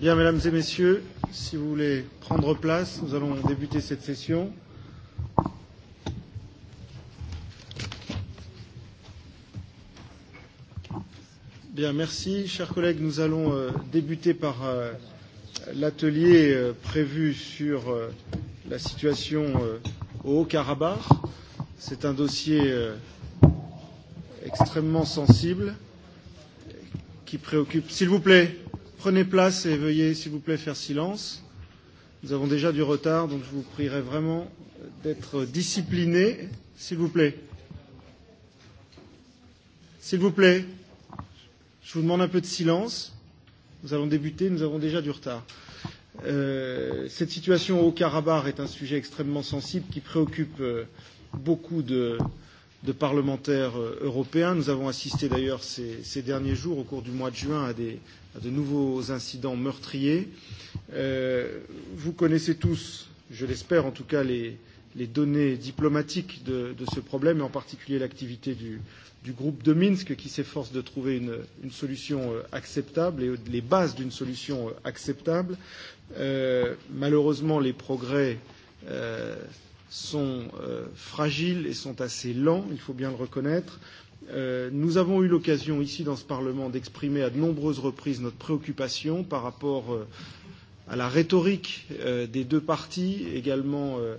Bien, mesdames et messieurs, si vous voulez prendre place, nous allons débuter cette session. Bien, merci. Chers collègues, nous allons euh, débuter par euh, l'atelier euh, prévu sur euh, la situation euh, au Haut-Karabakh. C'est un dossier euh, extrêmement sensible qui préoccupe. S'il vous plaît. Prenez place et veuillez, s'il vous plaît, faire silence. Nous avons déjà du retard, donc je vous prierai vraiment d'être discipliné, s'il vous plaît. S'il vous plaît, je vous demande un peu de silence. Nous allons débuter, nous avons déjà du retard. Euh, cette situation au Karabakh est un sujet extrêmement sensible qui préoccupe euh, beaucoup de, euh, de parlementaires euh, européens. Nous avons assisté d'ailleurs ces, ces derniers jours, au cours du mois de juin, à, des, à de nouveaux incidents meurtriers. Euh, vous connaissez tous, je l'espère en tout cas, les, les données diplomatiques de, de ce problème, et en particulier l'activité du, du groupe de Minsk qui s'efforce de trouver une, une solution euh, acceptable et les bases d'une solution euh, acceptable. Euh, malheureusement, les progrès euh, sont euh, fragiles et sont assez lents, il faut bien le reconnaître. Euh, nous avons eu l'occasion ici dans ce Parlement d'exprimer à de nombreuses reprises notre préoccupation par rapport euh, à la rhétorique euh, des deux parties, également euh,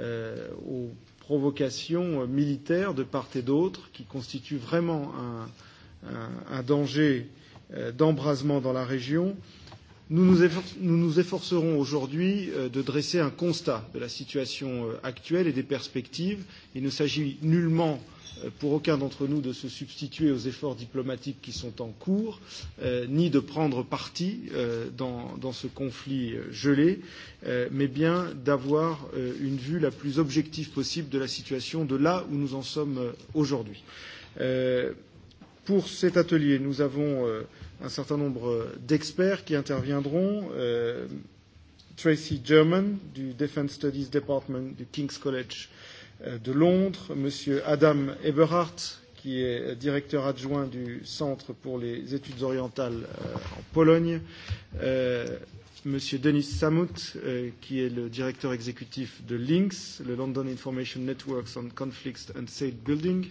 euh, aux provocations euh, militaires de part et d'autre, qui constituent vraiment un, un, un danger euh, d'embrasement dans la région. Euh, Nous nous, effor nous, nous efforcerons aujourd'hui euh, de dresser un constat de la situation euh, actuelle et des perspectives. Il ne s'agit nullement euh, pour aucun d'entre nous de se substituer aux efforts diplomatiques qui sont en cours, euh, ni de prendre parti euh, dans, dans ce conflit euh, gelé, euh, mais bien d'avoir euh, une vue la plus objective possible de la situation de là où nous en sommes euh, aujourd'hui. Euh, pour cet atelier, nous avons euh, un certain nombre d'experts qui interviendront. Euh, Tracy German du Defense Studies Department du King's College euh, de Londres, Monsieur Adam Eberhardt, qui est euh, directeur adjoint du Centre pour les études orientales euh, en Pologne, euh, Monsieur Denis Samut, euh, qui est le directeur exécutif de LINX, le London Information Networks on Conflicts and State Building,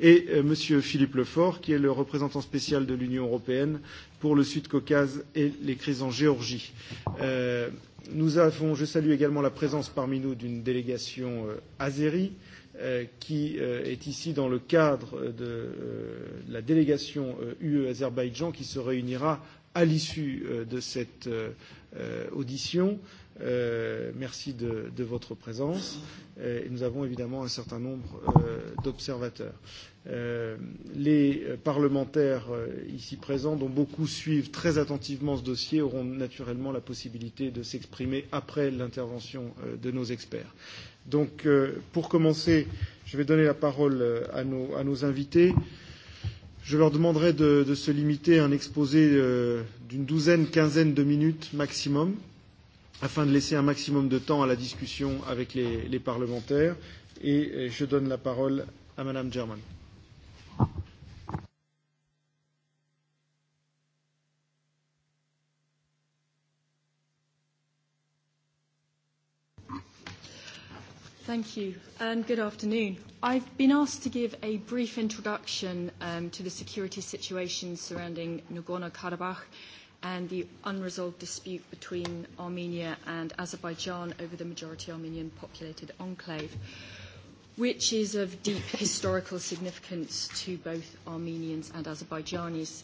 et euh, M. Philippe Lefort, qui est le représentant spécial de l'Union européenne pour le Sud-Caucase et les crises en Géorgie. Euh, nous avons, je salue également la présence parmi nous d'une délégation euh, azérie euh, qui euh, est ici dans le cadre de euh, la délégation euh, UE-Azerbaïdjan qui se réunira à l'issue euh, de cette euh, euh audition. Euh, Euh, merci de, de votre présence. Euh, et nous avons évidemment un certain nombre euh, d'observateurs. Euh, les euh, parlementaires euh, ici présents, dont beaucoup suivent très attentivement ce dossier, auront naturellement la possibilité de s'exprimer après l'intervention euh, de nos experts. Donc, euh, pour commencer, je vais donner la parole euh, à nos, à nos invités. Je leur demanderai de, de se limiter à un exposé euh, d'une douzaine, quinzaine de minutes maximum. Euh, afin de laisser un maximum de temps à la discussion avec les, les parlementaires. Et euh, je donne la parole à Madame German. Thank you, and good afternoon. I've been asked to give a brief introduction um, to the security situation surrounding Nagorno-Karabakh and the unresolved dispute between Armenia and Azerbaijan over the majority Armenian populated enclave, which is of deep historical significance to both Armenians and Azerbaijanis.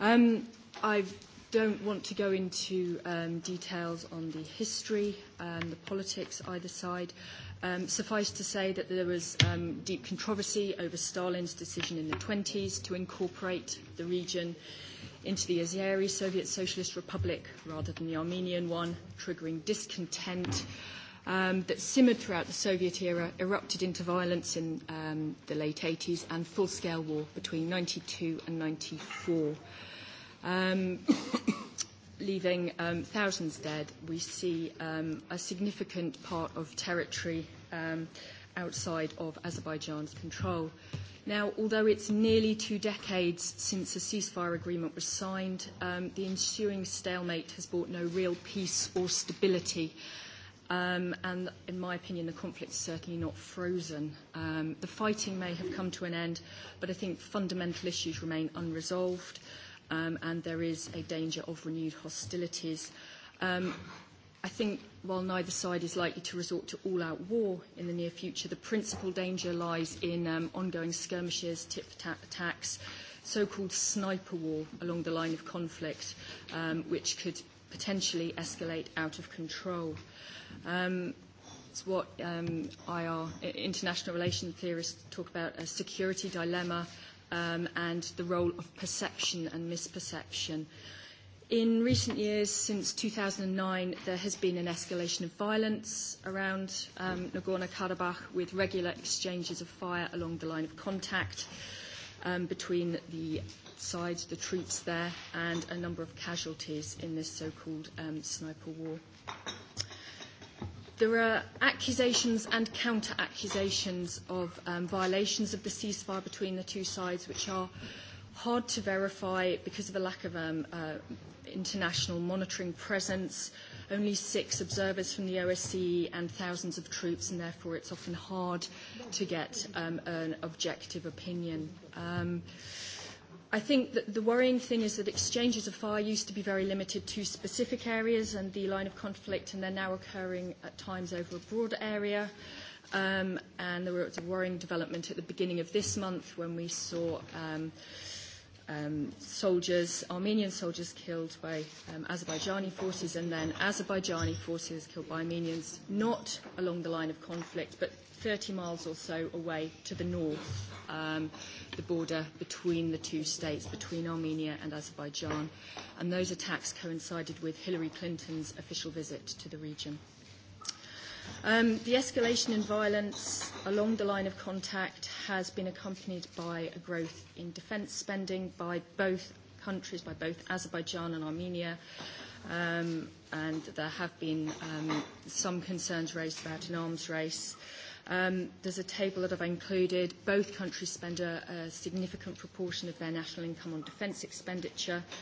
Um, I don't want to go into um, details on the history and um, the politics either side. Um, suffice to say that there was um, deep controversy over Stalin's decision in the 20s to incorporate the region uh, into the Azeri Soviet Socialist Republic rather than the Armenian one, triggering discontent um, that simmered throughout the Soviet era, erupted into violence in um, the late 80s and full-scale war between 92 and 94. Um, leaving um, thousands dead, we see um, a significant part of territory um, outside of Azerbaijan's control. Uh, Now, although it's nearly two decades since a ceasefire agreement was signed, um, the ensuing stalemate has brought no real peace or stability. Um, and in my opinion, the conflict is certainly not frozen. Um, the fighting may have come to an end, but I think fundamental issues remain unresolved, um, and there is a danger of renewed hostilities. Um, I think while neither side is likely to resort to all-out war in the near future, the principal danger lies in um, ongoing skirmishes, tit-for-tat attacks, so-called sniper war along the line of conflict, um, which could potentially escalate out of control. Um, it's what um, IR, international relation theorists talk about a security dilemma um, and the role of perception and misperception. Uh, In recent years, since 2009, there has been an escalation of violence around um, Nagorno-Karabakh with regular exchanges of fire along the line of contact um, between the sides, the troops there, and a number of casualties in this so-called um, sniper war. There are accusations and counter-accusations of um, violations of the ceasefire between the two sides, which are hard to verify because of a lack of um, uh, international monitoring presence, only six observers from the OSCE and thousands of troops, and therefore it's often hard to get um, an objective opinion. Um, I think that the worrying thing is that exchanges of fire used to be very limited to specific areas and the line of conflict, and they're now occurring at times over a broader area. Um, and there was a worrying development at the beginning of this month when we saw um, uh, um, soldiers, Armenian soldiers killed by um, Azerbaijani forces, and then Azerbaijani forces killed by Armenians, not along the line of conflict, but 30 miles or so away to the north, um, the border between the two states, between Armenia and Azerbaijan. And those attacks coincided with Hillary Clinton's official visit to the region. Uh, Um, the escalation in violence along the line of contact has been accompanied by a growth in defence spending by both countries, by both Azerbaijan and Armenia. Um, and there have been um, some concerns raised about an arms race. Um, there's a table that I've included. Both countries spend a, a significant proportion of their national income on defence expenditure. Uh,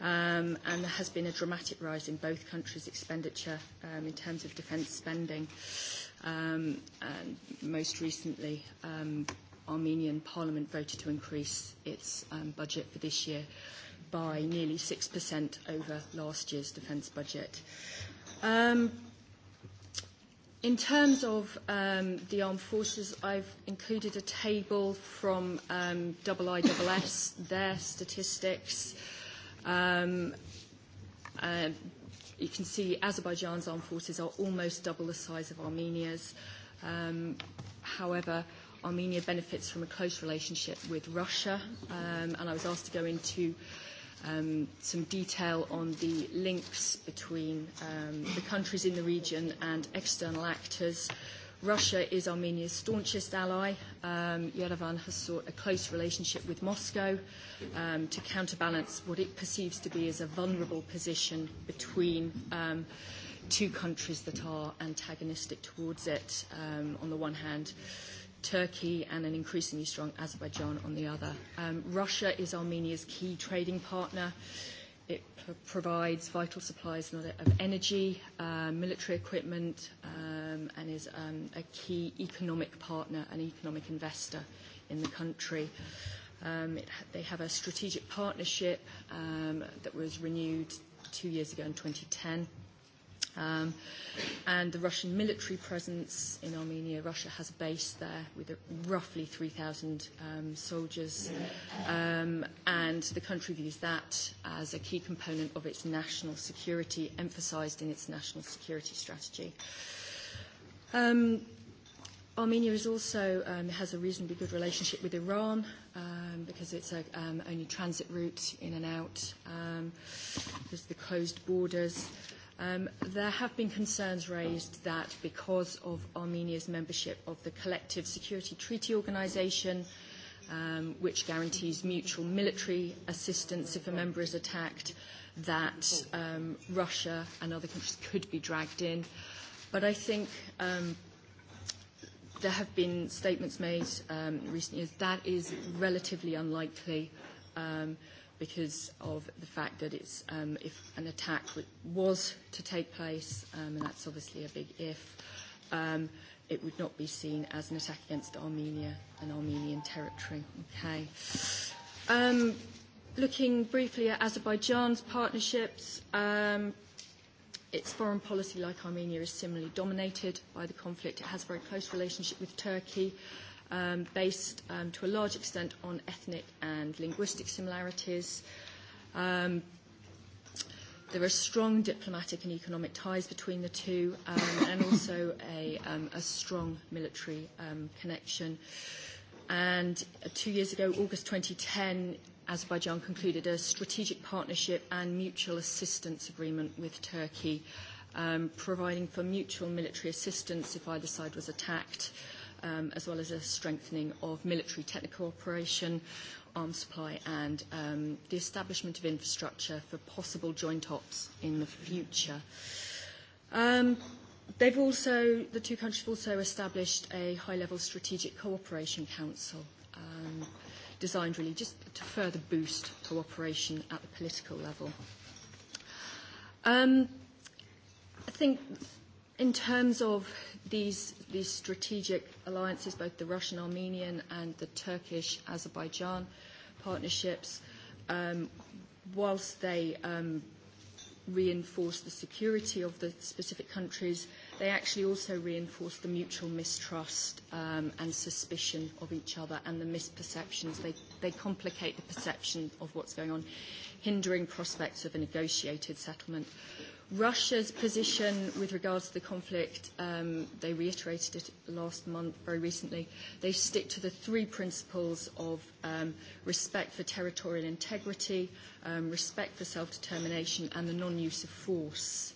um, and there has been a dramatic rise in both countries' expenditure um, in terms of defence spending. Um, and most recently, um, Armenian Parliament voted to increase its um, budget for this year by nearly 6% over last year's defence budget. Um, in terms of um, the armed forces, I've included a table from um, IISS, their statistics. Uh, Um, uh, you can see Azerbaijan's armed forces are almost double the size of Armenia's. Um, however, Armenia benefits from a close relationship with Russia, um, and I was asked to go into um, some detail on the links between um, the countries in the region and external actors. Uh, Russia is Armenia's staunchest ally. Um, Yerevan has sought a close relationship with Moscow um, to counterbalance what it perceives to be as a vulnerable position between um, two countries that are antagonistic towards it. Um, on the one hand, Turkey and an increasingly strong Azerbaijan on the other. Um, Russia is Armenia's key trading partner. Uh, It pr- provides vital supplies of energy, uh, military equipment, um, and is um, a key economic partner and economic investor in the country. Um, it ha- they have a strategic partnership um, that was renewed two years ago in 2010. Um, and the Russian military presence in Armenia, Russia has a base there with a, roughly 3,000 um, soldiers. Um, and the country views that as a key component of its national security, emphasized in its national security strategy. Um, Armenia is also um, has a reasonably good relationship with Iran um, because it's a, um, only transit route in and out. Um, there's the closed borders. Um, there have been concerns raised that because of Armenia's membership of the Collective Security Treaty Organization, um, which guarantees mutual military assistance if a member is attacked, that um, Russia and other countries could be dragged in. But I think um, there have been statements made um, recently that is relatively unlikely. Um, uh, because of the fact that it's, um, if an attack was to take place, um, and that's obviously a big if, um, it would not be seen as an attack against Armenia and Armenian territory. Okay. Um, looking briefly at Azerbaijan's partnerships, um, its foreign policy, like Armenia, is similarly dominated by the conflict. It has a very close relationship with Turkey. Uh, um, based um, to a large extent on ethnic and linguistic similarities. Um, there are strong diplomatic and economic ties between the two, um, and also a, um, a strong military um, connection. And uh, two years ago, August 2010, Azerbaijan concluded a strategic partnership and mutual assistance agreement with Turkey, um, providing for mutual military assistance if either side was attacked. Uh, um, as well as a strengthening of military technical operation, arms supply, and um, the establishment of infrastructure for possible joint ops in the future. Um, they've also, the two countries have also established a high-level strategic cooperation council um, designed really just to further boost cooperation at the political level. Um, I think in terms of these, these strategic alliances, both the Russian Armenian and the Turkish Azerbaijan partnerships, um, whilst they um, reinforce the security of the specific countries, they actually also reinforce the mutual mistrust um, and suspicion of each other and the misperceptions. They, they complicate the perception of what's going on, hindering prospects of a negotiated settlement. Russia's position with regards to the conflict, um, they reiterated it last month, very recently. They stick to the three principles of um, respect for territorial integrity, um, respect for self-determination, and the non-use of force.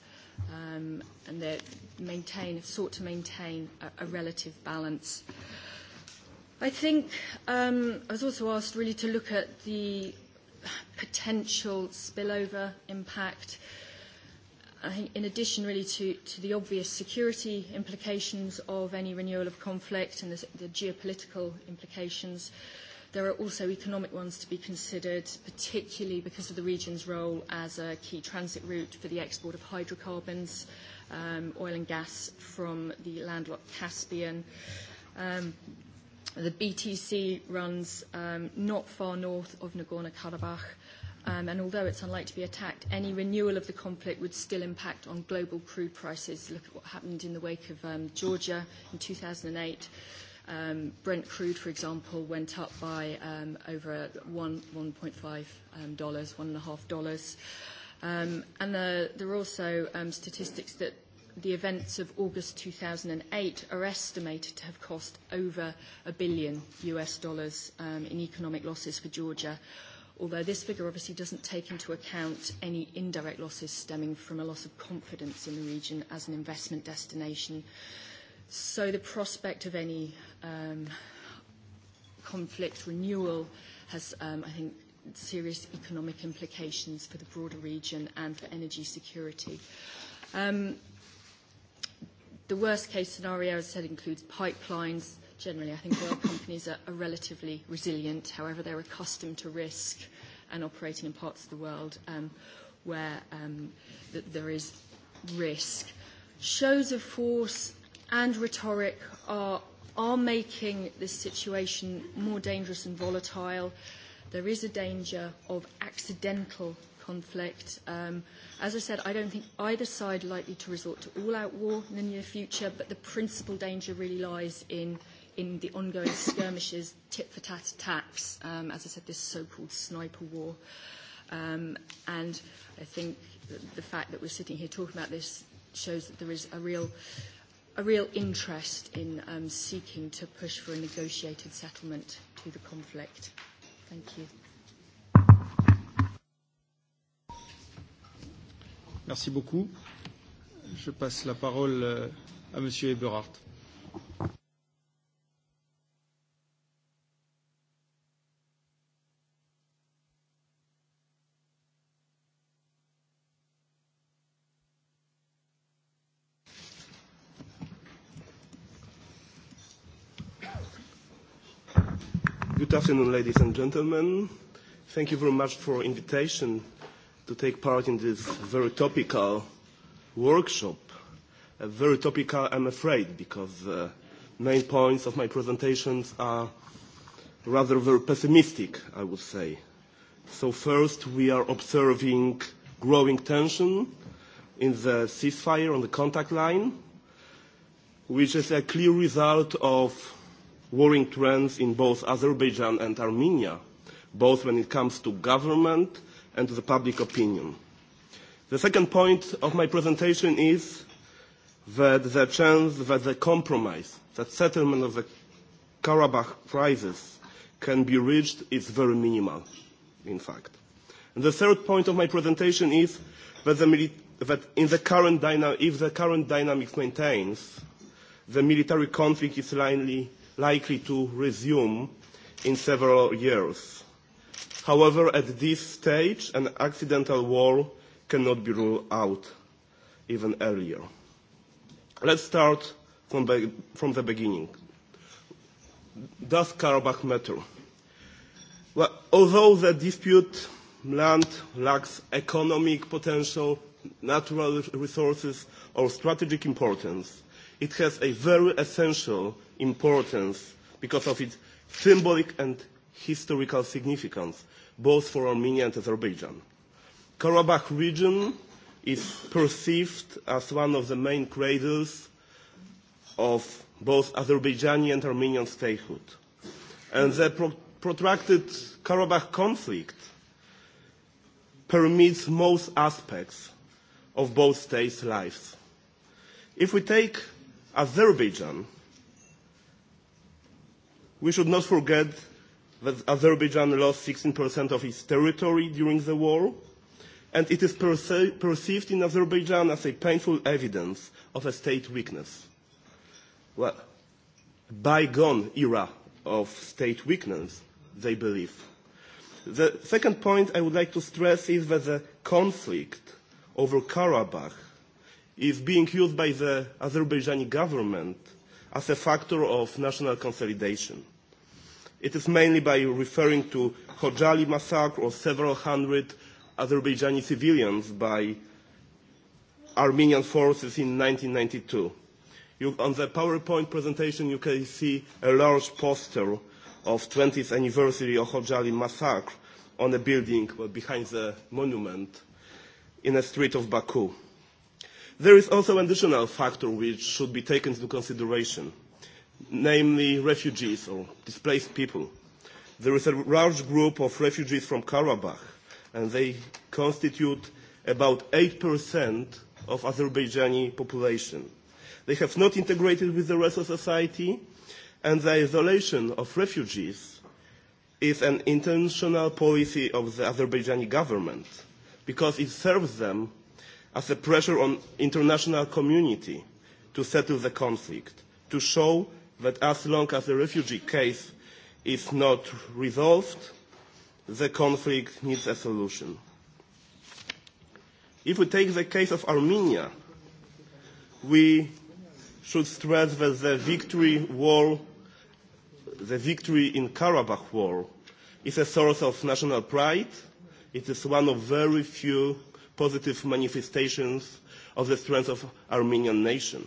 Um, and they maintain, have sought to maintain a, a relative balance. I think um, I was also asked really to look at the potential spillover impact. Uh, I uh, think in addition really to, to the obvious security implications of any renewal of conflict and the, the geopolitical implications, there are also economic ones to be considered, particularly because of the region's role as a key transit route for the export of hydrocarbons, um, oil and gas from the landlocked Caspian. Um, the BTC runs um, not far north of Nagorno-Karabakh, um, and although it's unlikely to be attacked, any renewal of the conflict would still impact on global crude prices. Look at what happened in the wake of um, Georgia in 2008. Um, Brent crude, for example, went up by um, over one, $1.5, um, dollars, $1.5. Um, and the, there are also um, statistics that the events of August 2008 are estimated to have cost over a billion US dollars um, in economic losses for Georgia although this figure obviously doesn't take into account any indirect losses stemming from a loss of confidence in the region as an investment destination. So the prospect of any um, conflict renewal has, um, I think, serious economic implications for the broader region and for energy security. Um, the worst case scenario, as I said, includes pipelines, generally, I think oil companies are, are relatively resilient. However, they're accustomed to risk and operating in parts of the world um, where um, th- there is risk. Shows of force and rhetoric are, are making this situation more dangerous and volatile. There is a danger of accidental conflict. Um, as I said, I don't think either side likely to resort to all-out war in the near future, but the principal danger really lies in – in the ongoing skirmishes, tit-for-tat attacks, um, as I said, this so-called sniper war. Um, and I think the fact that we're sitting here talking about this shows that there is a real, a real interest in um, seeking to push for a negotiated settlement to the conflict. Thank you. Merci beaucoup. Je passe la parole euh, à Monsieur Eberhardt. afternoon, ladies and gentlemen. Thank you very much for invitation to take part in this very topical workshop. Uh, very topical, I'm afraid, because the uh, main points of my presentations are rather very pessimistic, I would say. So first, we are observing growing tension in the ceasefire on the contact line, which is a clear result of worrying trends in both Azerbaijan and Armenia, both when it comes to government and to the public opinion. The second point of my presentation is that the chance that the compromise, that settlement of the Karabakh crisis can be reached is very minimal, in fact. And the third point of my presentation is that, the mili- that in the current dyna- if the current dynamics maintains, the military conflict is likely likely to resume in several years. However, at this stage, an accidental war cannot be ruled out even earlier. Let's start from, be- from the beginning. Does Karabakh matter? Well, although the dispute land lacks economic potential, natural resources, or strategic importance, it has a very essential importance because of its symbolic and historical significance, both for Armenia and Azerbaijan. Karabakh region is perceived as one of the main cradles of both Azerbaijani and Armenian statehood. And the pro- protracted Karabakh conflict permits most aspects of both states' lives. If we take Azerbaijan, We should not forget that Azerbaijan lost 16% of its territory during the war, and it is perce- perceived in Azerbaijan as a painful evidence of a state weakness. Well, bygone era of state weakness, they believe. The second point I would like to stress is that the conflict over Karabakh is being used by the Azerbaijani government – as a factor of national consolidation. It is mainly by referring to Khojaly massacre or several hundred Azerbaijani civilians by Armenian forces in 1992. You, on the PowerPoint presentation, you can see a large poster of 20th anniversary of Khojaly massacre on a building behind the monument in a street of Baku. There is also an additional factor which should be taken into consideration, namely refugees or displaced people. There is a large group of refugees from Karabakh, and they constitute about 8% of Azerbaijani population. They have not integrated with the rest of society, and the isolation of refugees is an intentional policy of the Azerbaijani government because it serves them as a pressure on international community to settle the conflict, to show that as long as the refugee case is not resolved, the conflict needs a solution. If we take the case of Armenia, we should stress that the victory war, the victory in Karabakh war, is a source of national pride. It is one of very few positive manifestations of the strength of Armenian nation.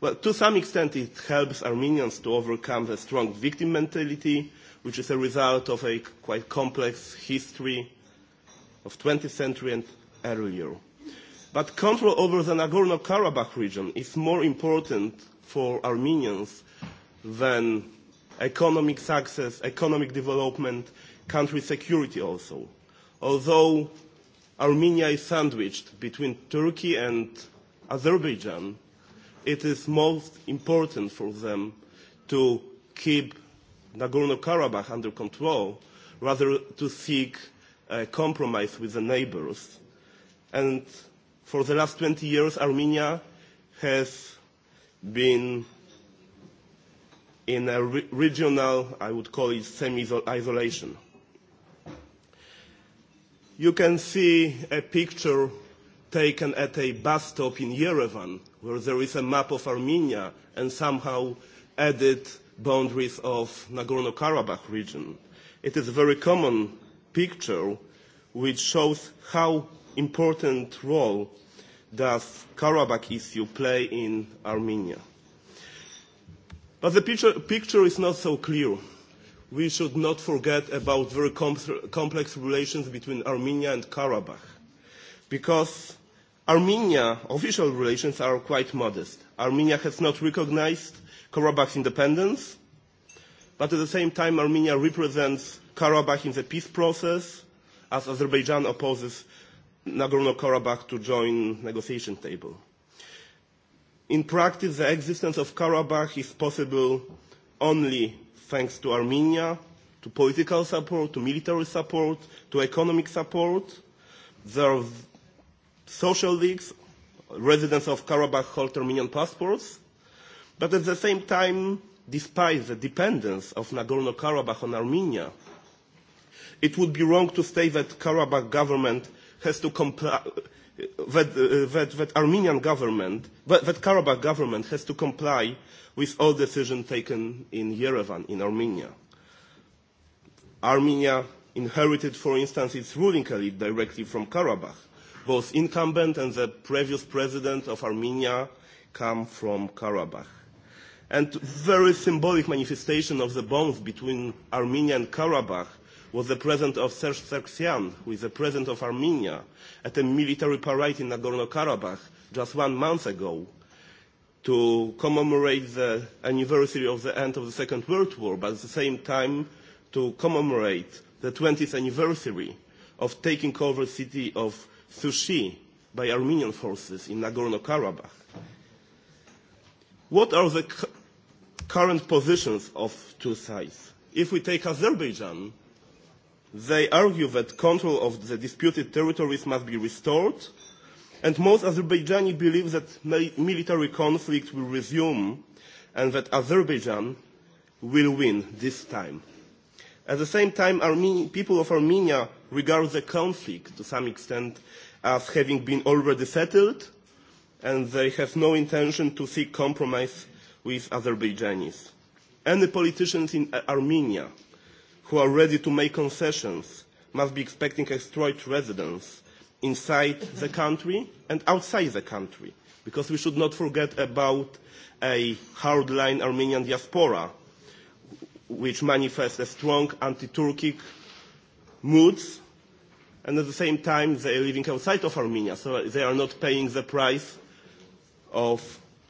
Well, to some extent, it helps Armenians to overcome the strong victim mentality, which is a result of a quite complex history of 20th century and earlier. But control over the Nagorno-Karabakh region is more important for Armenians than economic success, economic development, country security also. Although Armenia is sandwiched between Turkey and Azerbaijan, it is most important for them to keep Nagorno-Karabakh under control rather to seek a compromise with the neighbors. And for the last 20 years, Armenia has been in a re regional, I would call it semi-isolation you can see a picture taken at a bus stop in Yerevan, where there is a map of Armenia and somehow added boundaries of Nagorno-Karabakh region. It is a very common picture which shows how important role does Karabakh issue play in Armenia. But the picture, picture is not so clear we should not forget about very com- complex relations between Armenia and Karabakh, because Armenia official relations are quite modest. Armenia has not recognized Karabakh's independence, but at the same time, Armenia represents Karabakh in the peace process, as Azerbaijan opposes Nagorno-Karabakh to join negotiation table. In practice, the existence of Karabakh is possible only thanks to Armenia, to political support, to military support, to economic support. There are social leagues, residents of Karabakh hold Armenian passports. But at the same time, despite the dependence of Nagorno-Karabakh on Armenia, it would be wrong to say that Karabakh government has to comply, uh, that, uh, that, that Armenian government, that, that Karabakh government has to comply with all decisions taken in Yerevan, in Armenia. Armenia inherited, for instance, its ruling elite directly from Karabakh. Both incumbent and the previous president of Armenia come from Karabakh. And very symbolic manifestation of the bonds between Armenia and Karabakh was the presence of Serge Sargsyan, who is the president of Armenia, at a military parade in Nagorno-Karabakh just one month ago, to commemorate the anniversary of the end of the Second World War, but at the same time to commemorate the 20th anniversary of taking over the city of Sushi by Armenian forces in Nagorno-Karabakh. What are the cu current positions of two sides? If we take Azerbaijan, they argue that control of the disputed territories must be restored And most Azerbaijani believe that military conflict will resume and that Azerbaijan will win this time. At the same time, Arme- people of Armenia regard the conflict to some extent as having been already settled, and they have no intention to seek compromise with Azerbaijanis. Any politicians in Armenia who are ready to make concessions must be expecting a straight residence inside the country and outside the country, because we should not forget about a hardline Armenian diaspora, which manifests a strong anti-Turkic moods, and at the same time they are living outside of Armenia, so they are not paying the price of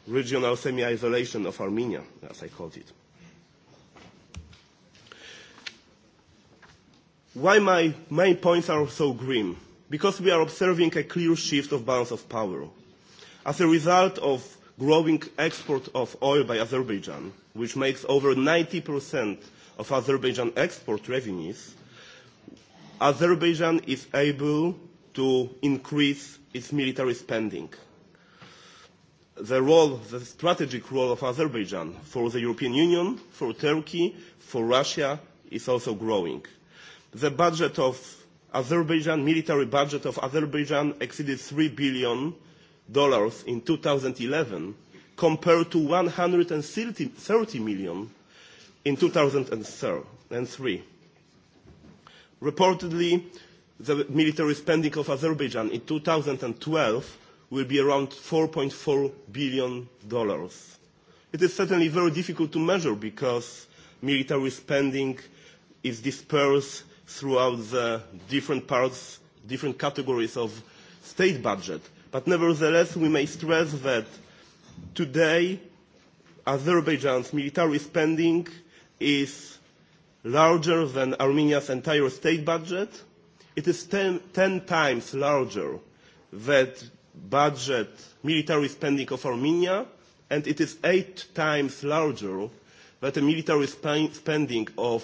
regional semi-isolation of Armenia, as I called it. Why my main points are so grim? because we are observing a clear shift of balance of power. As a result of growing export of oil by Azerbaijan, which makes over 90% of Azerbaijan export revenues, Azerbaijan is able to increase its military spending. The role, the strategic role of Azerbaijan for the European Union, for Turkey, for Russia is also growing. The budget of Azerbaijan military budget of Azerbaijan exceeded $3 billion in 2011 compared to 130 million in 2003. Reportedly, the military spending of Azerbaijan in 2012 will be around $4.4 billion. It is certainly very difficult to measure because military spending is dispersed throughout the different parts, different categories of state budget. But nevertheless, we may stress that today Azerbaijan's military spending is larger than Armenia's entire state budget. It is 10, 10 times larger than budget military spending of Armenia, and it is eight times larger than the military sp spending of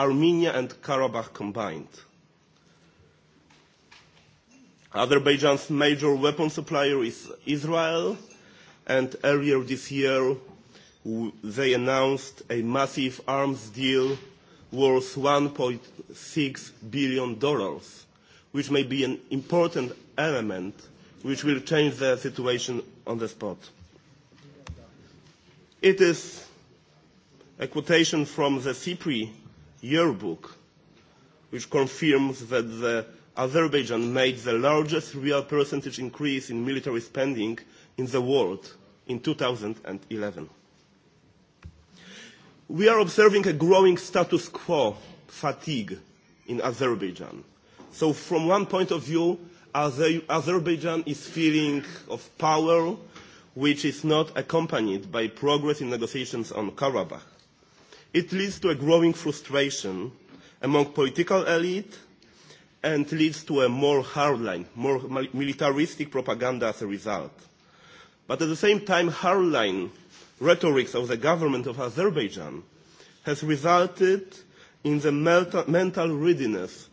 Armenia and Karabakh combined. Azerbaijan's major weapon supplier is Israel, and earlier this year they announced a massive arms deal worth $1.6 billion, which may be an important element which will change the situation on the spot. It is a quotation from the CIPRI e, yearbook, which confirms that the Azerbaijan made the largest real percentage increase in military spending in the world in 2011. We are observing a growing status quo fatigue in Azerbaijan. So from one point of view, Azer Azerbaijan is feeling of power which is not accompanied by progress in negotiations on Karabakh. It leads to a growing frustration among political elite and leads to a more hardline, more militaristic propaganda as a result. But at the same time, hardline rhetorics of the government of Azerbaijan has resulted in the mental readiness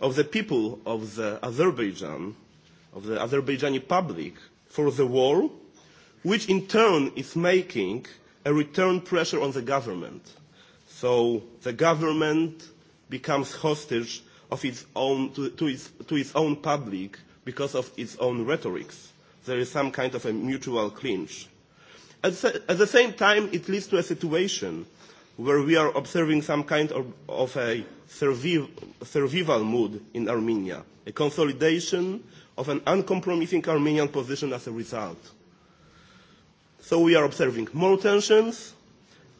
of the people of the Azerbaijan, of the Azerbaijani public, for the war, which in turn is making a return pressure on the government So the government becomes hostage of its own, to, to, its, to its own public because of its own rhetorics. There is some kind of a mutual clinch. At, the, at the same time, it leads to a situation where we are observing some kind of, of a surviv, survival mood in Armenia, a consolidation of an uncompromising Armenian position as a result. So we are observing more tensions,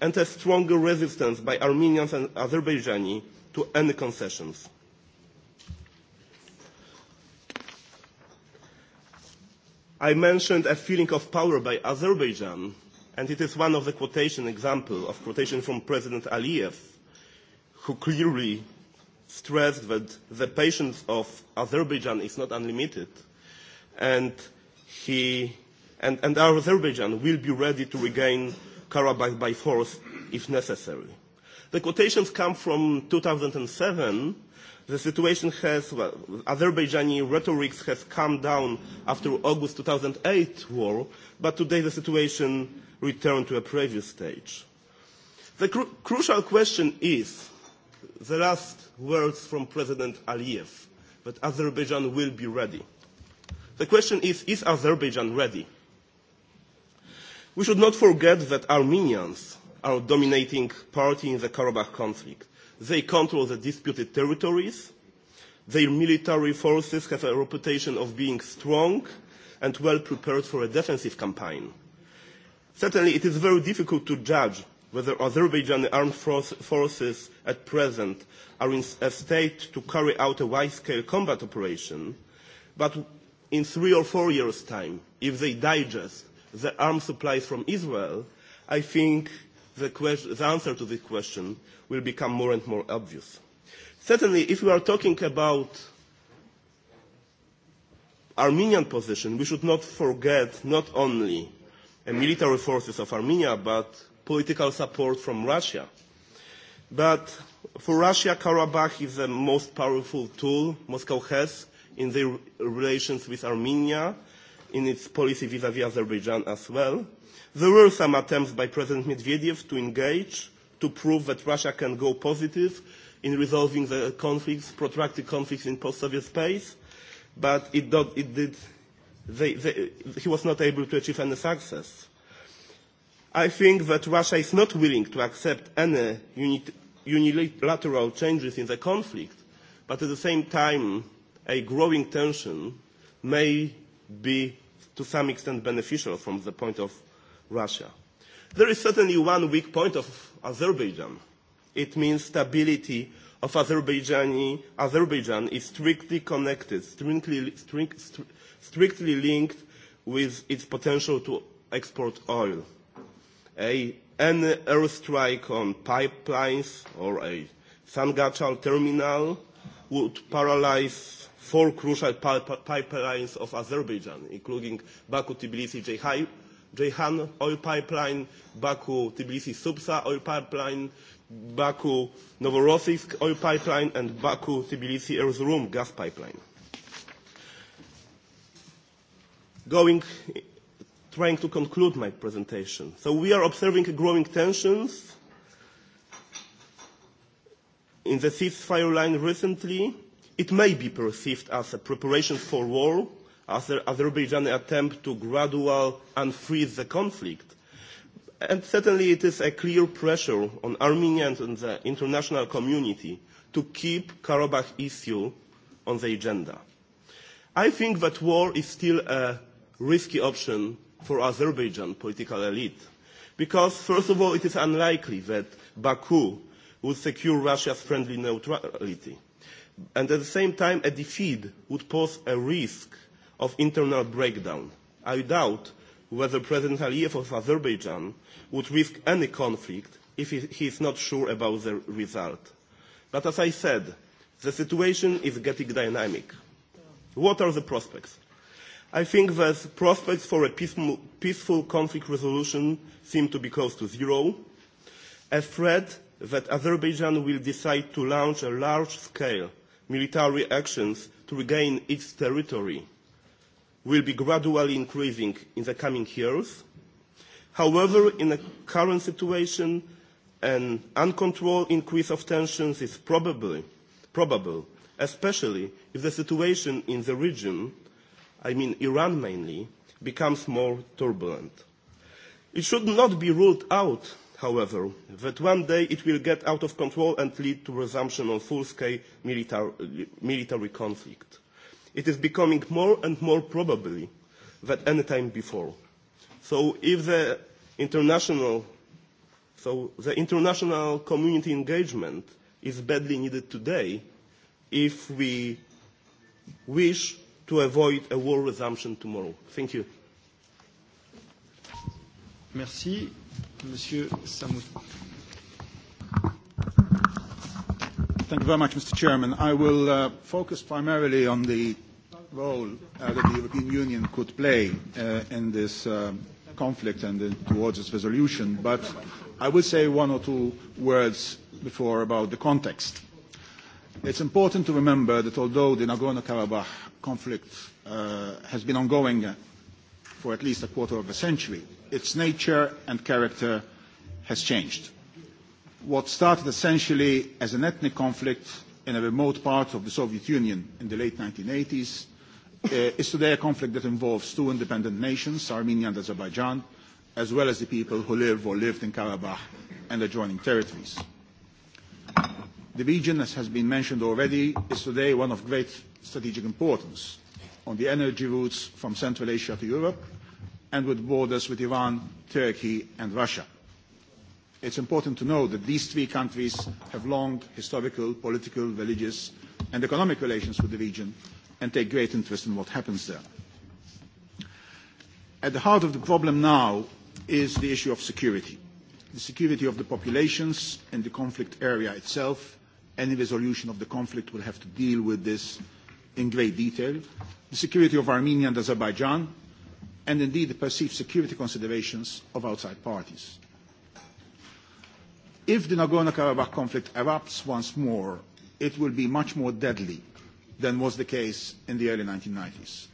and a stronger resistance by Armenians and Azerbaijani to any concessions. I mentioned a feeling of power by Azerbaijan, and it is one of the quotation example of quotation from President Aliyev, who clearly stressed that the patience of Azerbaijan is not unlimited, and he and, and Azerbaijan will be ready to regain Karabakh by force if necessary. The quotations come from 2007. The situation has, well, Azerbaijani rhetorics has come down after August 2008 war, but today the situation returned to a previous stage. The cru- crucial question is, the last words from President Aliyev, that Azerbaijan will be ready. The question is, is Azerbaijan ready? We should not forget that Armenians are dominating party in the Karabakh conflict. They control the disputed territories. Their military forces have a reputation of being strong and well prepared for a defensive campaign. Certainly, it is very difficult to judge whether Azerbaijani armed force, forces at present are in a state to carry out a wide-scale combat operation, but in three or four years' time, if they digest the arms supplies from Israel, I think the, question, the answer to this question will become more and more obvious. Certainly, if we are talking about Armenian position, we should not forget not only the uh, military forces of Armenia, but political support from Russia. But for Russia, Karabakh is the most powerful tool Moscow has in their relations with Armenia, in its policy vis-à-vis -vis Azerbaijan as well. There were some attempts by President Medvedev to engage, to prove that Russia can go positive in resolving the conflicts, protracted conflicts in post-Soviet space, but it, not, it did, they, they, he was not able to achieve any success. I think that Russia is not willing to accept any unit, unilateral changes in the conflict, but at the same time, a growing tension may be to some extent beneficial from the point of Russia. There is certainly one weak point of Azerbaijan. It means stability of Azerbaijani, Azerbaijan is strictly connected, strictly, strict, strictly linked with its potential to export oil. A, an airstrike on pipelines or a Sangachal terminal would paralyze four crucial pipelines of Azerbaijan, including Baku-Tbilisi-Ceyhan Ceyhan oil pipeline, Baku-Tbilisi-Supsa oil pipeline, Baku-Novorossiysk oil pipeline, and Baku-Tbilisi-Erzurum gas pipeline. Going, trying to conclude my presentation. So we are observing growing tensions in the ceasefire line recently, it may be perceived as a preparation for war, as Azerbaijani attempt to gradually unfreeze the conflict. And certainly it is a clear pressure on Armenians and the international community to keep Karabakh issue on the agenda. I think that war is still a risky option for Azerbaijan political elite because, first of all, it is unlikely that Baku will secure Russia's friendly neutrality and at the same time a defeat would pose a risk of internal breakdown. I doubt whether President Aliyev of Azerbaijan would risk any conflict if he is not sure about the result. But as I said, the situation is getting dynamic. What are the prospects? I think that prospects for a peaceful, peaceful conflict resolution seem to be close to zero. A threat that Azerbaijan will decide to launch a large-scale military actions to regain its territory will be gradually increasing in the coming years. However, in the current situation, an uncontrolled increase of tensions is probably, probable, especially if the situation in the region, I mean Iran mainly, becomes more turbulent. It should not be ruled out however, that one day it will get out of control and lead to resumption of full-scale military, military conflict. It is becoming more and more probably than any time before. So if the international, so the international community engagement is badly needed today if we wish to avoid a war resumption tomorrow. Thank you. Merci. Monsieur Samut. Thank you very much, Mr. Chairman. I will uh, focus primarily on the role uh, that the European Union could play uh, in this uh, conflict and in, uh, towards its resolution, but I will say one or two words before about the context. It's important to remember that although the Nagorno-Karabakh conflict uh, has been ongoing for at least a quarter of a century, its nature and character has changed. What started essentially as an ethnic conflict in a remote part of the Soviet Union in the late 1980s uh, eh, is today a conflict that involves two independent nations, Armenia and Azerbaijan, as well as the people who live or lived in Karabakh and adjoining territories. The region, as has been mentioned already, is today one of great strategic importance on the energy routes from Central Asia to Europe and with borders with Iran, Turkey and Russia. It's important to know that these three countries have long historical, political, religious and economic relations with the region and take great interest in what happens there. At the heart of the problem now is the issue of security, the security of the populations in the conflict area itself. Any resolution of the conflict will have to deal with this in great detail. The security of Armenia and Azerbaijan, and indeed the perceived security considerations of outside parties. If the Nagorno-Karabakh conflict erupts once more, it will be much more deadly than was the case in the early 1990s.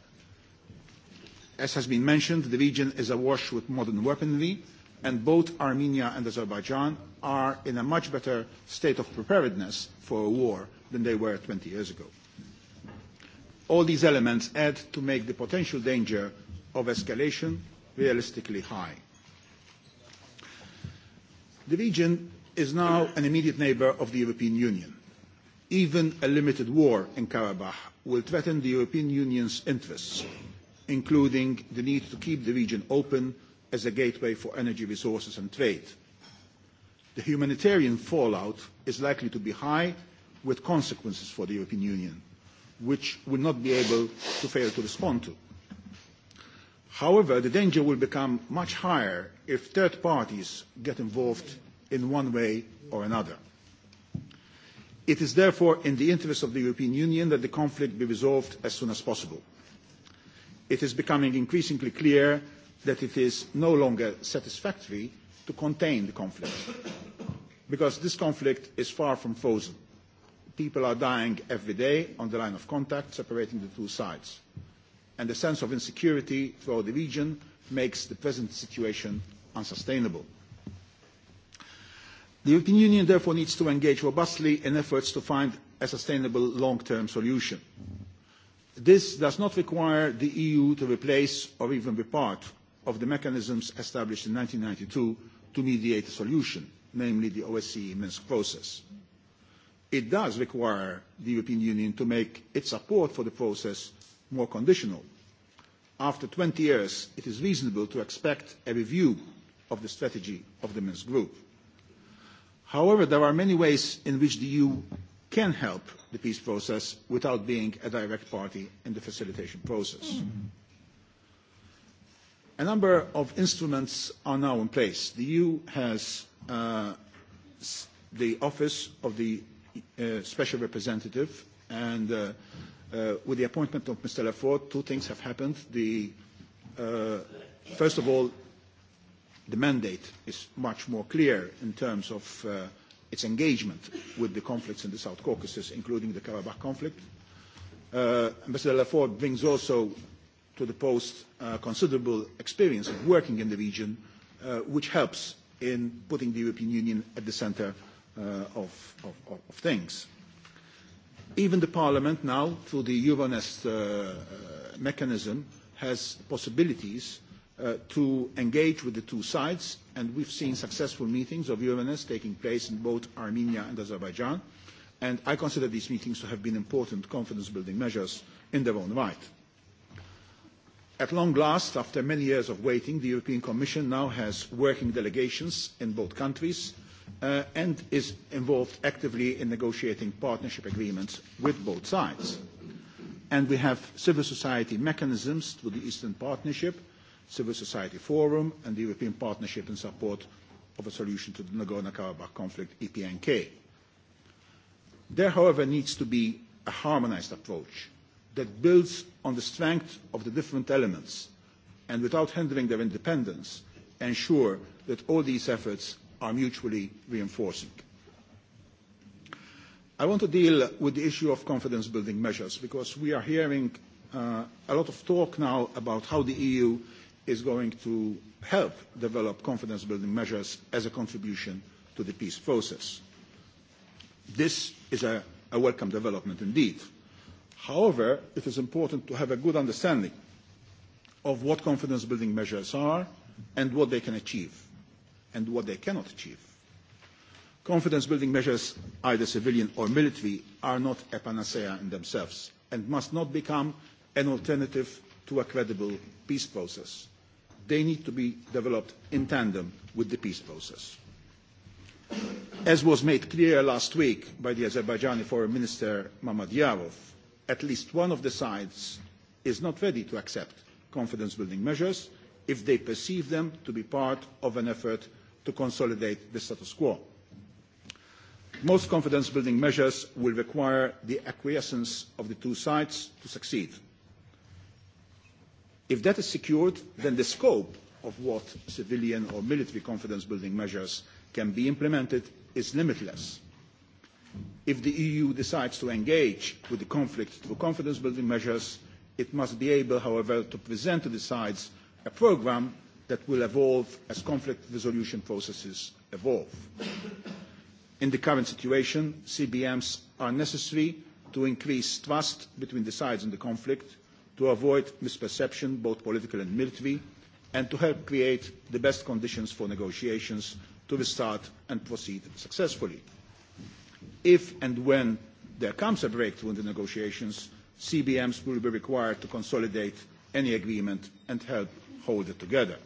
As has been mentioned, the region is awash with modern weaponry, and both Armenia and Azerbaijan are in a much better state of preparedness for a war than they were 20 years ago. All these elements add to make the potential danger of escalation realistically high. The region is now an immediate neighbor of the European Union. Even a limited war in Karabakh will threaten the European Union's interests, including the need to keep the region open as a gateway for energy resources and trade. The humanitarian fallout is likely to be high, with consequences for the European Union, which will not be able to fail to respond to. However, the danger will become much higher if third parties get involved in one way or another. It is therefore in the interest of the European Union that the conflict be resolved as soon as possible. It is becoming increasingly clear that it is no longer satisfactory to contain the conflict, because this conflict is far from frozen. People are dying every day on the line of contact separating the two sides and the sense of insecurity throughout the region makes the present situation unsustainable. The European Union therefore needs to engage robustly in efforts to find a sustainable long-term solution. This does not require the EU to replace or even be part of the mechanisms established in 1992 to mediate a solution, namely the OSCE Minsk process. It does require the European Union to make its support for the process more conditional. After 20 years, it is reasonable to expect a review of the strategy of the Minsk Group. However, there are many ways in which the EU can help the peace process without being a direct party in the facilitation process. A number of instruments are now in place. The EU has uh, the Office of the uh, Special Representative and uh, Uh, with the appointment of Mr. Lafort, two things have happened. The, uh, first of all, the mandate is much more clear in terms of uh, its engagement with the conflicts in the South Caucasus, including the Karabakh conflict. Uh, Mr. Lafort brings also to the post uh, considerable experience of working in the region, uh, which helps in putting the European Union at the center uh, of, of, of things. Uh, Even the Parliament now, through the Euronest uh, uh, mechanism, has possibilities uh, to engage with the two sides, and we've seen successful meetings of Euronest taking place in both Armenia and Azerbaijan, and I consider these meetings to have been important confidence-building measures in their own right. At long last, after many years of waiting, the European Commission now has working delegations in both countries, uh, uh, and is involved actively in negotiating partnership agreements with both sides. And we have civil society mechanisms through the Eastern Partnership, Civil Society Forum, and the European Partnership in Support of a Solution to the Nagorno-Karabakh Conflict, EPNK. There, however, needs to be a harmonized approach that builds on the strength of the different elements and without hindering their independence, ensure that all these efforts are mutually reinforcing. I want to deal with the issue of confidence-building measures because we are hearing uh, a lot of talk now about how the EU is going to help develop confidence-building measures as a contribution to the peace process. This is a, a welcome development indeed. However, it is important to have a good understanding of what confidence-building measures are and what they can achieve and what they cannot achieve. Confidence building measures, either civilian or military, are not a panacea in themselves and must not become an alternative to a credible peace process. They need to be developed in tandem with the peace process. As was made clear last week by the Azerbaijani Foreign Minister Mamadyarov, at least one of the sides is not ready to accept confidence building measures if they perceive them to be part of an effort to consolidate the status quo. Most confidence-building measures will require the acquiescence of the two sides to succeed. If that is secured, then the scope of what civilian or military confidence-building measures can be implemented is limitless. If the EU decides to engage with the conflict through confidence-building measures, it must be able, however, to present to the sides a programme that will evolve as conflict resolution processes evolve. In the current situation, CBMs are necessary to increase trust between the sides in the conflict, to avoid misperception, both political and military, and to help create the best conditions for negotiations to restart and proceed successfully. If and when there comes a breakthrough in the negotiations, CBMs will be required to consolidate any agreement and help hold it together.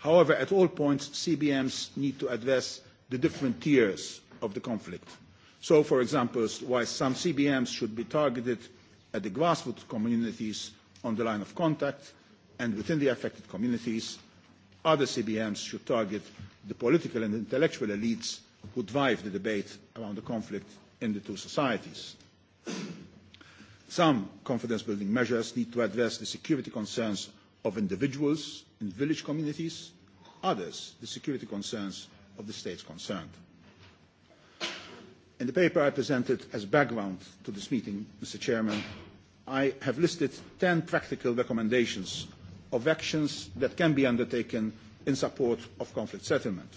However, at all points, CBMs need to address the different tiers of the conflict. So, for example, why some CBMs should be targeted at the grassroots communities on the line of contact and within the affected communities, other CBMs should target the political and intellectual elites who drive the debate around the conflict in the two societies. Some confidence building measures need to address the security concerns of individuals in village communities, others the security concerns of the states concerned. In the paper I presented as background to this meeting, Mr. Chairman, I have listed 10 practical recommendations of actions that can be undertaken in support of conflict settlement.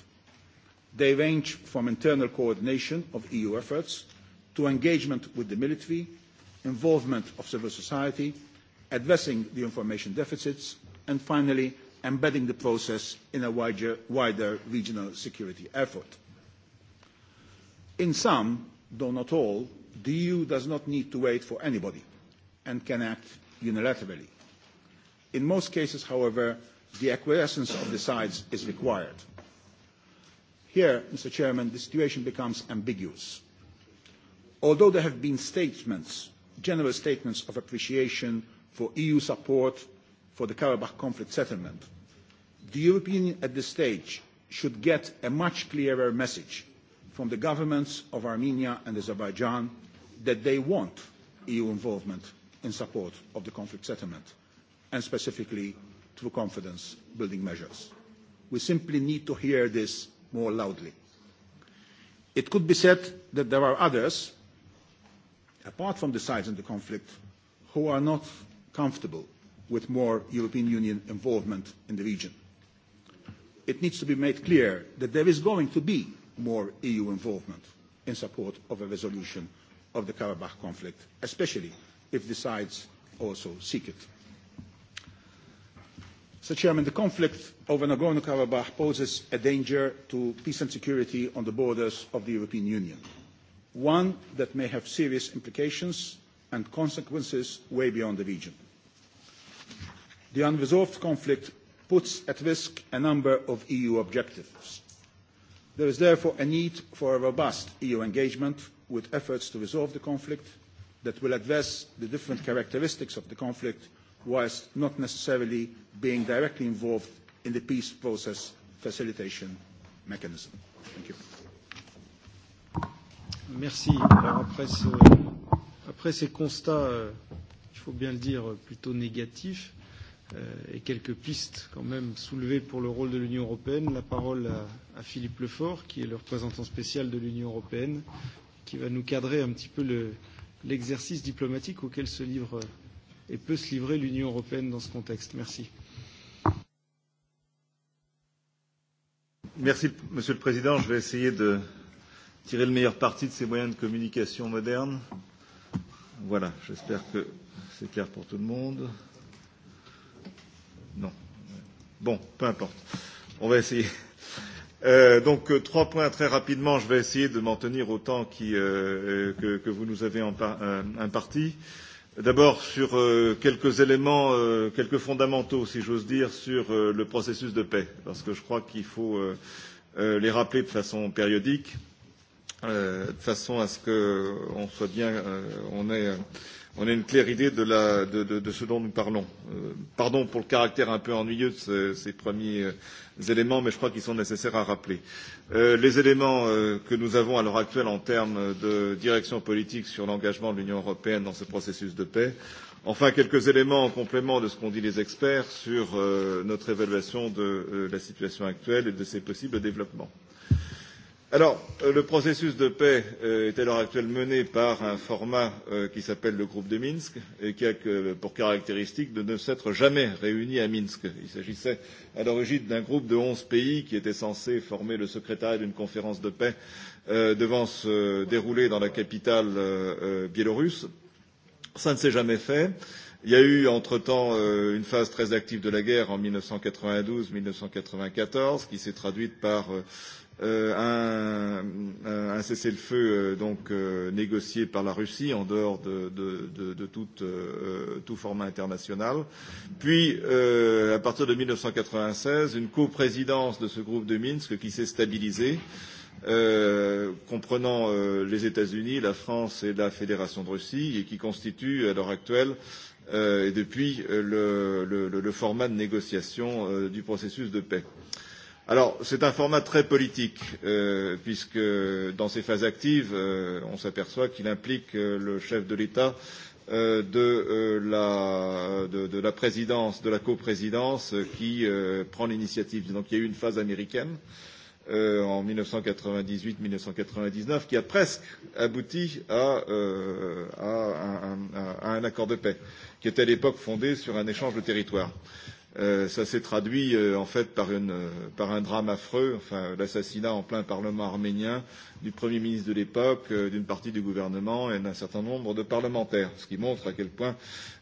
They range from internal coordination of EU efforts to engagement with the military, involvement of civil society, addressing the information deficits, and finally, embedding the process in a wider, wider regional security effort. In some, though not all, the EU does not need to wait for anybody and can act unilaterally. In most cases, however, the acquiescence of the sides is required. Here, Mr. Chairman, the situation becomes ambiguous. Although there have been statements, general statements of appreciation for EU support for the Karabakh conflict settlement, the European Union at this stage should get a much clearer message from the governments of Armenia and Azerbaijan that they want EU involvement in support of the conflict settlement, and specifically through confidence-building measures. We simply need to hear this more loudly. It could be said that there are others, apart from the sides in the conflict, who are not comfortable with more European Union involvement in the region. It needs to be made clear that there is going to be more EU involvement in support of a resolution of the Karabakh conflict, especially if the sides also seek it. Mr. Chairman, the conflict over Nagorno-Karabakh poses a danger to peace and security on the borders of the European Union, one that may have serious implications and consequences way beyond the region. The unresolved conflict puts at risk a number of EU objectives. There is therefore a need for a robust EU engagement with efforts to resolve the conflict that will address the different characteristics of the conflict whilst not necessarily being directly involved in the peace process facilitation mechanism. Thank you. Merci. Alors après ce Après ces constats, euh, il faut bien le dire, euh, plutôt négatifs, euh, et quelques pistes quand même soulevées pour le rôle de l'Union européenne, la parole à, à Philippe Lefort, qui est le représentant spécial de l'Union européenne, qui va nous cadrer un petit peu le, l'exercice diplomatique auquel se livre et peut se livrer l'Union européenne dans ce contexte. Merci. Merci, Monsieur le Président. Je vais essayer de tirer le meilleur parti de ces moyens de communication modernes. Euh, Voilà, j'espère que c'est clair pour tout le monde. Non. Bon, peu importe. On va essayer. Euh, donc euh, trois points très rapidement. Je vais essayer de m'en tenir au temps qui, euh, euh que, que vous nous avez impar euh, imparti. D'abord sur euh, quelques éléments, euh, quelques fondamentaux, si j'ose dire, sur euh, le processus de paix, parce que je crois qu'il faut euh, euh, les rappeler de façon périodique. Euh, euh, de façon à ce qu'on euh, soit bien, euh, on ait, euh, on ait une claire idée de, la, de, de, de ce dont nous parlons. Euh, pardon pour le caractère un peu ennuyeux de ce, ces premiers euh, éléments, mais je crois qu'ils sont nécessaires à rappeler. Euh, les éléments euh, que nous avons à l'heure actuelle en termes de direction politique sur l'engagement de l'Union européenne dans ce processus de paix, Enfin, quelques éléments en complément de ce qu'ont dit les experts sur euh, notre évaluation de euh, la situation actuelle et de ses possibles développements. Alors, euh, le processus de paix euh, est à l'heure actuelle mené par un format euh, qui s'appelle le groupe de Minsk et qui a pour caractéristique de ne s'être jamais réuni à Minsk. Il s'agissait à l'origine d'un groupe de onze pays qui était censé former le secrétariat d'une conférence de paix devant se dérouler dans la capitale biélorusse. Ça ne s'est jamais fait. Il y a eu entre-temps euh, une phase très active de la guerre en 1992-1994 qui s'est traduite par euh, euh, un, euh, un cessez-le-feu euh, donc euh, négocié par la Russie en dehors de, de, de, de toute, euh, euh, tout format international. Puis, euh, à partir de 1996, une coprésidence de ce groupe de Minsk qui s'est stabilisée. Euh, comprenant euh, les États-Unis, la France et la Fédération de Russie, et qui constitue à l'heure actuelle euh, et depuis euh, le, le, le format de négociation euh, du processus de paix. Euh, Alors, c'est un format très politique, euh, puisque dans ces phases actives, euh, on s'aperçoit qu'il implique euh, le chef de l'État euh, de, euh, la, de, de la présidence, de la coprésidence, euh, qui euh, prend l'initiative. Donc, il y a eu une phase américaine euh, en 1998-1999 qui a presque abouti à, euh, à, un, à, à un accord de paix, qui était à l'époque fondé sur un échange de territoires. Euh, Euh, ça s'est traduit euh, en fait par, une, euh, par un drame affreux, enfin, l'assassinat en plein Parlement arménien du Premier ministre de l'époque, euh, d'une partie du gouvernement et d'un certain nombre de parlementaires, ce qui montre à quel point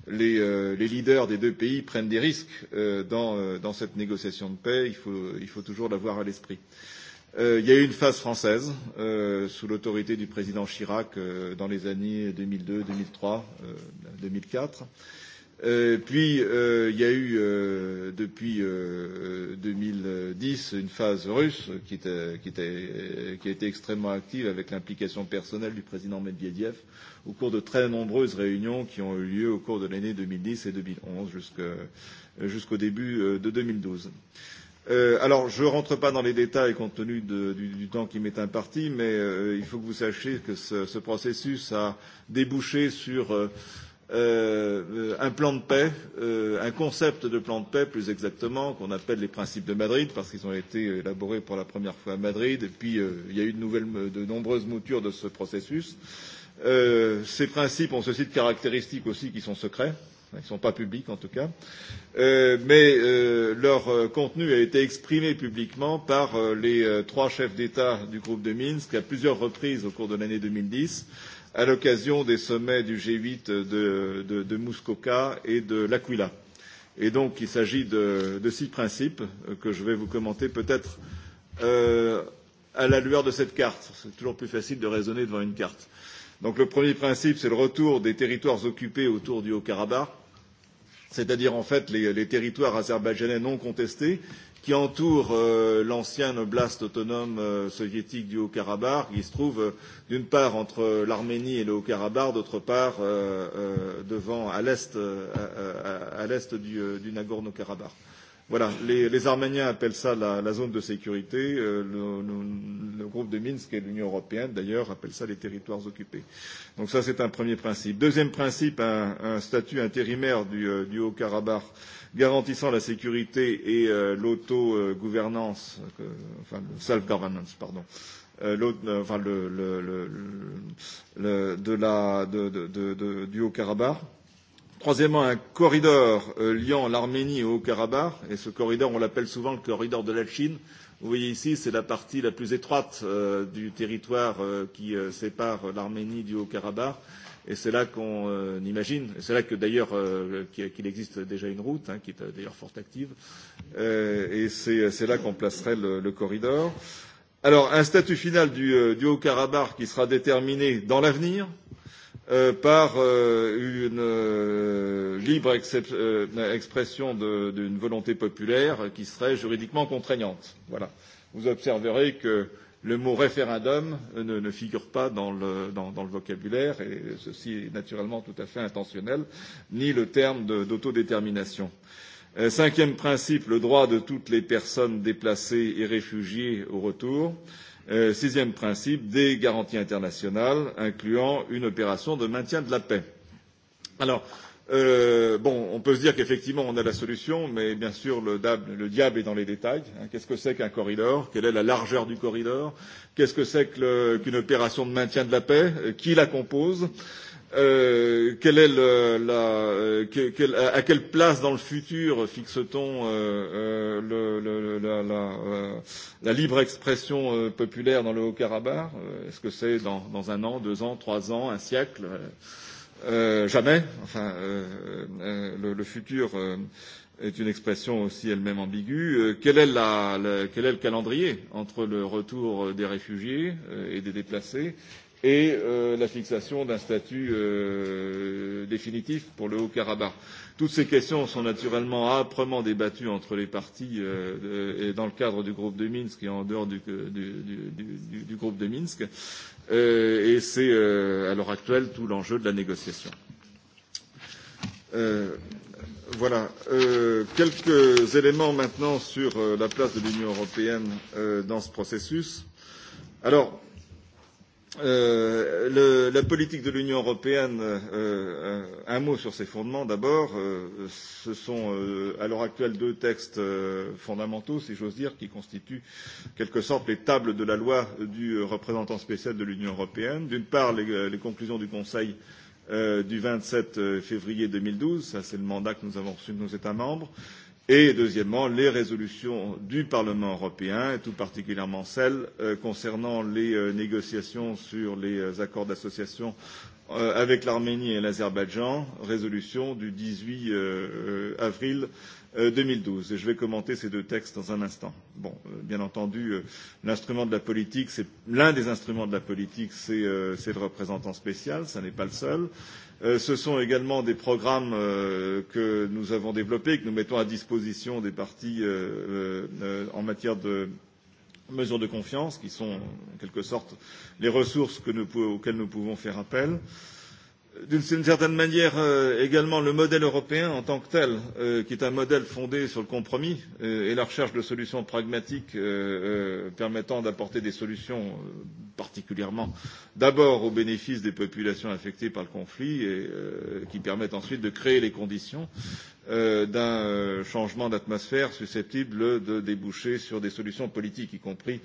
les, euh, les leaders des deux pays prennent des risques euh, dans, euh, dans cette négociation de paix, il faut, il faut toujours l'avoir à l'esprit. Euh, il y a eu une phase française euh, sous l'autorité du président Chirac euh, dans les années 2002, 2003, euh, 2004. Euh, puis euh, il y a eu euh, depuis euh, 2010 une phase russe qui, était, qui, était, euh, qui a été extrêmement active avec l'implication personnelle du président Medvedev au cours de très nombreuses réunions qui ont eu lieu au cours de l'année 2010 et 2011 euh, jusqu'au jusqu début euh, de 2012. Euh, alors, je ne rentre pas dans les détails compte tenu de, du, du temps qui m'est imparti, mais euh, il faut que vous sachiez que ce, ce processus a débouché sur euh, euh, un plan de paix, euh, un concept de plan de paix plus exactement, qu'on appelle les principes de Madrid, parce qu'ils ont été élaborés pour la première fois à Madrid, et puis euh, il y a eu de, nouvelles, de nombreuses moutures de ce processus. Euh, ces principes ont ceci de caractéristiques aussi qui sont secrets, ils ne sont pas publics en tout cas, euh, mais euh, leur euh, contenu a été exprimé publiquement par euh, les euh, trois chefs d'État du groupe de Minsk à plusieurs reprises au cours de l'année 2010 à l'occasion des sommets du G8 de, de, de Muskoka et de l'Aquila. Et donc, il s'agit de, de six principes que je vais vous commenter peut-être euh, à la lueur de cette carte. C'est toujours plus facile de raisonner devant une carte. Donc, le premier principe, c'est le retour des territoires occupés autour du Haut-Karabakh, c'est-à-dire en fait les, les territoires azerbaïdjanais non contestés qui entoure euh, l'ancien oblast autonome euh, soviétique du Haut-Karabakh, qui se trouve euh, d'une part entre l'Arménie et le Haut-Karabakh, d'autre part euh, euh, devant à l'est euh, à, à, à l'est du, euh, du Nagorno-Karabakh. Euh, Voilà, les, les Arméniens appellent ça la, la zone de sécurité. Euh, le, le, le groupe de Minsk et l'Union européenne, d'ailleurs, appellent ça les territoires occupés. Donc ça, c'est un premier principe. Deuxième principe, un, un statut intérimaire du, euh, du Haut-Karabakh garantissant la sécurité et euh, l'autogouvernance, euh, enfin le self-governance, pardon, euh, l'autre, euh, enfin le, le, le, le, le de la de, de, de, de, du Haut-Karabakh. Euh, Troisièmement, un corridor euh, liant l'Arménie au Haut-Karabakh, et ce corridor, on l'appelle souvent le corridor de la Chine. Vous voyez ici, c'est la partie la plus étroite euh, du territoire euh, qui euh, sépare l'Arménie du Haut-Karabakh, et c'est là qu'on euh, imagine, et c'est là que d'ailleurs euh, qu'il existe déjà une route, hein, qui est euh, d'ailleurs fort active, euh, et euh, c'est là qu'on placerait le, le corridor. Alors, un statut final du, euh, du Haut-Karabakh qui sera déterminé dans l'avenir, euh, euh, par euh, une euh, libre excep- euh, expression d'une volonté populaire qui serait juridiquement contraignante. Voilà. Vous observerez que le mot référendum ne, ne figure pas dans le, dans, dans le vocabulaire, et ceci est naturellement tout à fait intentionnel, ni le terme d'autodétermination. Euh, cinquième principe, le droit de toutes les personnes déplacées et réfugiées au retour. Euh, Euh, sixième principe, des garanties internationales incluant une opération de maintien de la paix. Alors, euh, bon, on peut se dire qu'effectivement on a la solution, mais bien sûr le, le diable est dans les détails. Hein. Qu'est-ce que c'est qu'un corridor Quelle est la largeur du corridor Qu'est-ce que c'est qu'une qu opération de maintien de la paix euh, Qui la compose euh, euh, quelle est le, la, euh, que, quelle, à quelle place dans le futur fixe-t-on euh, euh, le, le, la, la, euh, la libre expression euh, populaire dans le Haut-Karabakh euh, Est-ce que c'est dans, dans un an, deux ans, trois ans, un siècle euh, Jamais. Enfin, euh, euh, le, le futur euh, est une expression aussi elle-même ambiguë. Euh, quel, est la, la, quel est le calendrier entre le retour des réfugiés euh, et des déplacés et euh, la fixation d'un statut euh, définitif pour le Haut-Karabakh. Toutes ces questions sont naturellement âprement débattues entre les partis euh, et dans le cadre du groupe de Minsk et en dehors du, du, du, du, du groupe de Minsk. Euh, et c'est euh, à l'heure actuelle tout l'enjeu de la négociation. Euh, voilà. Euh, quelques éléments maintenant sur euh, la place de l'Union européenne euh, dans ce processus. Alors, Euh, le, la politique de l'Union européenne, euh, un, un mot sur ses fondements d'abord. Euh, ce sont euh, à l'heure actuelle deux textes euh, fondamentaux, si j'ose dire, qui constituent quelque sorte les tables de la loi du euh, représentant spécial de l'Union européenne. D'une part, les, euh, les conclusions du Conseil euh, du 27 euh, février 2012, ça c'est le mandat que nous avons reçu de nos États membres. Euh, et deuxièmement les résolutions du Parlement européen, et tout particulièrement celles euh, concernant les euh, négociations sur les euh, accords d'association euh, avec l'Arménie et l'Azerbaïdjan, résolution du 18 euh, euh, avril 2012. Euh, et je vais commenter ces deux textes dans un instant. Bon, euh, bien entendu, euh, l'instrument de la politique, c'est l'un des instruments de la politique, c'est euh, le représentant spécial, ça n'est pas le seul. Euh, Euh, ce sont également des programmes euh, que nous avons développés, que nous mettons à disposition des partis euh, euh, euh, en matière de mesures de confiance, qui sont en quelque sorte les ressources que nous, auxquelles nous pouvons faire appel. Euh, d'une certaine manière euh, également le modèle européen en tant que tel, euh, qui est un modèle fondé sur le compromis euh, et la recherche de solutions pragmatiques euh, euh, permettant d'apporter des solutions euh, particulièrement d'abord au bénéfice des populations affectées par le conflit et euh, qui permettent ensuite de créer les conditions euh, d'un euh, changement d'atmosphère susceptible de déboucher sur des solutions politiques, y compris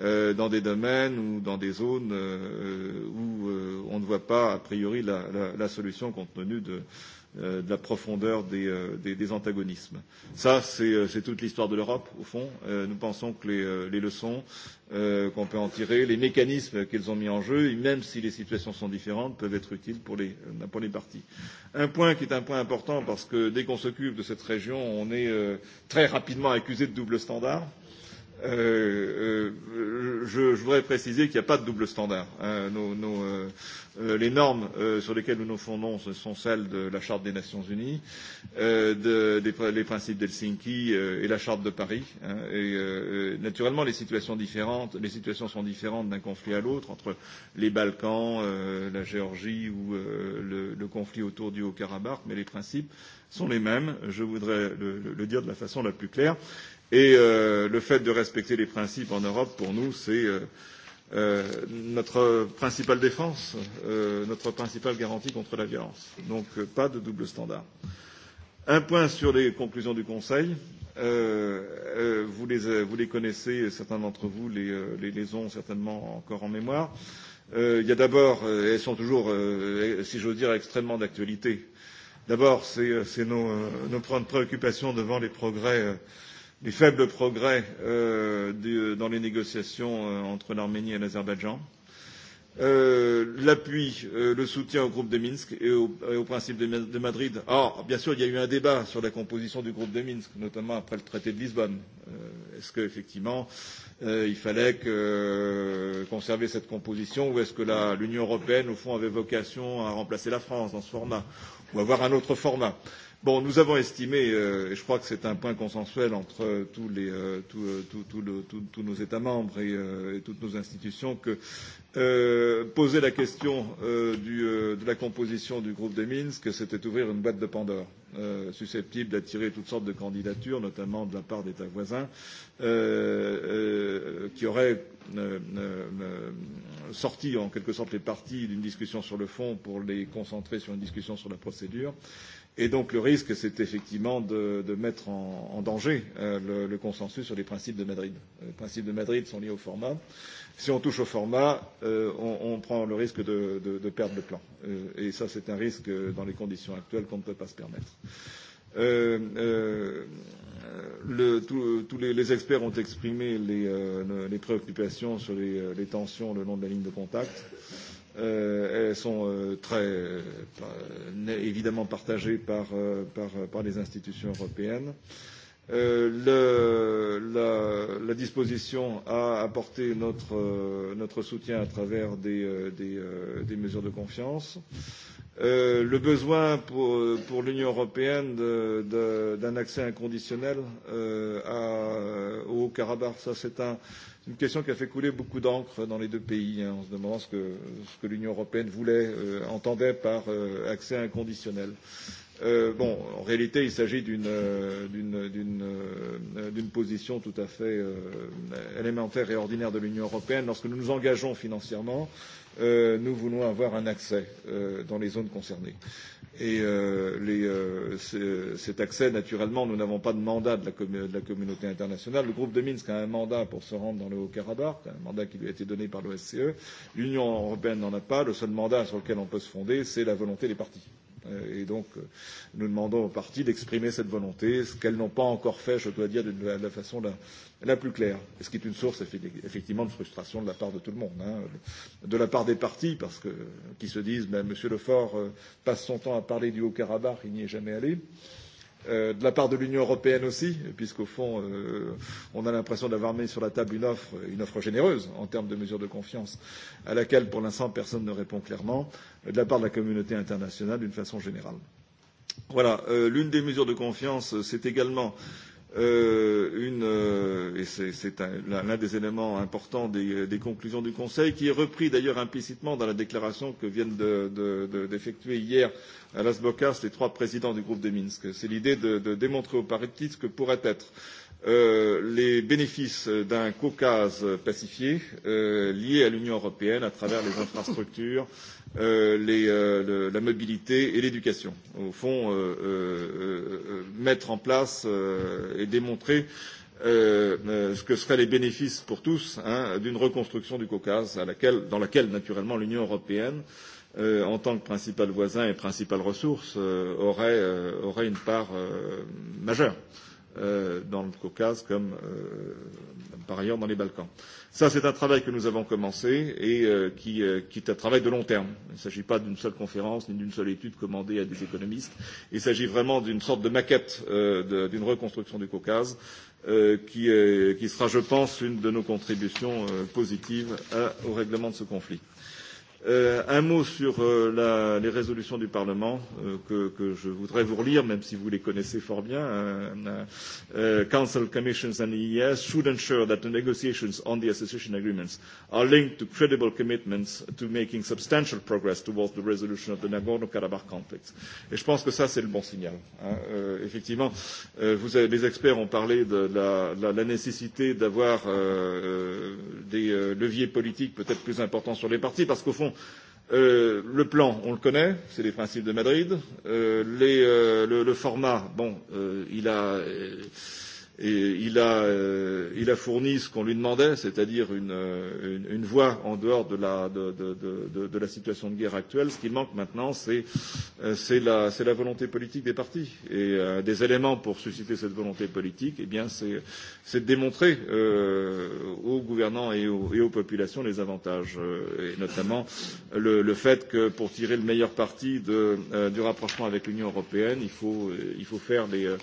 euh, dans des domaines ou dans des zones euh, où euh, on ne voit pas a priori la, la, la solution compte tenu de, euh, de la profondeur des, euh, des, des antagonismes. Ça, euh, c'est toute l'histoire de l'Europe, au fond. Nous pensons que les, les leçons qu'on peut en tirer, les mécanismes qu'ils ont mis en jeu, et même si les situations sont différentes, peuvent être utiles pour les, pour les parties. Un point qui est un point important, parce que dès qu'on s'occupe de cette région, on est très rapidement accusé de double standard. Euh, Euh, euh, je, je voudrais préciser qu'il n'y a pas de double standard. Euh, nos, nos, euh, euh, les normes euh, sur lesquelles nous nous fondons, ce sont celles de la Charte des Nations Unies, euh, de, des les principes d'Helsinki euh, et la Charte de Paris. Hein, et euh, euh, naturellement, les situations, différentes, les situations sont différentes d'un conflit à l'autre, entre les Balkans, euh, la Géorgie ou euh, le, le conflit autour du Haut-Karabakh, mais les principes sont les mêmes, je voudrais le, le, le dire de la façon la plus claire. Euh, Et euh, le fait de respecter les principes en Europe, pour nous, c'est euh, euh, notre principale défense, euh, notre principale garantie contre la violence. Donc euh, pas de double standard. Un point sur les conclusions du Conseil. Euh, euh, vous, les, vous les connaissez, certains d'entre vous les, euh, les, les ont certainement encore en mémoire. Euh, il y a d'abord, euh, elles sont toujours, euh, si j'ose dire, extrêmement d'actualité. D'abord, c'est euh, nos, euh, nos points de préoccupation devant les progrès euh, les faibles progrès euh, de, dans les négociations euh, entre l'Arménie et l'Azerbaïdjan, euh, l'appui, euh, le soutien au groupe de Minsk et au, et au principe de, de Madrid. Or, bien sûr, il y a eu un débat sur la composition du groupe de Minsk, notamment après le traité de Lisbonne. Euh, est-ce qu'effectivement, euh, il fallait que, euh, conserver cette composition ou est-ce que la, l'Union européenne, au fond, avait vocation à remplacer la France dans ce format ou avoir un autre format euh, Bon, nous avons estimé, euh, et je crois que c'est un point consensuel entre euh, tous, les, euh, tout, euh, tout, tout le, tout, tous nos États membres et, euh, et toutes nos institutions, que euh, poser la question euh, du, euh, de la composition du groupe de Minsk, c'était ouvrir une boîte de Pandore, euh, susceptible d'attirer toutes sortes de candidatures, notamment de la part d'États voisins, euh, euh, qui auraient euh, euh, euh sorti en quelque sorte les partis d'une discussion sur le fond pour les concentrer sur une discussion sur la procédure. Euh, Et donc le risque, c'est effectivement de, de mettre en, en danger euh, le, le consensus sur les principes de Madrid. Euh, les principes de Madrid sont liés au format. Si on touche au format, euh, on, on prend le risque de, de, de perdre le plan. Euh, et ça, c'est un risque euh, dans les conditions actuelles qu'on ne peut pas se permettre. Euh, euh, le, tous les, les experts ont exprimé les, euh, les préoccupations sur les, euh, les tensions le long de la ligne de contact. Euh, Euh, elles sont euh, très euh, évidemment partagées par, euh, par, euh, par les institutions européennes. Euh, Euh, le, la, la disposition a apporté notre, euh, notre soutien à travers des, euh, des, euh, des mesures de confiance. Euh, le besoin pour, euh, pour l'Union européenne d'un accès inconditionnel euh, à, au Haut-Karabakh, ça c'est un, une question qui a fait couler beaucoup d'encre dans les deux pays, hein, en se demandant ce que, ce que l'Union européenne voulait, euh, entendait par euh, accès inconditionnel. Euh, Euh, bon, en réalité, il s'agit d'une euh, euh, position tout à fait euh, élémentaire et ordinaire de l'Union européenne. Lorsque nous nous engageons financièrement, euh, nous voulons avoir un accès euh, dans les zones concernées. Et euh, les, euh, cet accès, naturellement, nous n'avons pas de mandat de la, de la communauté internationale. Le groupe de Minsk a un mandat pour se rendre dans le Haut-Karabakh, un mandat qui lui a été donné par l'OSCE. L'Union européenne n'en a pas. Le seul mandat sur lequel on peut se fonder, c'est la volonté des partis. Euh, Euh, et donc, euh, nous demandons aux partis d'exprimer cette volonté, ce qu'elles n'ont pas encore fait, je dois dire, de la façon la, la plus claire. Ce qui est une source, effectivement, de frustration de la part de tout le monde. Hein. De la part des partis, parce que, qui se disent, ben, Monsieur Lefort euh, passe son temps à parler du Haut-Karabakh, il n'y est jamais allé. Euh, euh, de la part de l'Union européenne aussi, puisqu'au fond, euh, on a l'impression d'avoir mis sur la table une offre, une offre généreuse en termes de mesures de confiance, à laquelle pour l'instant personne ne répond clairement, de la part de la communauté internationale d'une façon générale. Voilà, euh, l'une des mesures de confiance, euh, c'est également euh, euh, une, euh, et c'est l'un des éléments importants des, des conclusions du Conseil, qui est repris d'ailleurs implicitement dans la déclaration que viennent d'effectuer de, de, de, hier à Las Bocas les trois présidents du groupe de Minsk. C'est l'idée de, de démontrer aux partis ce que pourrait être euh, euh, les bénéfices d'un Caucase pacifié euh, lié à l'Union européenne à travers les infrastructures, euh, les, euh, le, la mobilité et l'éducation. Au fond, euh, euh, euh, mettre en place euh, et démontrer euh, euh, ce que seraient les bénéfices pour tous hein, d'une reconstruction du Caucase, à laquelle, dans laquelle, naturellement, l'Union européenne, euh, en tant que principal voisin et principale ressource, euh, aurait, euh, aurait une part euh, majeure. Euh, euh, dans le Caucase comme euh, par ailleurs dans les Balkans. Ça, c'est un travail que nous avons commencé et euh, qui, euh, qui est un travail de long terme. Il ne s'agit pas d'une seule conférence ni d'une seule étude commandée à des économistes. Il s'agit vraiment d'une sorte de maquette euh, d'une reconstruction du Caucase euh, qui, euh, qui sera, je pense, une de nos contributions euh, positives à, euh, au règlement de ce conflit. Euh, Euh, un mot sur euh, la, les résolutions du Parlement euh, que, que je voudrais vous relire, même si vous les connaissez fort bien. Euh, euh, Council, Commissions and EES should ensure that the negotiations on the association agreements are linked to credible commitments to making substantial progress towards the resolution of the Nagorno-Karabakh conflict. Et je pense que ça, c'est le bon signal. Hein. Euh, effectivement, euh, vous avez, les experts ont parlé de la, la, la nécessité d'avoir euh, euh des euh, leviers politiques peut-être plus importants sur les partis, parce qu'au fond, question. Euh, le plan, on le connaît, c'est les principes de Madrid. Euh, les, euh, le, le format, bon, euh, il a. Euh, et il a, euh, il a fourni ce qu'on lui demandait, c'est-à-dire une, euh, une, une voie en dehors de la, de, de, de, de la situation de guerre actuelle. Ce qui manque maintenant, c'est euh, la, la volonté politique des partis. Et euh, des éléments pour susciter cette volonté politique, eh bien, c'est de démontrer euh, aux gouvernants et aux, et aux populations les avantages, euh, et notamment le, le fait que pour tirer le meilleur parti de, euh, du rapprochement avec l'Union européenne, il faut, euh, il faut faire les. Euh,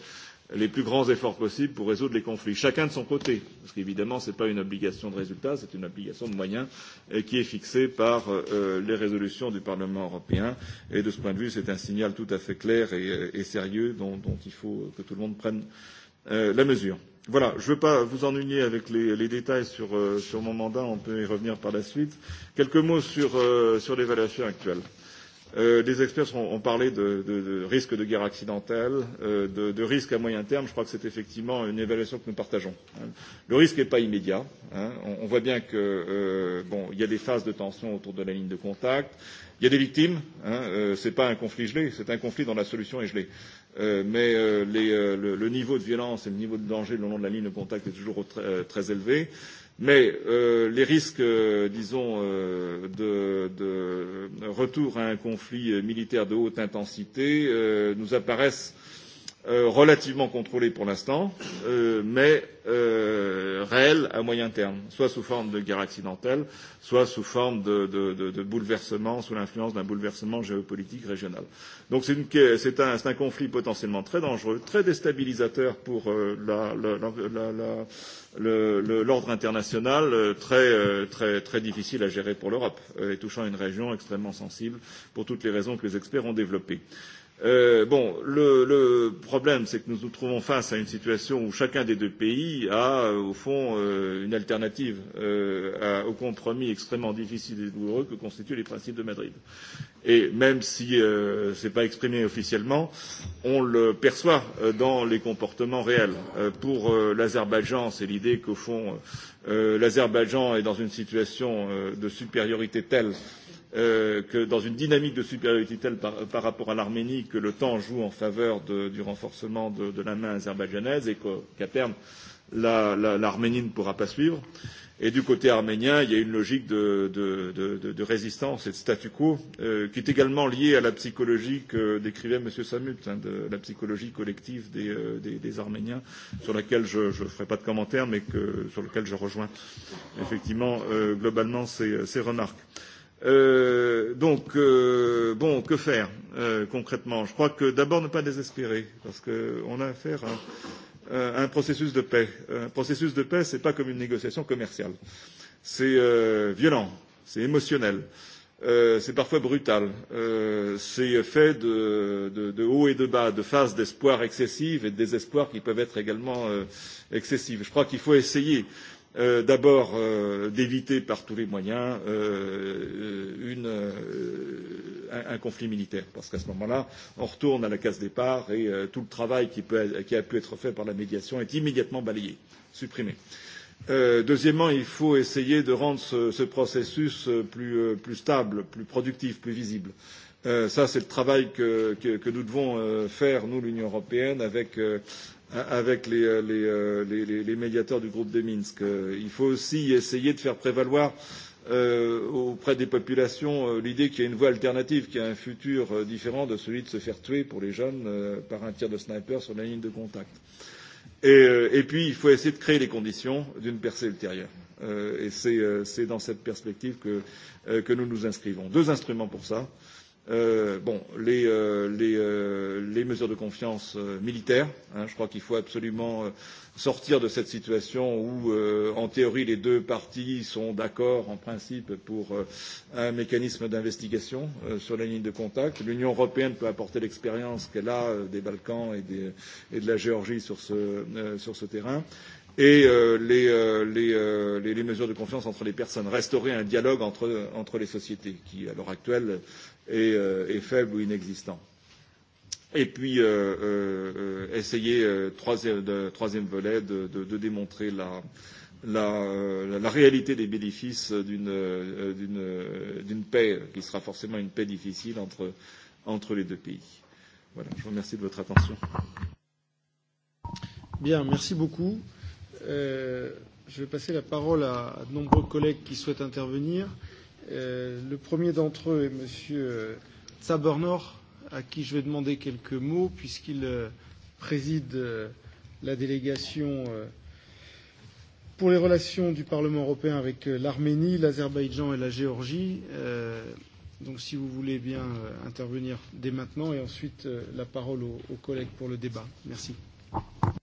les plus grands efforts possibles pour résoudre les conflits, chacun de son côté, parce qu'évidemment, ce n'est pas une obligation de résultat, c'est une obligation de moyens euh, qui est fixée par euh, euh, les résolutions du Parlement européen. Et de ce point de vue, c'est un signal tout à fait clair et, euh, et sérieux dont, dont il faut que tout le monde prenne euh, la mesure. Voilà, je ne veux pas vous ennuyer avec les, les détails sur, euh, sur mon mandat, on peut y revenir par la suite. Quelques mots sur, euh, sur l'évaluation actuelle. Euh, Euh, les experts ont, ont parlé de, de, de risque de guerre accidentelle, euh, de, de risque à moyen terme. Je crois que c'est effectivement une évaluation que nous partageons. Hein. Le risque n'est pas immédiat. Hein. On, on voit bien que euh, bon, il y a des phases de tension autour de la ligne de contact. Il y a des victimes. Hein. Euh, Ce n'est pas un conflit gelé, c'est un conflit dont la solution est gelée. Euh, mais euh, les, euh, le, le niveau de violence et le niveau de danger le long de la ligne de contact est toujours très, euh, très élevé. Euh, Mais euh, les risques, euh, disons, euh, de, de retour à un conflit euh, militaire de haute intensité euh, nous apparaissent euh, euh, relativement contrôlée pour l'instant, euh, mais euh, réelle à moyen terme, soit sous forme de guerre accidentelle, soit sous forme de, de, de, de bouleversement, sous l'influence d'un bouleversement géopolitique régional. Donc c'est, une, c'est, un, c'est un conflit potentiellement très dangereux, très déstabilisateur pour euh, la, la, la, la, la, le, le, l'ordre international, euh, très, euh, très, très difficile à gérer pour l'Europe, euh, et touchant une région extrêmement sensible pour toutes les raisons que les experts ont développées. Euh, Euh, bon, le, le problème, c'est que nous nous trouvons face à une situation où chacun des deux pays a, euh, au fond, euh, une alternative euh, à, au compromis extrêmement difficile et douloureux que constituent les principes de Madrid. Et même si euh, ce n'est pas exprimé officiellement, on le perçoit euh, dans les comportements réels. Euh, pour euh, l'Azerbaïdjan, c'est l'idée qu'au fond, euh, l'Azerbaïdjan est dans une situation euh, de supériorité telle euh, que dans une dynamique de supériorité telle par, par rapport à l'Arménie que le temps joue en faveur de, du renforcement de, de la main azerbaïdjanaise et qu'à qu terme l'Arménie la, la, ne pourra pas suivre. Et du côté arménien, il y a une logique de, de, de, de, de résistance et de statu quo euh, qui est également liée à la psychologie que décrivait M. Samut, hein, de la psychologie collective des, euh, des, des Arméniens, sur laquelle je ne ferai pas de commentaire, mais que, sur laquelle je rejoins effectivement euh, globalement ces, ces remarques. Euh, Euh, donc, euh, bon, que faire euh, concrètement Je crois que d'abord ne pas désespérer, parce qu'on a affaire à, euh, à un processus de paix. Un processus de paix, ce n'est pas comme une négociation commerciale. C'est euh, violent, c'est émotionnel, euh, c'est parfois brutal, euh, c'est fait de, de, de haut et de bas, de phases d'espoir excessives et de désespoir qui peuvent être également euh, excessives. Je crois qu'il faut essayer euh, euh, d'abord euh, d'éviter par tous les moyens euh, euh, une, euh, un, un conflit militaire, parce qu'à ce moment-là, on retourne à la case départ et euh, tout le travail qui, peut, qui a pu être fait par la médiation est immédiatement balayé, supprimé. Euh, deuxièmement, il faut essayer de rendre ce, ce processus euh, plus, euh, plus stable, plus productif, plus visible. Euh, ça, c'est le travail que, que, que nous devons euh, faire, nous, l'Union européenne, avec euh, avec les, euh, euh, les, les, les médiateurs du groupe de Minsk. Euh, il faut aussi essayer de faire prévaloir euh, auprès des populations euh, l'idée qu'il y a une voie alternative, qu'il y a un futur euh, différent de celui de se faire tuer pour les jeunes euh, par un tir de sniper sur la ligne de contact. Et, euh, et puis, il faut essayer de créer les conditions d'une percée ultérieure. Euh, et c'est euh, dans cette perspective que, euh, que nous nous inscrivons. Deux instruments pour ça. Euh, euh, bon, les, euh, les, euh, les mesures de confiance euh, militaires. Hein, je crois qu'il faut absolument euh, sortir de cette situation où, euh, en théorie, les deux parties sont d'accord, en principe, pour euh, un mécanisme d'investigation euh, sur la ligne de contact. L'Union européenne peut apporter l'expérience qu'elle a euh, des Balkans et, des, et de la Géorgie sur ce, euh, sur ce terrain et euh, les, euh, les, euh, les, les mesures de confiance entre les personnes, restaurer un dialogue entre, entre les sociétés qui, à l'heure actuelle, est, euh, est faible ou inexistant. Et puis, euh, euh, euh, essayer, euh, troisième, de, troisième volet, de, de, de démontrer la, la, euh, la réalité des bénéfices euh, d'une paix, qui sera forcément une paix difficile entre, entre les deux pays. Voilà, je vous remercie de votre attention. Bien, merci beaucoup. Euh, je vais passer la parole à, à de nombreux collègues qui souhaitent intervenir. Euh, Euh, le premier d'entre eux est Monsieur Tsabornor, euh, à qui je vais demander quelques mots, puisqu'il euh, préside euh, la délégation euh, pour les relations du Parlement européen avec euh, l'Arménie, l'Azerbaïdjan et la Géorgie. Euh, donc si vous voulez bien euh, intervenir dès maintenant et ensuite euh, la parole aux au, au collègues pour le débat. Merci. Merci.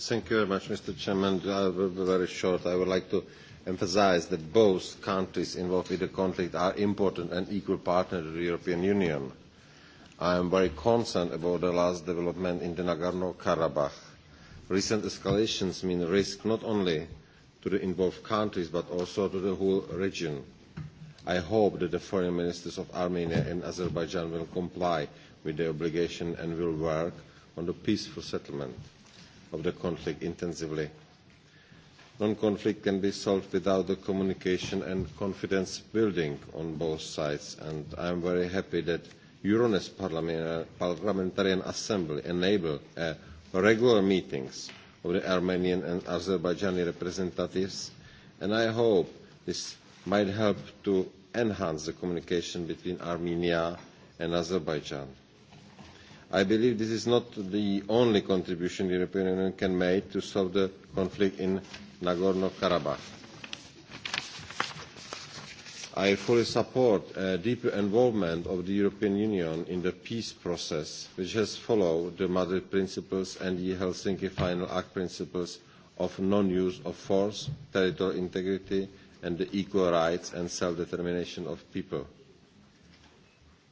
Thank you very much, Mr. Chairman. Uh, very short, I would like to emphasize that both countries involved with the conflict are important and equal partners to the European Union. I am very concerned about the last development in the Nagorno-Karabakh. Recent escalations mean risk not only to the involved countries but also to the whole region. I hope that the foreign ministers of Armenia and Azerbaijan will comply with their obligation and will work on the peaceful settlement of the conflict intensively. Non-conflict can be solved without the communication and confidence building on both sides, and I am very happy that Euronest uh, Parliamentarian Assembly enable uh, regular meetings of the Armenian and Azerbaijani representatives, and I hope this might help to enhance the communication between Armenia and Azerbaijan. I believe this is not the only contribution the European Union can make to solve the conflict in Nagorno-Karabakh. I fully support a deeper involvement of the European Union in the peace process, which has followed the Madrid principles and the Helsinki Final Act principles of non-use of force, territorial integrity, and the equal rights and self-determination of people.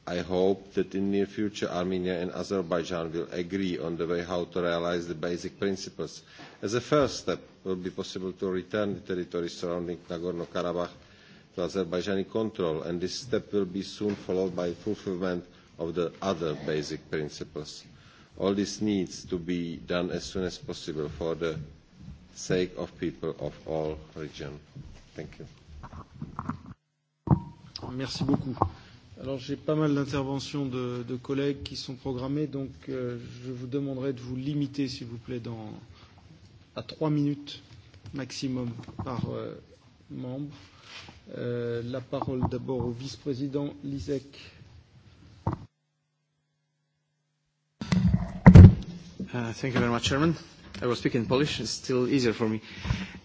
I hope that in near future Armenia and Azerbaijan will agree on the way how to realize the basic principles. As a first step, it will be possible to return the territories surrounding Nagorno-Karabakh to Azerbaijani control, and this step will be soon followed by fulfillment of the other basic principles. All this needs to be done as soon as possible for the sake of people of all regions. Thank you. Merci beaucoup. Alors j'ai pas mal d'interventions de, de collègues qui sont programmées, donc euh, je vous demanderai de vous limiter, s'il vous plaît, dans, à trois minutes maximum par euh, membre. Euh, la parole d'abord au vice-président Lisek. Uh, thank you very much, Chairman. I will speak in Polish. It's still easier for me.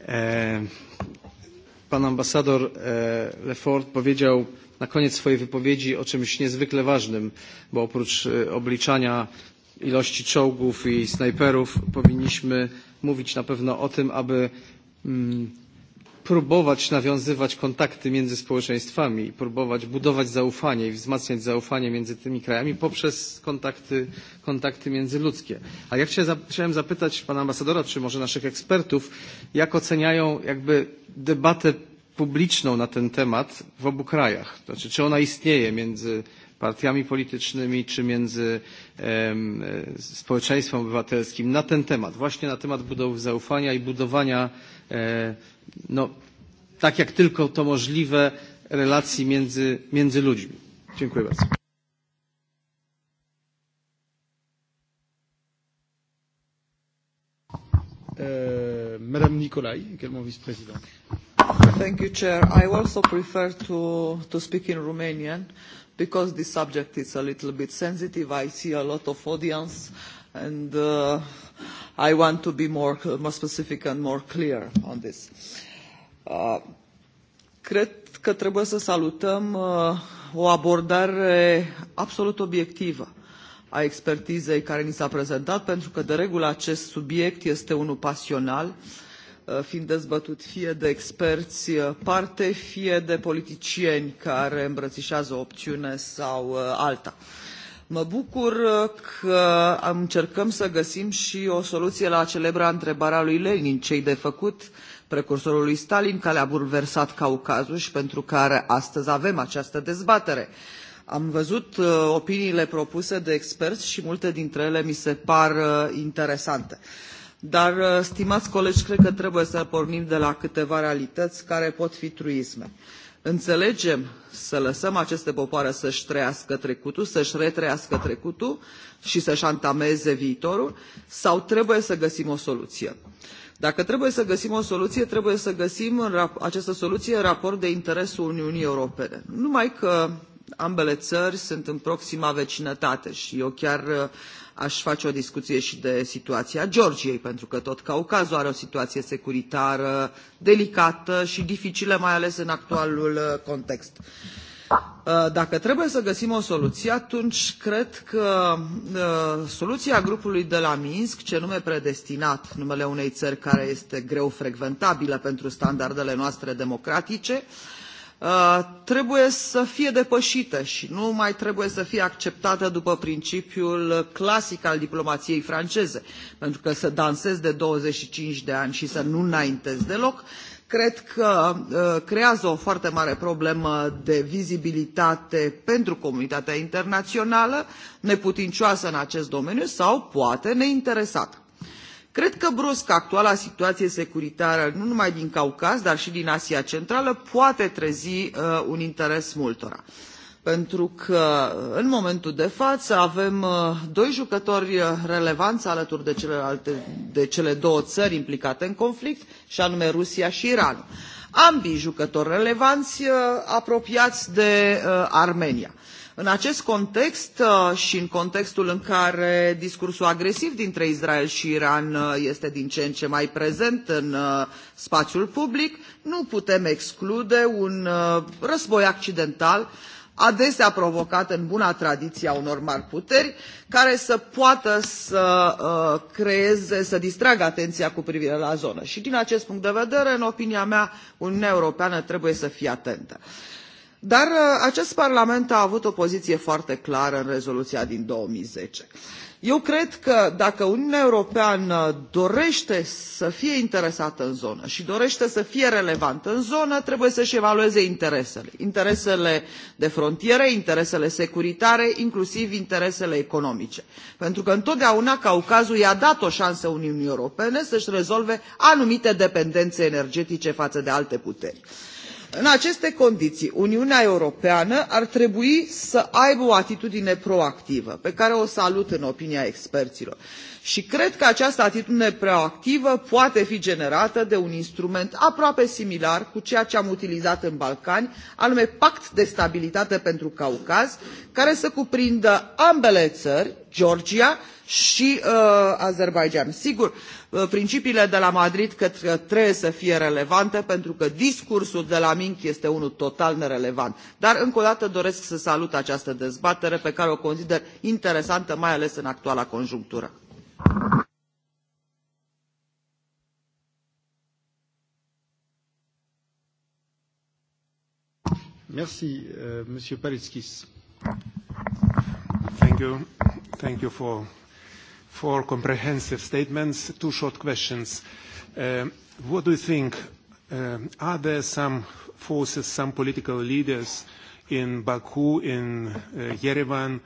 Uh, pan ambasador uh, Lefort powiedział na koniec swojej wypowiedzi o czymś niezwykle ważnym, bo oprócz e, obliczania ilości czołgów i snajperów powinniśmy mówić na pewno o tym, aby mm, próbować nawiązywać kontakty między społeczeństwami i próbować budować zaufanie i wzmacniać zaufanie między tymi krajami poprzez kontakty, kontakty międzyludzkie. A ja chciałem zapytać pana ambasadora, czy może naszych ekspertów, jak oceniają jakby debatę publiczną na ten temat w obu krajach. Znaczy, czy ona istnieje między partiami politycznymi czy między um, społeczeństwem obywatelskim na ten temat, właśnie na temat budowy zaufania i budowania, e, no, tak jak tylko to możliwe, relacji między, między ludźmi. Dziękuję bardzo. Euh, Madame Nicolai, également vice-présidente. Thank you, Chair. I also prefer to, to speak in Romanian because this subject is a little bit sensitive. I see a lot of audience and uh, I want to be more, more specific and more clear on this. Uh, cred că trebuie să salutăm uh, o abordare absolut obiectivă a expertizei care ni s-a prezentat, pentru că de regulă acest subiect este unul pasional uh, Uh, fiind dezbătut fie de experți uh, parte, fie de politicieni care îmbrățișează o opțiune sau uh, alta. Mă bucur că încercăm să găsim și o soluție la celebra întrebare a lui Lenin, ce de făcut precursorul lui Stalin, care a bulversat Caucazul și pentru care astăzi avem această dezbatere. Am văzut opiniile propuse de experți și multe dintre ele mi se par interesante. Uh, Dar, uh, stimați colegi, cred că trebuie să pornim de la câteva realități care pot fi truisme. Înțelegem să lăsăm aceste popoare să-și trăiască trecutul, să-și retrăiască trecutul și să-și antameze viitorul sau trebuie să găsim o soluție? Dacă trebuie să găsim o soluție, trebuie să găsim această soluție în raport de interesul Uniunii Europene. Numai că ambele țări sunt în proxima vecinătate și eu chiar uh, aș face o discuție și de situația Georgiei, pentru că tot Caucazul are o situație securitară delicată și dificilă, mai ales în actualul uh, context. Uh, dacă trebuie să găsim o soluție, atunci cred că uh, soluția grupului de la Minsk, ce nume predestinat, numele unei țări care este greu frecventabilă pentru standardele noastre democratice, uh, Uh, trebuie să fie depășită și nu mai trebuie să fie acceptată după principiul clasic al diplomației franceze, pentru că să dansezi de 25 de ani și să nu înaintezi deloc, cred că uh, creează o foarte mare problemă de vizibilitate pentru comunitatea internațională, neputincioasă în acest domeniu sau poate neinteresată Cred că brusc actuala situație securitară, nu numai din Caucaz, dar și din Asia Centrală, poate trezi uh, un interes multora. Pentru că uh, în momentul de față avem uh, doi jucători uh, relevanți alături de, celelalte, de cele două țări implicate în conflict, și anume Rusia și Iranul ambii jucători relevanți uh, apropiați de uh, Armenia. În acest context uh, și în contextul în care discursul agresiv dintre Israel și Iran uh, este din ce în ce mai prezent în uh, spațiul public, nu putem exclude un război accidental adesea provocat în buna tradiție a unor mari puteri, care să poată să uh, creeze, să distragă atenția cu privire la zonă. Și din acest punct de vedere, în opinia mea, Uniunea Europeană trebuie să fie atentă. Uh, Dar uh, acest Parlament a avut o poziție foarte clară în rezoluția din 2010. Eu cred că dacă Uniunea Europeană dorește să fie interesată în zonă și dorește să fie relevantă în zonă, trebuie să-și evalueze interesele. Interesele de frontiere, interesele securitare, inclusiv interesele economice. Pentru că întotdeauna Caucazul i-a dat o șansă Uniunii Europene să-și rezolve anumite dependențe energetice față de alte puteri. Uh, în aceste condiții uniunea europeană ar trebui să aibă o atitudine proactivă pe care o salut în opinia experților și Și cred că această atitudine proactivă poate fi generată de un instrument aproape similar cu ceea ce am utilizat în Balcani, anume Pact de Stabilitate pentru Caucaz, care să cuprindă ambele țări, Georgia și uh, Azerbaijan. Sigur, uh, principiile de la Madrid cred că trebuie să fie relevante pentru că discursul de la Minc este unul total nerelevant. Dar încă o dată doresc să salut această dezbatere pe care o consider interesantă, mai ales în actuala conjunctură. Merci, uh, Monsieur Paleckis. Thank you. Thank you for four comprehensive statements. Two short questions. Uh, what do you think, uh, are there some forces, some political leaders in Baku, in uh, Yerevan,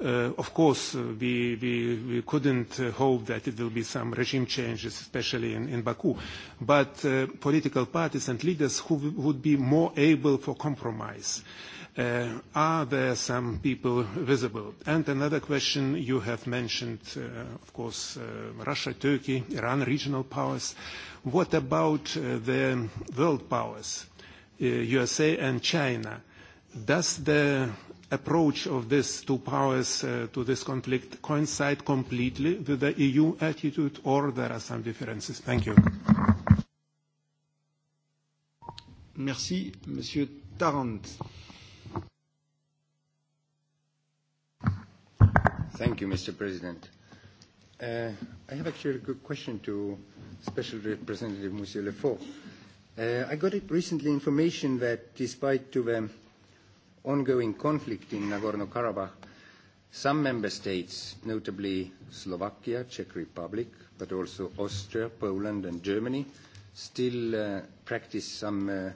Uh, of course, uh, we, we, we couldn't uh, hope that it will be some regime changes, especially in, in Baku. But uh, political parties and leaders who would be more able for compromise. Uh, are there some people visible? And another question you have mentioned, uh, of course, uh, Russia, Turkey, Iran, regional powers. What about uh, the world powers, uh, USA and China? Does the approach of these two powers uh, to this conflict coincide completely with the EU attitude, or there are some differences? Thank you. Merci. Monsieur Tarrant. Thank you, Mr. President. Uh, I have actually a good question to Special Representative Monsieur Lefort. Uh, I got it recently information that despite to the ongoing conflict in Nagorno-Karabakh, some member states, notably Slovakia, Czech Republic, but also Austria, Poland, and Germany, still uh, practice some uh,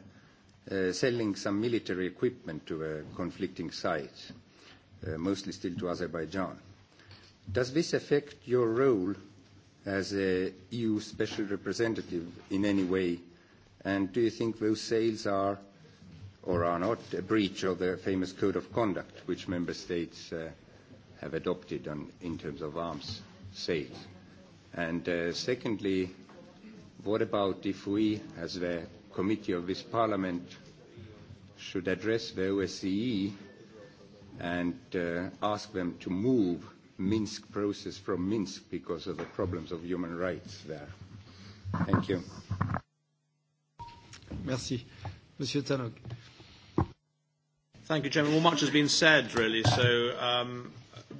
uh, selling some military equipment to a conflicting site, uh, mostly still to Azerbaijan. Does this affect your role as a EU special representative in any way? And do you think those sales are or are not a breach of the famous code of conduct which member states uh, have adopted on, in terms of arms sales? And uh, secondly, what about if we, as the committee of this parliament, should address the OSCE and uh, ask them to move Minsk process from Minsk because of the problems of human rights there? Thank you. Merci. Monsieur Tannock. Thank you, Chairman. Well, much has been said, really. So, um,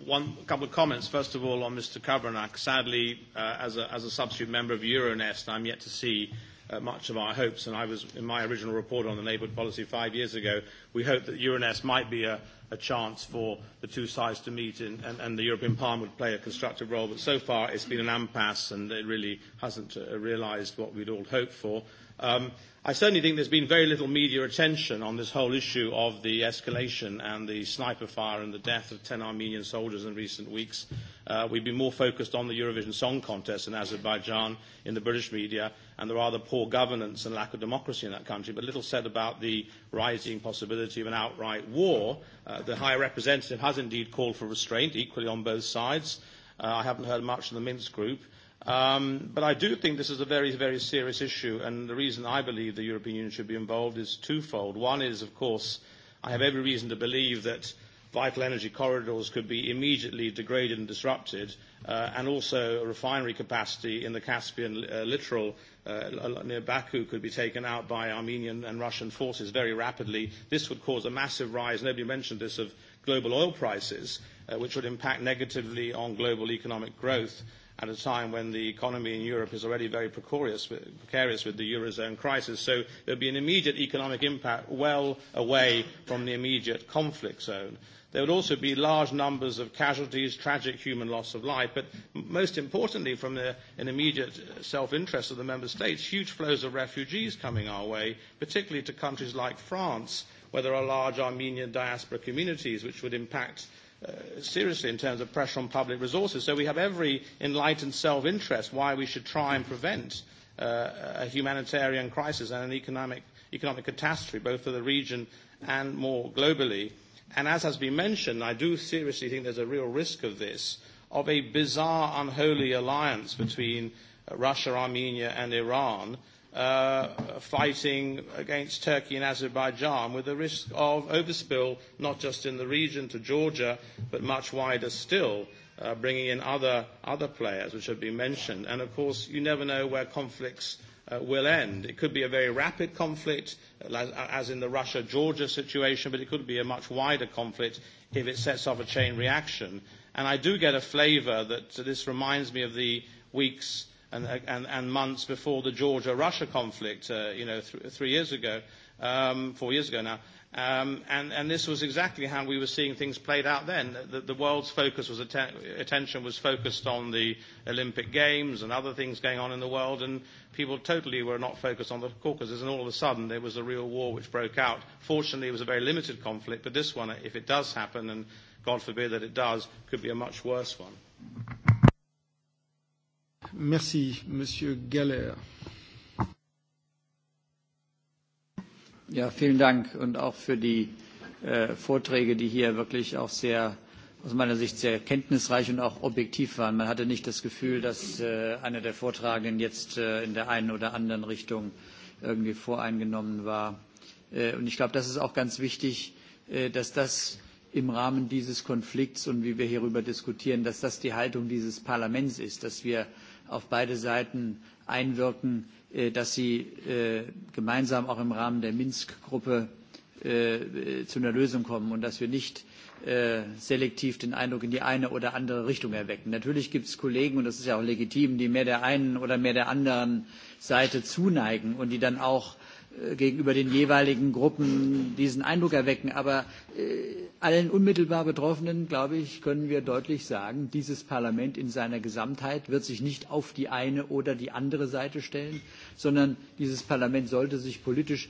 one a couple of comments. First of all, on Mr. Kabranak. Sadly, uh, as, a, as a substitute member of Euronest, I'm yet to see uh, much of our hopes. And I was in my original report on the neighbourhood policy five years ago. We hoped that Euronest might be a, a chance for the two sides to meet, and, and, and the European Parliament would play a constructive role. But so far, it's been an impasse, and it really hasn't uh, realised what we'd all hoped for. Um, I certainly think there's been very little media attention on this whole issue of the escalation and the sniper fire and the death of 10 Armenian soldiers in recent weeks. Uh, we've been more focused on the Eurovision Song Contest in Azerbaijan in the British media and the rather poor governance and lack of democracy in that country, but little said about the rising possibility of an outright war. Uh, the High Representative has indeed called for restraint, equally on both sides. Uh, I haven't heard much from the Minsk group. Um, but I do think this is a very, very serious issue, and the reason I believe the European Union should be involved is twofold. One is, of course, I have every reason to believe that vital energy corridors could be immediately degraded and disrupted, uh, and also refinery capacity in the Caspian uh, littoral uh, near Baku could be taken out by Armenian and Russian forces very rapidly. This would cause a massive rise, nobody mentioned this, of global oil prices, uh, which would impact negatively on global economic growth. Mm-hmm at a time when the economy in Europe is already very precarious, precarious with the Eurozone crisis. So there would be an immediate economic impact well away from the immediate conflict zone. There would also be large numbers of casualties, tragic human loss of life, but most importantly, from the, an immediate uh, self-interest of the member states, huge flows of refugees coming our way, particularly to countries like France, where there are large Armenian diaspora communities, which would impact uh, seriously in terms of pressure on public resources. So we have every enlightened self-interest why we should try and prevent uh, a humanitarian crisis and an economic, economic catastrophe, both for the region and more globally. And as has been mentioned, I do seriously think there's a real risk of this, of a bizarre, unholy alliance between uh, Russia, Armenia, and Iran – uh, fighting against Turkey and Azerbaijan with the risk of overspill, not just in the region to Georgia, but much wider still. Uh, bringing in other, other players, which have been mentioned. And of course, you never know where conflicts uh, will end. It could be a very rapid conflict, uh, as in the Russia Georgia situation, but it could be a much wider conflict if it sets off a chain reaction. And I do get a flavour that this reminds me of the weeks and, and, and months before the Georgia-Russia conflict, uh, you know, th- three years ago, um, four years ago now. Um, and, and this was exactly how we were seeing things played out then. The, the world's focus was atten- attention was focused on the Olympic Games and other things going on in the world, and people totally were not focused on the Caucasus. And all of a sudden, there was a real war which broke out. Fortunately, it was a very limited conflict, but this one, if it does happen, and God forbid that it does, could be a much worse one. Merci, Monsieur Galler. Ja, vielen Dank und auch für die äh, Vorträge, die hier wirklich auch sehr aus meiner Sicht sehr kenntnisreich und auch objektiv waren. Man hatte nicht das Gefühl, dass äh, einer der Vortragenden jetzt äh, in der einen oder anderen Richtung irgendwie voreingenommen war. Äh, und ich glaube, das ist auch ganz wichtig, äh, dass das im Rahmen dieses Konflikts und wie wir hierüber diskutieren, dass das die Haltung dieses Parlaments ist, dass wir auf beide Seiten einwirken, äh, dass sie äh, gemeinsam auch im Rahmen der Minsk-Gruppe äh, zu einer Lösung kommen und dass wir nicht selektiv den Eindruck in die eine oder andere Richtung erwecken. Natürlich gibt es Kollegen, und das ist ja auch legitim, die mehr der einen oder mehr der anderen Seite zuneigen und die dann auch Äh, gegenüber den jeweiligen Gruppen diesen Eindruck erwecken. Aber äh, allen unmittelbar Betroffenen, glaube ich, können wir deutlich sagen, dieses Parlament in seiner Gesamtheit wird sich nicht auf die eine oder die andere Seite stellen, sondern dieses Parlament sollte sich politisch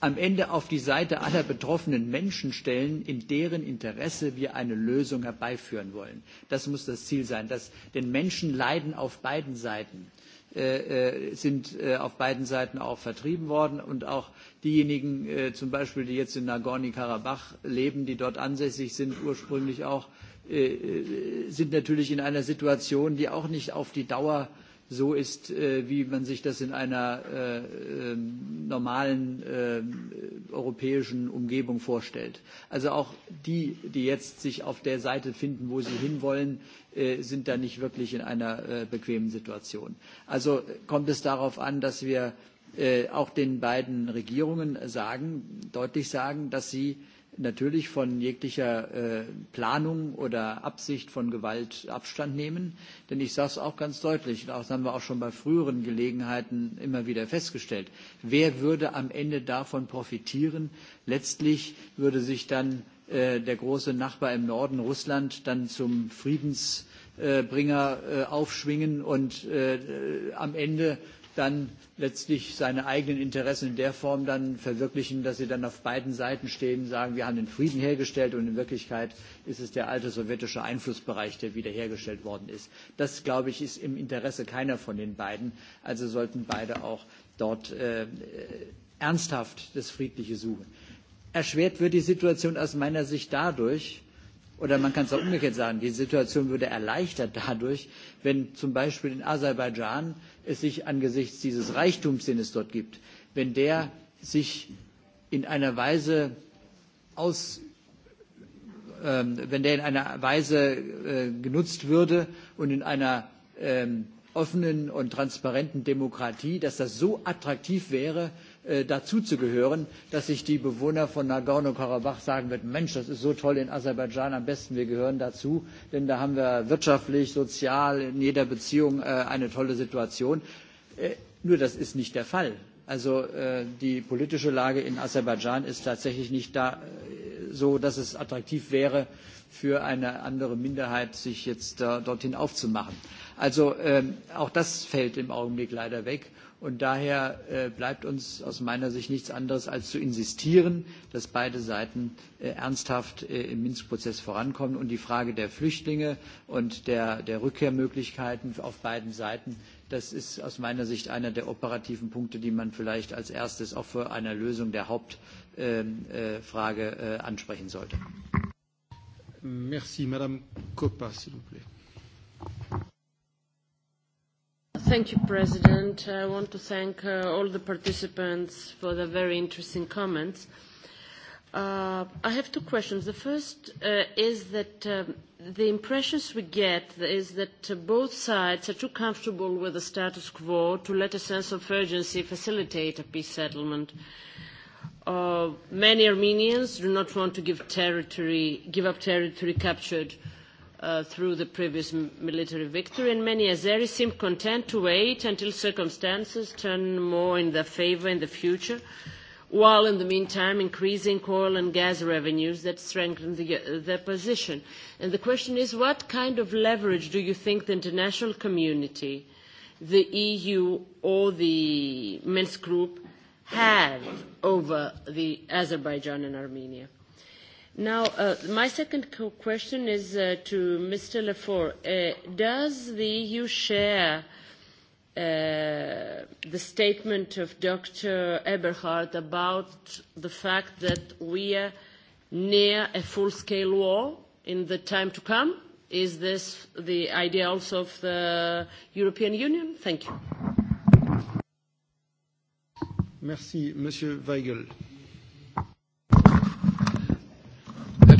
am Ende auf die Seite aller betroffenen Menschen stellen, in deren Interesse wir eine Lösung herbeiführen wollen. Das muss das Ziel sein, dass, denn Menschen leiden auf beiden Seiten. Äh, Äh, äh, sind äh, auf beiden Seiten auch vertrieben worden. Und auch diejenigen zum Beispiel, die jetzt in Nagorny-Karabach leben, die dort ansässig sind, ursprünglich auch, sind natürlich in einer Situation, die auch nicht auf die Dauer so ist, äh, wie man sich das in einer äh, äh, normalen äh, europäischen Umgebung vorstellt. Also auch die, die jetzt sich auf der Seite finden, wo sie hinwollen, äh, sind da nicht wirklich in einer äh, bequemen Situation. Also kommt es darauf an, dass wir äh, auch den beiden Regierungen sagen, deutlich sagen, dass sie äh, natürlich von jeglicher äh, Planung oder Absicht von Gewalt Abstand nehmen. Denn ich sage es auch ganz deutlich, und das haben wir auch schon bei früheren Gelegenheiten immer wieder festgestellt, wer würde am Ende davon profitieren? Letztlich würde sich dann äh, der große Nachbar im Norden Russland dann zum Friedensbringer äh, aufschwingen und äh, am Ende dann letztlich seine eigenen Interessen in der Form dann verwirklichen, dass sie dann auf beiden Seiten stehen, sagen, wir haben den Frieden hergestellt und in Wirklichkeit ist es der alte sowjetische Einflussbereich, der wiederhergestellt worden ist. Das, glaube ich, ist im Interesse keiner von den beiden. Also sollten beide auch dort äh, ernsthaft das Friedliche suchen. Erschwert wird die Situation aus meiner Sicht dadurch, Oder man kann es auch umgekehrt sagen, die Situation würde erleichtert dadurch, wenn zum Beispiel in Aserbaidschan es sich angesichts dieses Reichtums, den es dort gibt, wenn der sich in einer Weise aus, ähm, wenn der in einer Weise äh, genutzt würde und in einer ähm, offenen und transparenten Demokratie, dass das so attraktiv wäre, Äh, dazu zu gehören, dass sich die Bewohner von Nagorno-Karabach sagen wird, Mensch, das ist so toll in Aserbaidschan, am besten wir gehören dazu, denn da haben wir wirtschaftlich, sozial, in jeder Beziehung äh, eine tolle Situation. Äh, nur das ist nicht der Fall. Also die politische Lage in Aserbaidschan ist tatsächlich nicht da, so, dass es attraktiv wäre, für eine andere Minderheit sich jetzt dorthin aufzumachen. Also ähm, auch das fällt im Augenblick leider weg. Und daher äh, bleibt uns aus meiner Sicht nichts anderes, als zu insistieren, dass beide Seiten äh, ernsthaft äh, im Minsk-Prozess vorankommen und die Frage der Flüchtlinge und der, der Rückkehrmöglichkeiten auf beiden Seiten, das ist aus meiner Sicht einer der operativen Punkte, die man vielleicht als erstes auch für eine Lösung der Hauptfrage ähm, äh, äh, ansprechen sollte. Merci, Madame Coppa, s'il vous plaît. Thank you, President. I want to thank uh, all the participants for the very interesting comments. Uh, I have two questions. The first uh, is that uh, the impressions we get is that uh, both sides are too comfortable with the status quo to let a sense of urgency facilitate a peace settlement. Uh, many Armenians do not want to give, territory, give up territory captured uh, uh, through the previous military victory, and many Azeris seem content to wait until circumstances turn more in their favor in the future, while in the meantime increasing oil and gas revenues that strengthen the, uh, their position. And the question is, what kind of leverage do you think the international community, the EU or the Minsk group have over the Azerbaijan and Armenia? Now, uh, my second question is uh, to Mr. Lefort. Uh, does the EU share uh, the statement of Dr. Eberhard about the fact that we are near a full-scale war in the time to come? Is this the idea also of the European Union? Thank you. Merci. Monsieur Weigel.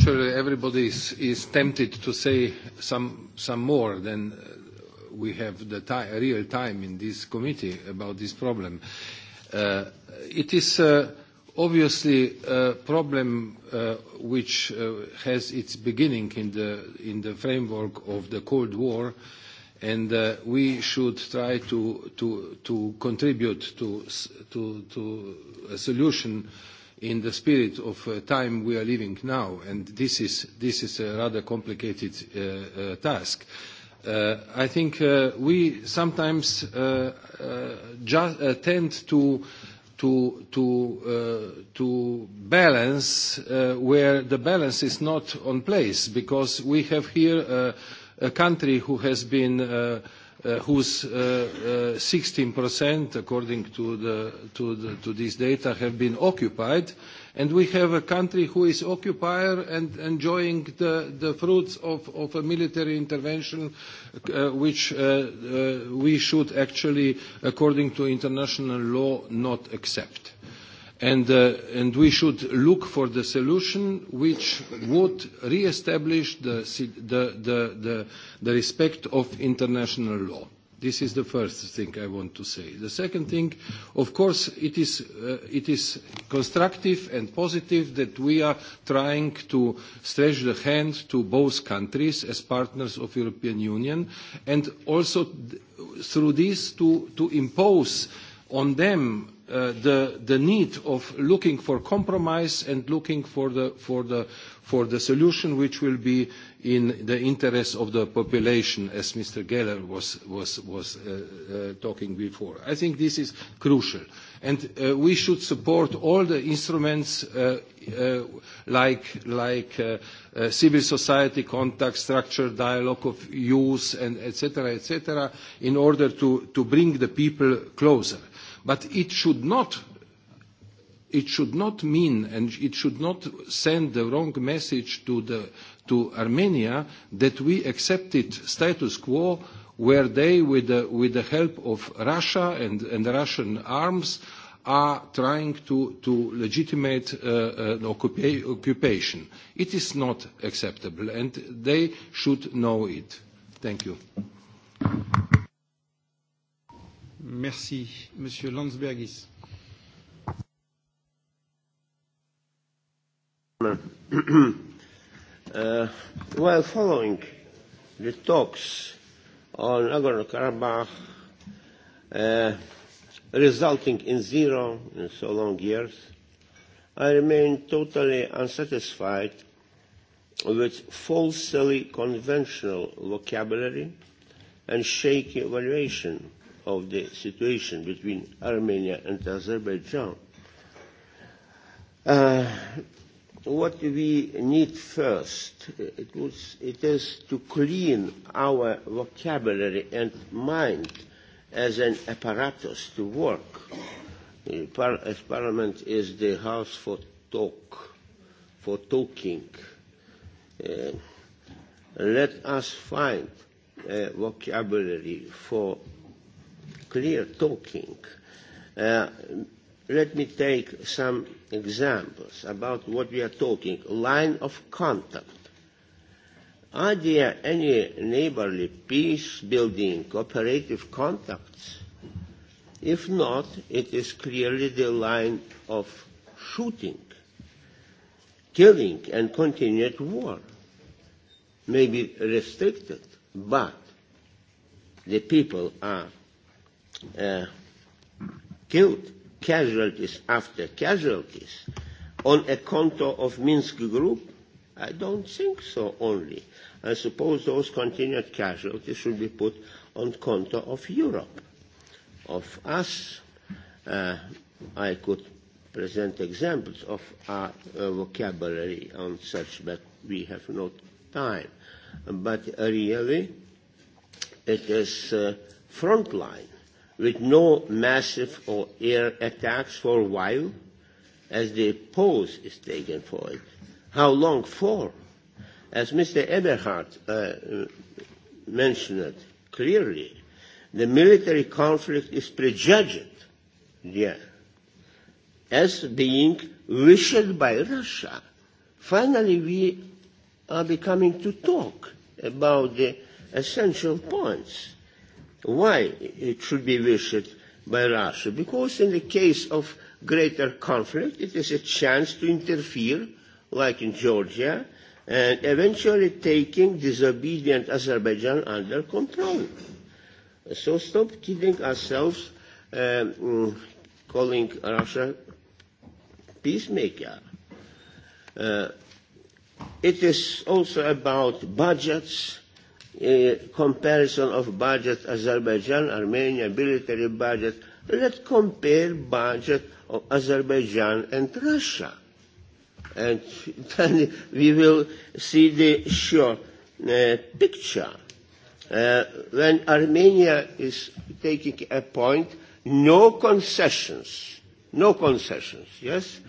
naturally, everybody is, is tempted to say some, some more than uh, we have the ti- real time in this committee about this problem. Uh, it is uh, obviously a problem uh, which uh, has its beginning in the, in the framework of the Cold War, and uh, we should try to, to, to contribute to, to, to a solution uh, in the spirit of uh, time we are living now, and this is, this is a rather complicated uh, uh, task. Uh, I think uh, we sometimes uh, uh, just, uh, tend to to to uh, to balance uh, where the balance is not on place because we have here uh, a country who has been uh, uh, whose uh, uh, 16%, according to, the, to, the, to this data, have been occupied. And we have a country who is occupier and enjoying the, the fruits of, of a military intervention, uh, which uh, uh, we should actually, according to international law, not accept and, uh, and we should look for the solution which would re-establish the, the, the, the, the respect of international law. This is the first thing I want to say. The second thing, of course, it is, uh, it is constructive and positive that we are trying to stretch the hand to both countries as partners of European Union and also th- through this to, to impose on them uh, the, the need of looking for compromise and looking for the, for, the, for the solution which will be in the interest of the population, as Mr. Geller was, was, was uh, uh, talking before. I think this is crucial. And uh, we should support all the instruments uh, uh, like, like uh, uh, civil society contact, structure, dialogue of youth, and etc., etc., in order to, to bring the people closer. But it should not it should not mean and it should not send the wrong message to, the, to Armenia that we accepted status quo where they, with the, with the help of Russia and, and Russian arms, are trying to, to legitimate uh, an uh, occupa- occupation. It is not acceptable, and they should know it. Thank you. Merci. Monsieur Landsbergis. uh, while following the talks on Nagorno-Karabakh uh, resulting in zero in so long years, I remain totally unsatisfied with falsely conventional vocabulary and shaky evaluation of the situation between Armenia and Azerbaijan, uh, what we need first, it, was, it is to clean our vocabulary and mind as an apparatus to work. Par- as Parliament is the house for talk, for talking. Uh, let us find a vocabulary for clear talking. Uh, let me take some examples about what we are talking. Line of contact. Are there any neighborly peace building cooperative contacts? If not, it is clearly the line of shooting, killing, and continued war may be restricted, but the people are uh, killed casualties after casualties on a contour of Minsk group? I don't think so only. I suppose those continued casualties should be put on contour of Europe, of us. Uh, I could present examples of our uh, vocabulary on such, but we have no time. But really, it is uh, frontline with no massive or air attacks for a while as the pause is taken for it. How long for? As Mr. Eberhardt uh, uh, mentioned it clearly, the military conflict is prejudged yeah, as being wished by Russia. Finally, we are becoming to talk about the essential points Why it should be wished by Russia? Because in the case of greater conflict, it is a chance to interfere, like in Georgia, and eventually taking disobedient Azerbaijan under control. So stop kidding ourselves, um, calling Russia peacemaker. Uh, it is also about budgets, uh, comparison of budget Azerbaijan, Armenia, military budget. Let's compare budget of Azerbaijan and Russia. And then we will see the sure uh, picture. Uh, when Armenia is taking a point, no concessions, no concessions, yes?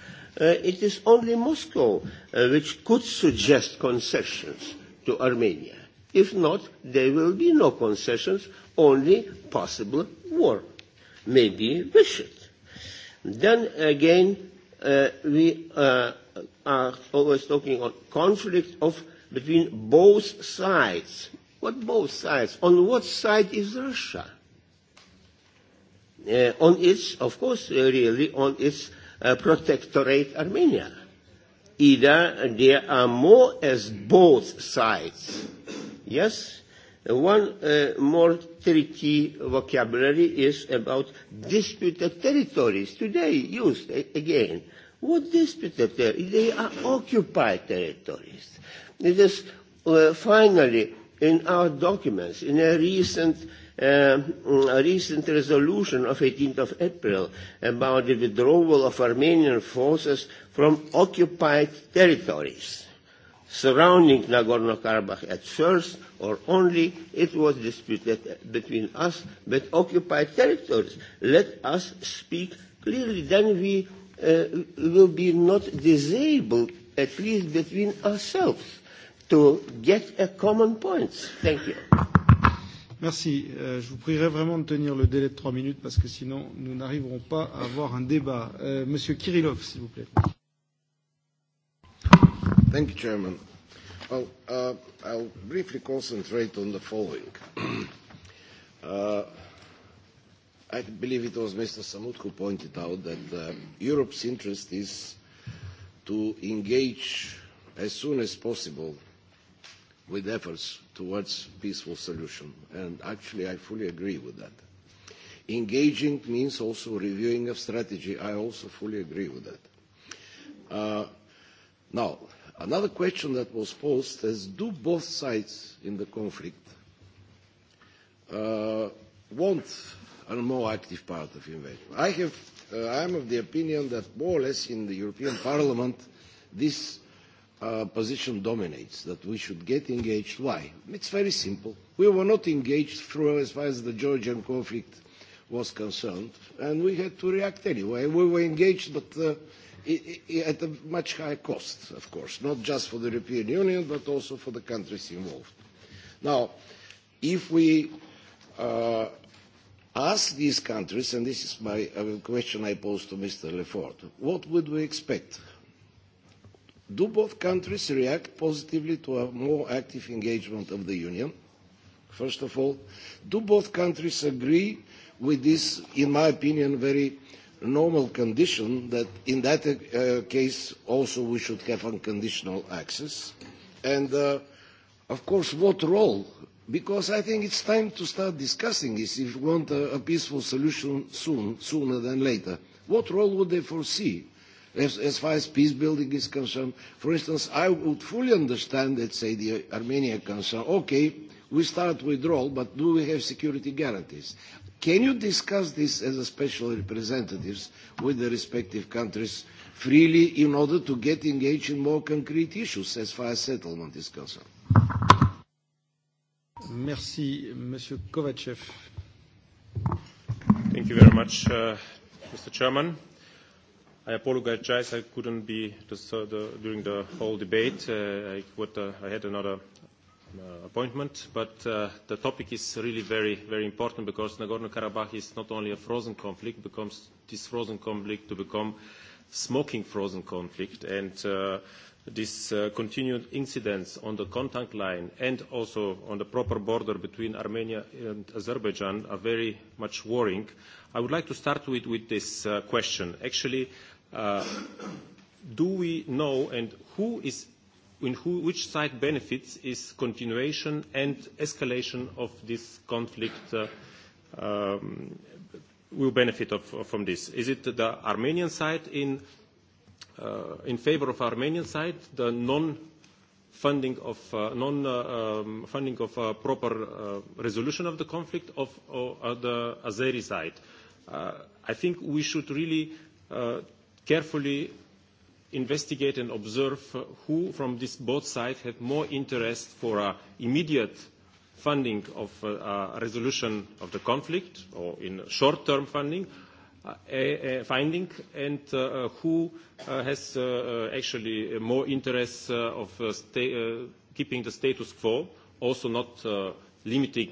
Uh, it is only Moscow uh, which could suggest concessions to Armenia. If not, there will be no concessions, only possible war. Maybe we should. Then again, uh, we uh, are always talking on conflict of between both sides. What both sides? On what side is Russia? Uh, on its, of course, uh, really on its uh, protectorate Armenia. Either there are more as both sides Yes? One uh, more tricky vocabulary is about disputed territories. Today used a- again. What disputed territories? They are occupied territories. It is uh, finally in our documents, in a recent uh, a recent resolution of 18th of April about the withdrawal of Armenian forces from occupied territories surrounding Nagorno-Karabakh at first or only it was disputed between us but occupied territories. Let us speak clearly, then we uh, will be not disabled, at least between ourselves, to get a common point. Thank you. Merci. Euh, je vous prierai vraiment de tenir le délai de trois minutes parce que sinon nous n'arriverons pas à avoir un débat. Euh, Monsieur Kirillov, s'il vous plaît. Thank you, Chairman. Well, uh, I'll briefly concentrate on the following. uh, I believe it was Mr. Samut who pointed out that uh, Europe's interest is to engage as soon as possible with efforts towards peaceful solution. And actually, I fully agree with that. Engaging means also reviewing of strategy. I also fully agree with that. Uh, now, Another question that was posed is, do both sides in the conflict uh, want a more active part of invasion? I have, uh, I'm of the opinion that more or less in the European Parliament, this uh, position dominates, that we should get engaged. Why? It's very simple. We were not engaged through as far as the Georgian conflict was concerned, and we had to react anyway. We were engaged, but uh, at a much higher cost, of course, not just for the European Union, but also for the countries involved. Now, if we uh, ask these countries, and this is my uh, question I posed to Mr. Lefort, what would we expect? Do both countries react positively to a more active engagement of the Union? First of all, do both countries agree with this, in my opinion, very normal condition that in that uh, case also we should have unconditional access. And uh, of course, what role? Because I think it's time to start discussing this if we want a, a peaceful solution soon, sooner than later. What role would they foresee as, as far as peace building is concerned? For instance, I would fully understand, let's say, the Armenia concern. Okay, we start withdrawal, but do we have security guarantees? Can you discuss this as a special representatives with the respective countries freely in order to get engaged in more concrete issues as far as settlement is concerned? Merci, Monsieur Kovachev. Thank you very much, uh, Mr. Chairman. I apologize, I couldn't be this, uh, the, during the whole debate. Uh, I, what, uh, I had another uh, appointment. But uh, the topic is really very, very important because Nagorno-Karabakh is not only a frozen conflict, becomes this frozen conflict to become smoking frozen conflict. And uh, this uh, continued incidents on the contact line and also on the proper border between Armenia and Azerbaijan are very much worrying. I would like to start with, with this uh, question. Actually, uh, do we know and who is in who, which side benefits is continuation and escalation of this conflict uh, um, will benefit of, from this. Is it the Armenian side in, uh, in favor of Armenian side, the non funding of uh, non uh, um, funding of uh, proper uh, resolution of the conflict of or, uh, the Azeri side. Uh, I think we should really uh, carefully investigate and observe who from this both sides have more interest for uh, immediate funding of uh, uh, resolution of the conflict or in short-term funding, uh, uh, finding, and uh, uh, who uh, has uh, uh actually more interest uh, of uh, sta- uh, keeping the status quo, also not uh, limiting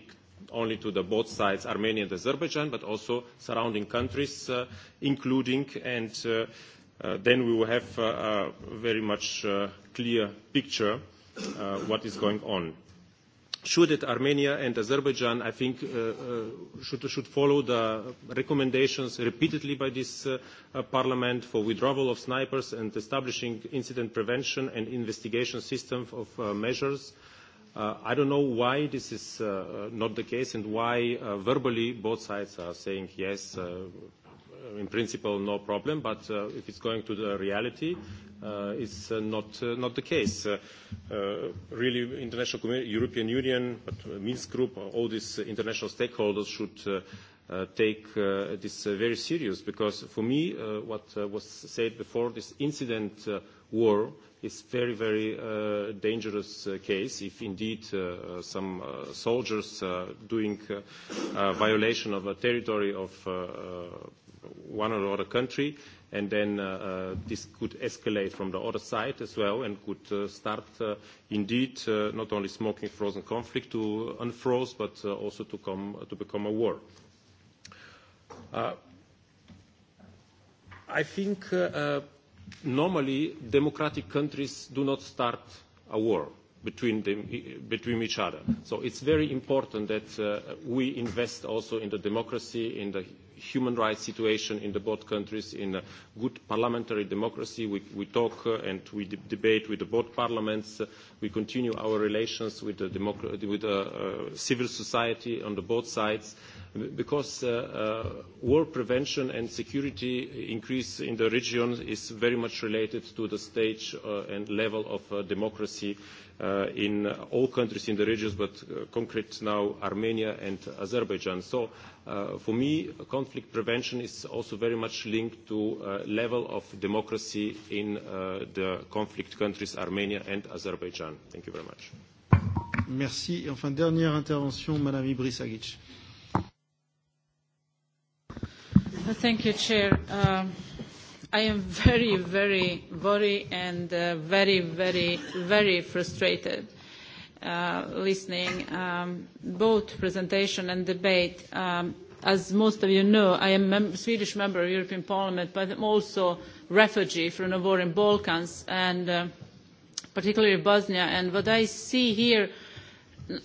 only to the both sides, Armenia and Azerbaijan, but also surrounding countries, uh, including and uh, uh, then we will have uh, a very much uh, clear picture uh, what is going on. Should it Armenia and Azerbaijan, I think, uh, uh, should, should follow the recommendations repeatedly by this uh, uh, parliament for withdrawal of snipers and establishing incident prevention and investigation system of uh, measures. Uh, I don't know why this is uh, not the case and why uh, verbally both sides are saying yes, uh, in principle, no problem, but uh, if it's going to the reality, uh, it's uh, not, uh, not the case. Uh, uh, really, international community, European Union, but uh, Minsk Group, uh, all these international stakeholders should uh, Uh, take uh, this uh, very serious because for me uh, what uh, was said before this incident uh, war is very very uh, dangerous uh, case if indeed uh, some uh, soldiers uh, doing uh, uh, violation of a territory of uh, uh one or other country, and then uh, uh, this could escalate from the other side as well and could uh, start uh, indeed uh, not only smoking frozen conflict to unfroze but uh, also to, come, uh, to become a war. Uh, I think uh, uh, normally democratic countries do not start a war between, them, e, between each other. So it's very important that uh, we invest also in the democracy, in the human rights situation in the both countries in a good parliamentary democracy. We, we talk uh, and we de- debate with the both parliaments. Uh, we continue our relations with the, democ- with the uh, uh, civil society on the both sides. Uh, because uh, uh, war prevention and security increase in the region is very much related to the stage uh, and level of uh, democracy uh, in all countries in the regions, but uh, concrete now Armenia and Azerbaijan. So uh, for me, conflict prevention is also very much linked to uh, level of democracy in uh, the conflict countries Armenia and Azerbaijan. Thank you very much. Merci. Et enfin, dernière intervention, Madame Ibris Agic. Euh, Uh, thank you, Chair. Um, I am very, very worried and uh, very, very, very frustrated uh, listening um, both presentation and debate. Um, as most of you know, I am a mem Swedish member of European Parliament, but I'm also refugee from the war in Balkans and uh, particularly Bosnia. And what I see here,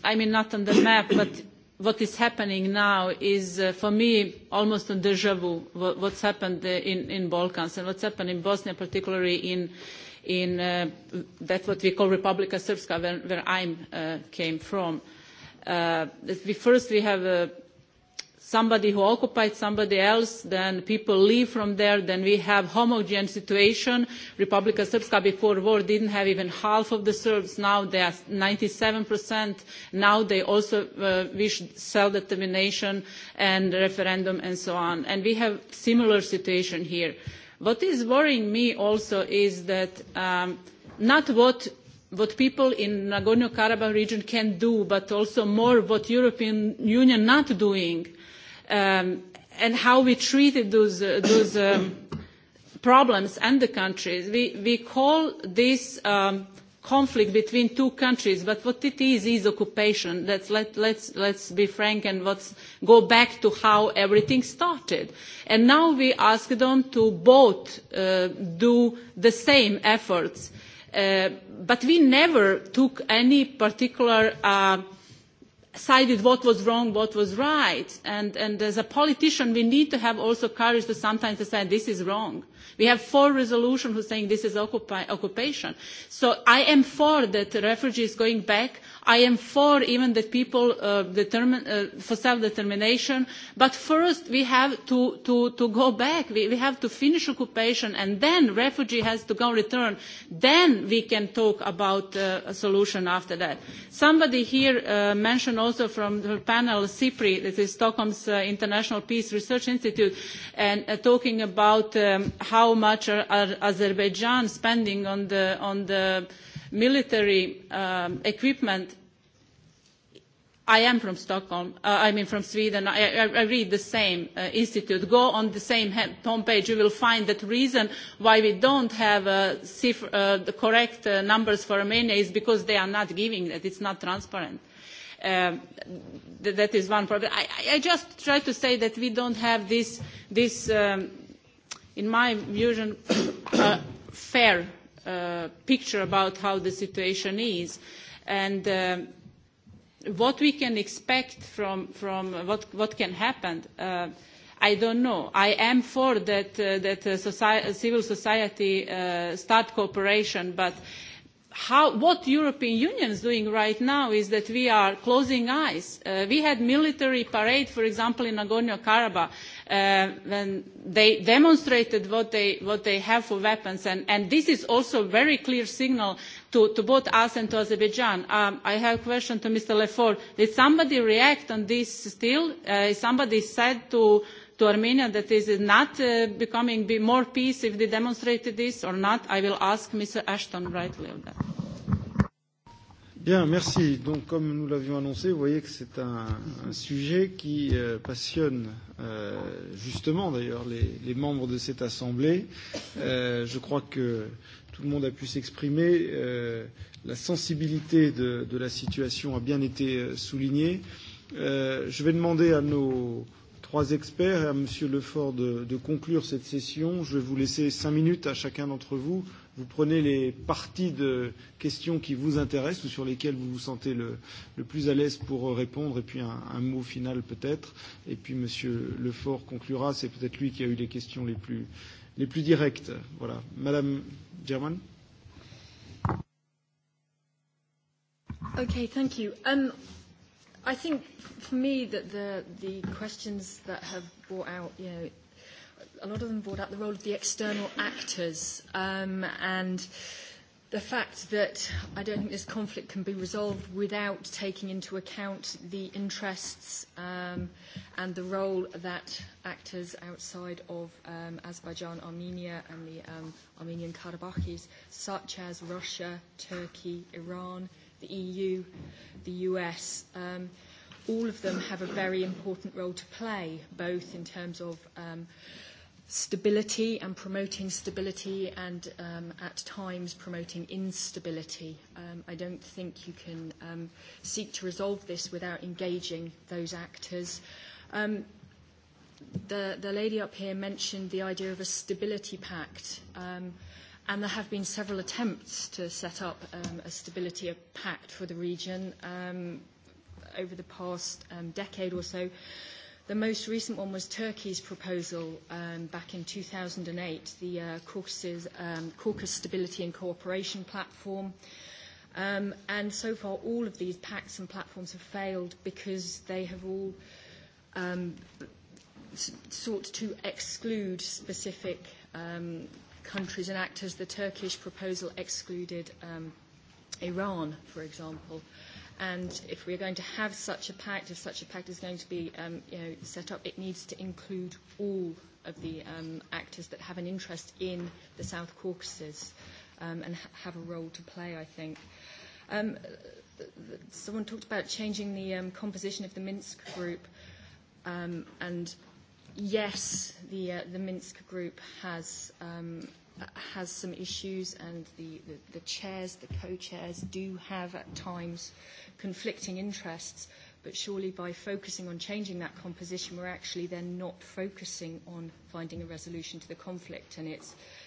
I mean, not on the map, but what is happening now is, uh, for me, almost a deja vu, what, what's happened uh, in, in Balkans and what's happened in Bosnia, particularly in, in uh, that what we call Republika Srpska, where, where I uh, came from. Uh, we, first, we have a somebody who occupied somebody else, then people leave from there, then we have homogeneous situation. Republika Srpska before war didn't have even half of the Serbs, now they are 97%, now they also uh, wish self-determination and referendum and so on. And we have similar situation here. What is worrying me also is that um, not what what people in Nagorno-Karabakh region can do, but also more what European Union not doing um, and how we treated those, uh, those um, problems and the countries. We, we call this um, conflict between two countries, but what it is is occupation. That's, let, let's, let's be frank and let's go back to how everything started. And now we ask them to both uh, do the same efforts. Uh, but we never took any particular uh, sided what was wrong, what was right. And, and as a politician, we need to have also courage to sometimes to say this is wrong. We have four resolutions who saying this is occupi- occupation. So I am for that refugees going back I am for even the people uh, determine, uh, for self-determination, but first we have to, to, to go back. We, we have to finish occupation and then refugee has to go return. Then we can talk about uh, a solution after that. Somebody here uh, mentioned also from the panel CIPRI, that is Stockholm's uh, International Peace Research Institute, and uh, talking about um, how much are, are Azerbaijan spending on the, on the military um, equipment. I am from Stockholm, uh, I mean from Sweden, I, I, I read the same uh, institute. Go on the same homepage, you will find that reason why we don't have uh, cif uh, the correct uh, numbers for Romania is because they are not giving it, it's not transparent. Uh, Um, th that is one problem. I, I just try to say that we don't have this, this um, in my vision, uh, fair uh, picture about how the situation is. And uh, what we can expect from, from uh, what, what can happen, uh, I don't know. I am for that, uh, that uh, society, civil society uh, start cooperation, but how, what European Union is doing right now is that we are closing eyes. Uh, we had military parade, for example, in Nagorno-Karabakh uh, when they demonstrated what they, what they have for weapons. And, and this is also a very clear signal to, to both us and to Azerbaijan. Um, I have a question to Mr. Lefort. Did somebody react on this still? Uh, somebody said to, to Armenia that is not uh, becoming be more peace if they demonstrated this or not? I will ask Mr. Ashton rightly on that. Bien, merci. Donc, comme nous l'avions annoncé, vous voyez que c'est un, un sujet qui euh, passionne euh, justement d'ailleurs les, les membres de cette assemblée. Euh, je crois que tout le monde a pu s'exprimer. Euh, la sensibilité de, de la situation a bien été euh, soulignée. Euh, je vais demander à nos trois experts et à Monsieur Lefort de, de conclure cette session. Je vais vous laisser cinq minutes à chacun d'entre vous Vous prenez les parties de questions qui vous intéressent ou sur lesquelles vous vous sentez le, le plus à l'aise pour répondre, et puis un, un mot final peut-être. Et puis Monsieur Lefort conclura. C'est peut-être lui qui a eu les questions les plus, les plus directes. Voilà. Madame German. Okay, thank you. Um, I think for me that the, the questions that have brought out, you know, a lot of them brought up the role of the external actors um, and the fact that I don't think this conflict can be resolved without taking into account the interests um, and the role that actors outside of um, Azerbaijan, Armenia, and the um, Armenian Karabakhis, such as Russia, Turkey, Iran, the EU, the US, um, all of them have a very important role to play, both in terms of um, uh, stability and promoting stability and um, at times promoting instability. Um, I don't think you can um, seek to resolve this without engaging those actors. Um, the, the lady up here mentioned the idea of a stability pact. Um, and there have been several attempts to set up um, a stability pact for the region um, over the past um, decade or so. The most recent one was Turkey's proposal um, back in 2008, the uh, Caucasus, um, Caucasus Stability and Cooperation Platform. Um, and so far, all of these pacts and platforms have failed because they have all um, sought to exclude specific um, countries and actors. The Turkish proposal excluded um, Iran, for example. Uh, And if we're going to have such a pact, if such a pact is going to be um, you know, set up, it needs to include all of the um, actors that have an interest in the South Caucasus um, and ha- have a role to play, I think. Um, th- th- someone talked about changing the um, composition of the Minsk group. Um, and yes, the, uh, the Minsk group has um, has some issues, and the, the, the chairs, the co-chairs, do have at times conflicting interests. But surely by focusing on changing that composition, we're actually then not focusing on finding a resolution to the conflict, and it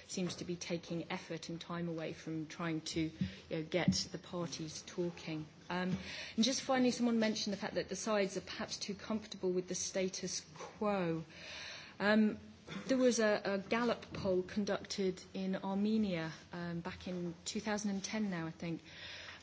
seems to be taking effort and time away from trying to you know, get the parties talking. Um, and just finally, someone mentioned the fact that the sides are perhaps too comfortable with the status quo. Um, There was a, a Gallup poll conducted in Armenia um, back in 2010 now, I think.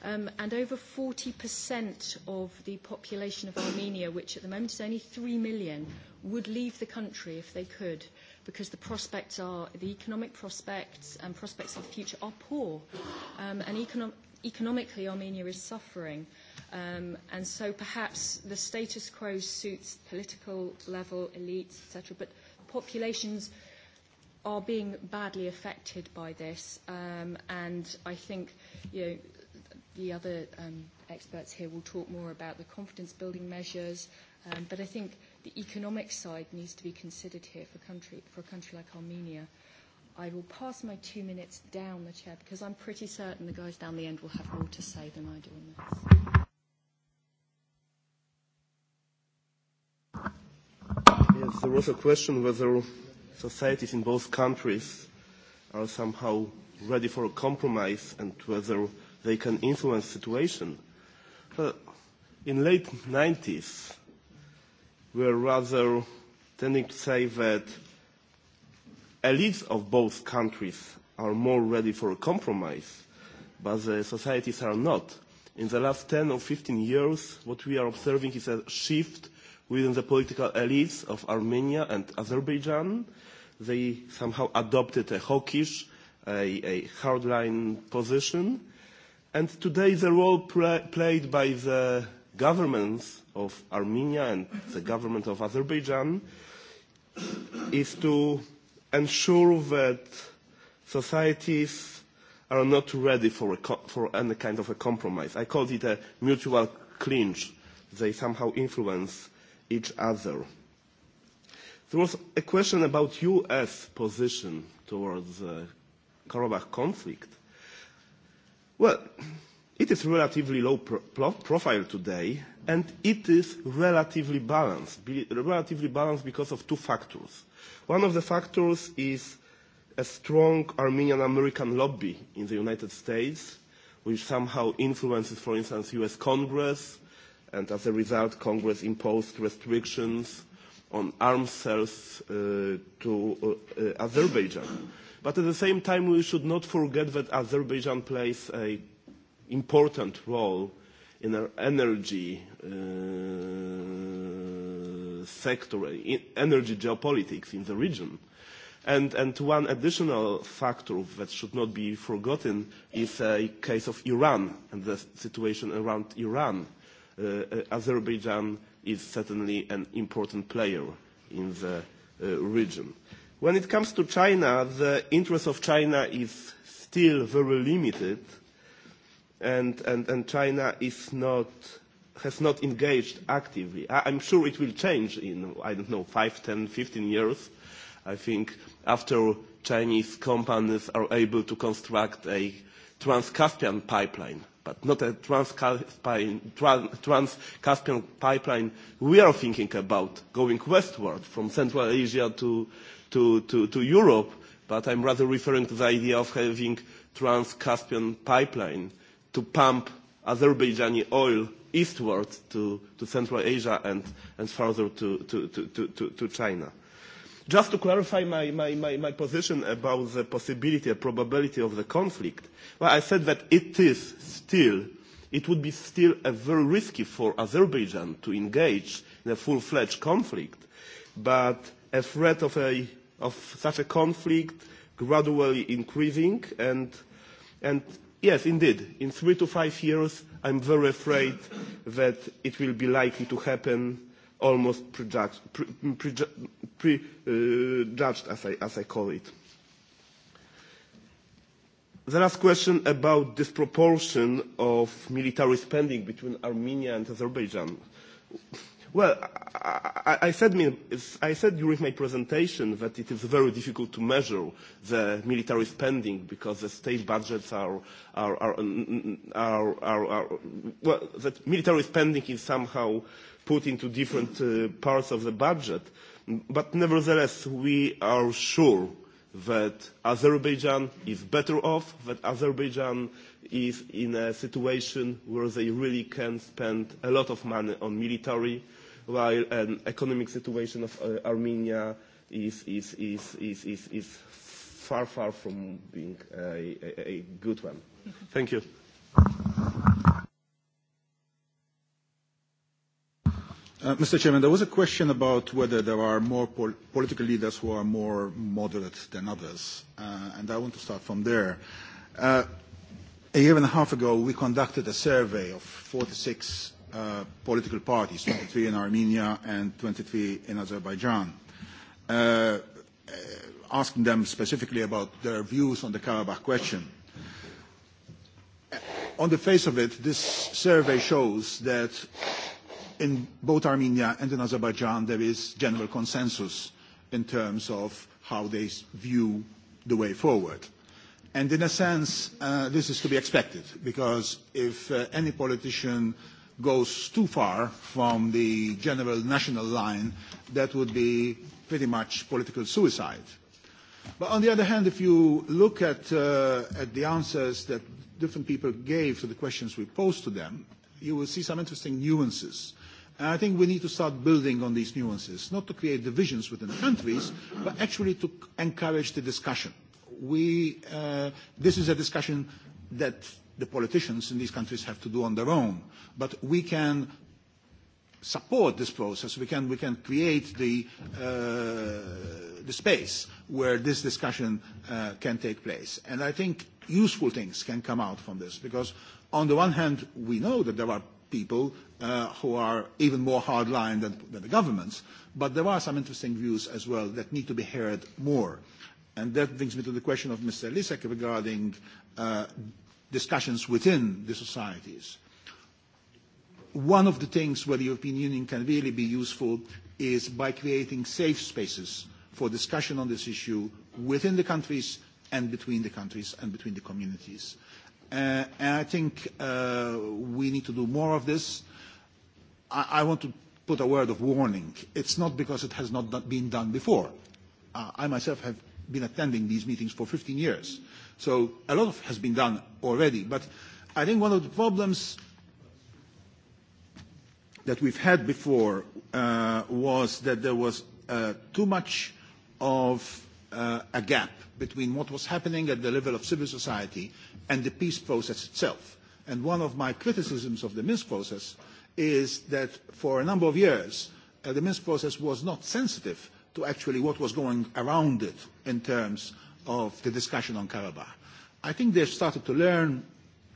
Um, and over 40% of the population of Armenia, which at the moment is only 3 million, would leave the country if they could because the prospects are, the economic prospects and prospects for the future are poor. Um, and econo- economically, Armenia is suffering. Um, and so perhaps the status quo suits political level elites, etc. But populations are being badly affected by this, um, and I think you know, the other um, experts here will talk more about the confidence building measures, um, but I think the economic side needs to be considered here for, country, for a country like Armenia. I will pass my two minutes down the chair because I'm pretty certain the guys down the end will have more to say than I do on this. was a question whether societies in both countries are somehow ready for a compromise and whether they can influence situation. But in late 90s, we were rather tending to say that elites of both countries are more ready for a compromise, but the societies are not. In the last 10 or 15 years, what we are observing is a shift within the political elites of Armenia and Azerbaijan. They somehow adopted a hawkish, a, a hardline position. And today the role play, played by the governments of Armenia and the government of Azerbaijan is to ensure that societies are not ready for, a co- for any kind of a compromise. I called it a mutual clinch. They somehow influence each other. There was a question about U.S. position towards the Karabakh conflict. Well, it is relatively low pro profile today, and it is relatively balanced, be relatively balanced because of two factors. One of the factors is a strong Armenian-American lobby in the United States, which somehow influences, for instance, U.S. Congress, and as a result, Congress imposed restrictions on arms sales uh, to uh, uh, Azerbaijan. But at the same time, we should not forget that Azerbaijan plays an important role in our energy uh, sector, in energy geopolitics in the region. And, and one additional factor that should not be forgotten is a case of Iran and the situation around Iran uh, uh, Azerbaijan is certainly an important player in the uh, region. When it comes to China, the interest of China is still very limited, and, and, and China is not, has not engaged actively. I, I'm sure it will change in, I don't know, 5, 10, 15 years. I think after Chinese companies are able to construct a Trans-Caspian pipeline, but not a Trans-Caspian trans pipeline. We are thinking about going westward from Central Asia to, to, to, to Europe, but I'm rather referring to the idea of having Trans-Caspian pipeline to pump Azerbaijani oil eastward to, to Central Asia and, and further to, to, to, to, to China. Uh, Just to clarify my, my, my, my position about the possibility and probability of the conflict, well, I said that it is still, it would be still a very risky for Azerbaijan to engage in a full-fledged conflict, but a threat of, a, of such a conflict gradually increasing and, and yes, indeed, in three to five years, I'm very afraid that it will be likely to happen almost prejudged, pre, prejudged, prejudged uh, as, I, as I call it. The last question about disproportion of military spending between Armenia and Azerbaijan. Well, I, I, said, I said during my presentation that it is very difficult to measure the military spending because the state budgets are, are, are, are, are, are well, that military spending is somehow uh, put into different uh, parts of the budget. But nevertheless, we are sure that Azerbaijan is better off, that Azerbaijan is in a situation where they really can spend a lot of money on military, while an economic situation of uh, Armenia is, is, is, is, is, is far, far from being a, a, a good one. Mm-hmm. Thank you. Uh, Mr. Chairman, there was a question about whether there are more pol political leaders who are more moderate than others, uh, and I want to start from there. Uh, a year and a half ago, we conducted a survey of 46 uh, political parties, 23 in Armenia and 23 in Azerbaijan, uh, asking them specifically about their views on the Karabakh question. Uh, on the face of it, this survey shows that in both Armenia and in Azerbaijan, there is general consensus in terms of how they view the way forward. And in a sense, uh, this is to be expected, because if uh, any politician goes too far from the general national line, that would be pretty much political suicide. But on the other hand, if you look at, uh, at the answers that different people gave to the questions we posed to them, you will see some interesting nuances. Uh, And I think we need to start building on these nuances, not to create divisions within countries, but actually to encourage the discussion. We, uh, this is a discussion that the politicians in these countries have to do on their own, but we can support this process. We can, we can create the, uh, the space where this discussion uh, can take place. And I think useful things can come out from this because on the one hand, we know that there are people uh, who are even more hardline than, than the governments, but there are some interesting views as well that need to be heard more. And that brings me to the question of Mr. Lisek regarding uh, discussions within the societies. One of the things where the European Union can really be useful is by creating safe spaces for discussion on this issue within the countries and between the countries and between the communities. Uh, and I think uh, we need to do more of this. I, I want to put a word of warning. It's not because it has not been done before. Uh, I myself have been attending these meetings for 15 years. So a lot of has been done already. But I think one of the problems that we've had before uh, was that there was uh, too much of uh, a gap between what was happening at the level of civil society and the peace process itself. And one of my criticisms of the Minsk process is that for a number of years, uh, the Minsk process was not sensitive to actually what was going around it in terms of the discussion on Karabakh. I think they've started to learn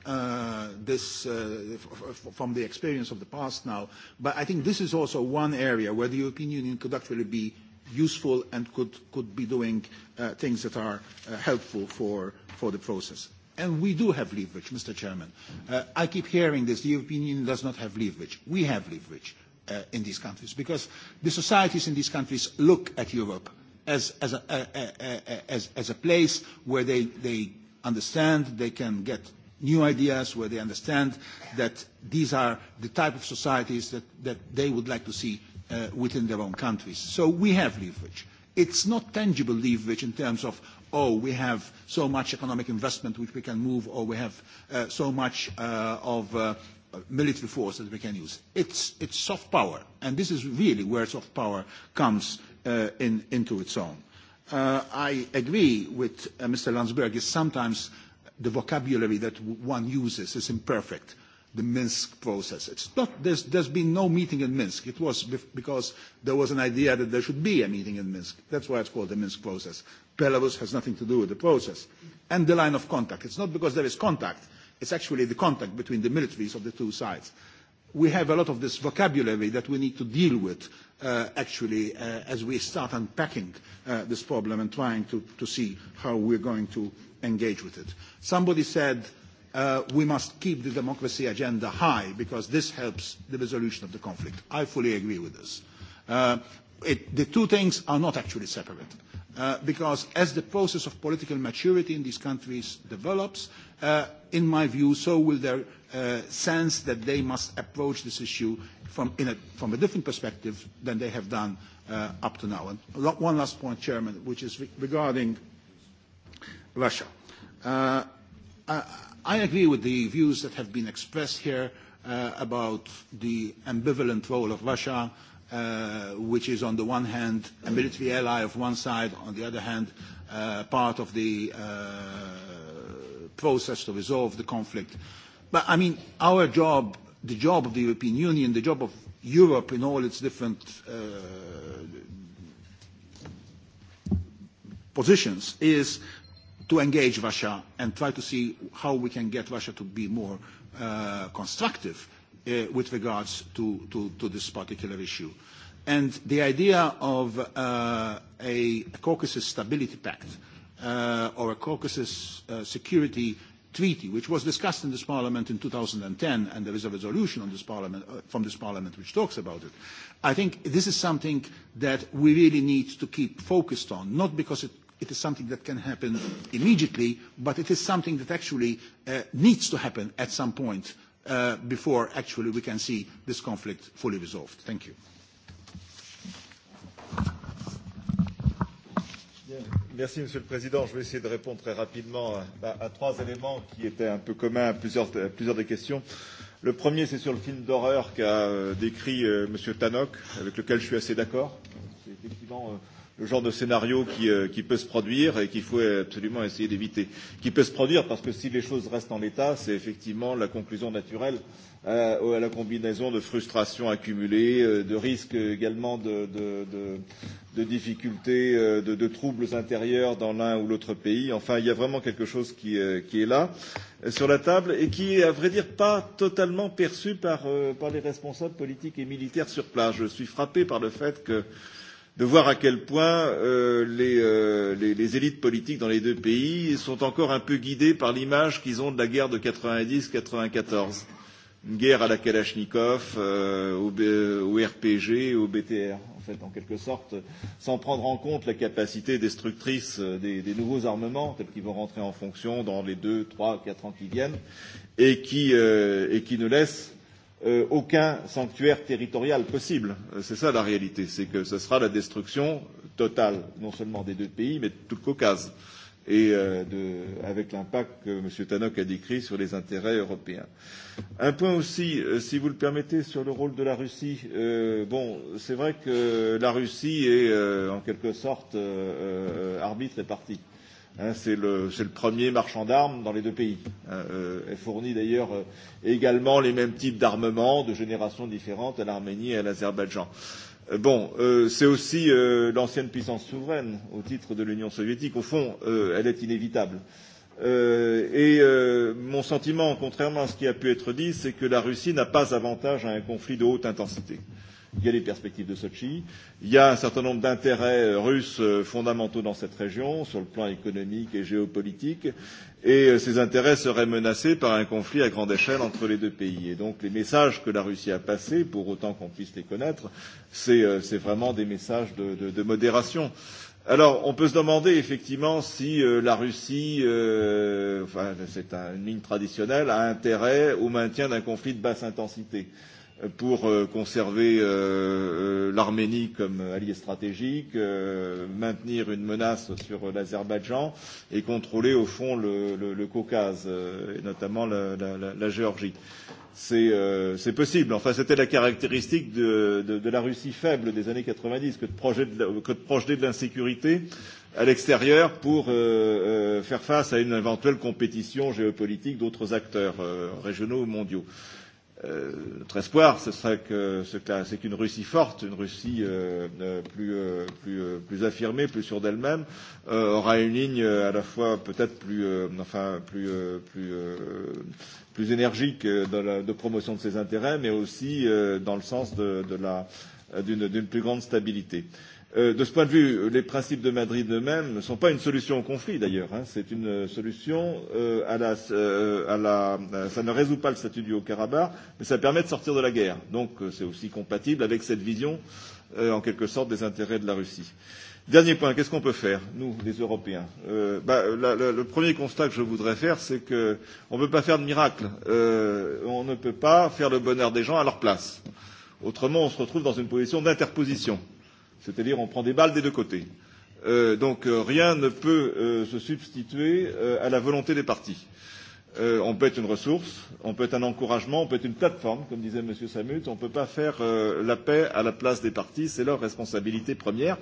uh, this uh, f- f- from the experience of the past now, but I think this is also one area where the European Union could actually be useful and could, could be doing uh, things that are uh, helpful for, for the process. And we do have leverage, Mr. Chairman. Uh, I keep hearing this. The European Union does not have leverage. We have leverage uh, in these countries because the societies in these countries look at Europe as, as, a, uh, uh, uh, as, as a place where they, they understand they can get new ideas, where they understand that these are the type of societies that, that they would like to see uh, within their own countries. So we have leverage. It's not tangible leverage in terms of oh, we have so much economic investment which we can move, or we have uh, so much uh, of uh, military force that we can use. It's, it's soft power, and this is really where soft power comes uh, in, into its own. Uh, I agree with uh, Mr. Landsbergis. Sometimes the vocabulary that one uses is imperfect the Minsk process. It's not, there's, there's been no meeting in Minsk. It was bef- because there was an idea that there should be a meeting in Minsk. That's why it's called the Minsk process. Belarus has nothing to do with the process. And the line of contact. It's not because there is contact. It's actually the contact between the militaries of the two sides. We have a lot of this vocabulary that we need to deal with, uh, actually, uh, as we start unpacking uh, this problem and trying to, to see how we're going to engage with it. Somebody said, uh, uh, we must keep the democracy agenda high because this helps the resolution of the conflict. I fully agree with this. Uh, it, the two things are not actually separate. Uh, because as the process of political maturity in these countries develops, uh, in my view, so will their uh, sense that they must approach this issue from, in a, from a different perspective than they have done uh, up to now. And one last point, Chairman, which is re- regarding Russia. Uh, I, I agree with the views that have been expressed here uh, about the ambivalent role of Russia, uh, which is on the one hand a military ally of one side, on the other hand uh, part of the uh, process to resolve the conflict. But I mean, our job, the job of the European Union, the job of Europe in all its different uh, positions is to engage Russia and try to see how we can get Russia to be more uh, constructive uh, with regards to, to, to this particular issue. And the idea of uh, a Caucasus Stability Pact uh, or a Caucasus uh, Security Treaty, which was discussed in this Parliament in 2010, and there is a resolution on this parliament, uh, from this Parliament which talks about it, I think this is something that we really need to keep focused on, not because it it is something that can happen immediately, but it is something that actually uh, needs to happen at some point uh, before actually we can see this conflict fully resolved. Thank you. Bien. Merci, Monsieur le Président. Je vais essayer de répondre très rapidement euh, à, à trois éléments qui étaient un peu communs à plusieurs, à plusieurs des questions. Le premier, c'est sur le film d'horreur qu'a euh, décrit euh, Monsieur Tannock, avec lequel je suis assez d'accord. C'est effectivement euh, le genre de scénario qui, euh, qui peut se produire et qu'il faut absolument essayer d'éviter. Qui peut se produire parce que si les choses restent en l'état, c'est effectivement la conclusion naturelle à, euh, à la combinaison de frustrations accumulées, euh, de risques également de, de, de, de difficultés, euh, de, de troubles intérieurs dans l'un ou l'autre pays. Enfin, il y a vraiment quelque chose qui, qui est là sur la table et qui est, à vrai dire, pas totalement perçu par, par les responsables politiques et militaires sur place. Je suis frappé par le fait que euh, de voir à quel point euh, les, euh, les, les élites politiques dans les deux pays sont encore un peu guidées par l'image qu'ils ont de la guerre de 90-94, une guerre à la Kalachnikov, euh, au, B, euh, au RPG, au BTR, en fait, en quelque sorte, sans prendre en compte la capacité destructrice euh, des, des nouveaux armements tels qu'ils vont rentrer en fonction dans les deux, trois, quatre ans qui viennent, et qui, euh, et qui ne laissent euh, aucun sanctuaire territorial possible. Euh, c'est ça la réalité, c'est que ce sera la destruction totale, non seulement des deux pays, mais de tout le Caucase, et euh, de, avec l'impact que M. Tannock a décrit sur les intérêts européens. Un point aussi, euh, si vous le permettez, sur le rôle de la Russie. Euh, bon, c'est vrai que la Russie est euh, en quelque sorte euh, euh arbitre et partie Hein, c'est le, le premier marchand d'armes dans les deux pays. Hein, euh, elle fournit d'ailleurs euh, également les mêmes types d'armements de générations différentes à l'Arménie et à l'Azerbaïdjan. Euh, bon, euh, c'est aussi euh, l'ancienne puissance souveraine au titre de l'Union soviétique. Au fond, euh, elle est inévitable. Euh, et euh, mon sentiment, contrairement à ce qui a pu être dit, c'est que la Russie n'a pas avantage à un conflit de haute intensité. Euh, il y a les perspectives de Sochi, il y a un certain nombre d'intérêts euh, russes euh, fondamentaux dans cette région, sur le plan économique et géopolitique, et euh, ces intérêts seraient menacés par un conflit à grande échelle entre les deux pays. Et donc les messages que la Russie a passés, pour autant qu'on puisse les connaître, c'est, c'est vraiment des messages de, de, de modération. Alors, on peut se demander effectivement si euh, la Russie, euh, enfin, c'est un, une ligne traditionnelle, a intérêt au maintien d'un conflit de basse intensité. Euh, pour euh, conserver euh, euh, l'Arménie comme allié stratégique, euh, maintenir une menace sur l'Azerbaïdjan et contrôler au fond le, le, le Caucase, euh, et notamment la, la, la, la Géorgie. C'est euh, possible. Enfin, c'était la caractéristique de, de, de la Russie faible des années 90, que de projeter de, que de, projeter de l'insécurité à l'extérieur pour euh, euh, faire face à une éventuelle compétition géopolitique d'autres acteurs euh, régionaux ou mondiaux. Euh, euh, notre espoir, ce serait que c'est qu'une Russie forte, une Russie euh, euh, plus, euh, plus, euh, plus affirmée, plus sûre d'elle-même, euh, aura une ligne euh, à la fois peut-être plus, euh, enfin, plus, euh, plus, euh, plus énergique euh, dans la, de promotion de ses intérêts, mais aussi euh, dans le sens de, de la, d'une, d'une plus grande stabilité. Euh, Euh, de ce point de vue, les principes de Madrid eux-mêmes ne sont pas une solution au conflit d'ailleurs. Hein. C'est une solution euh, à la, euh, à la, euh, ça ne résout pas le statut du Haut-Karabakh, mais ça permet de sortir de la guerre. Donc euh, c'est aussi compatible avec cette vision, euh, en quelque sorte, des intérêts de la Russie. Dernier point, qu'est-ce qu'on peut faire, nous, les Européens euh, bah, la, la, Le premier constat que je voudrais faire, c'est qu'on ne peut pas faire de miracle. Euh, on ne peut pas faire le bonheur des gens à leur place. Autrement, on se retrouve dans une position d'interposition. Euh, c'est-à-dire on prend des balles des deux côtés. Euh, donc euh, rien ne peut euh, se substituer euh, à la volonté des partis. Euh, on peut être une ressource, on peut être un encouragement, on peut être une plateforme, comme disait M. Samut, on ne peut pas faire euh, la paix à la place des partis, c'est leur responsabilité première.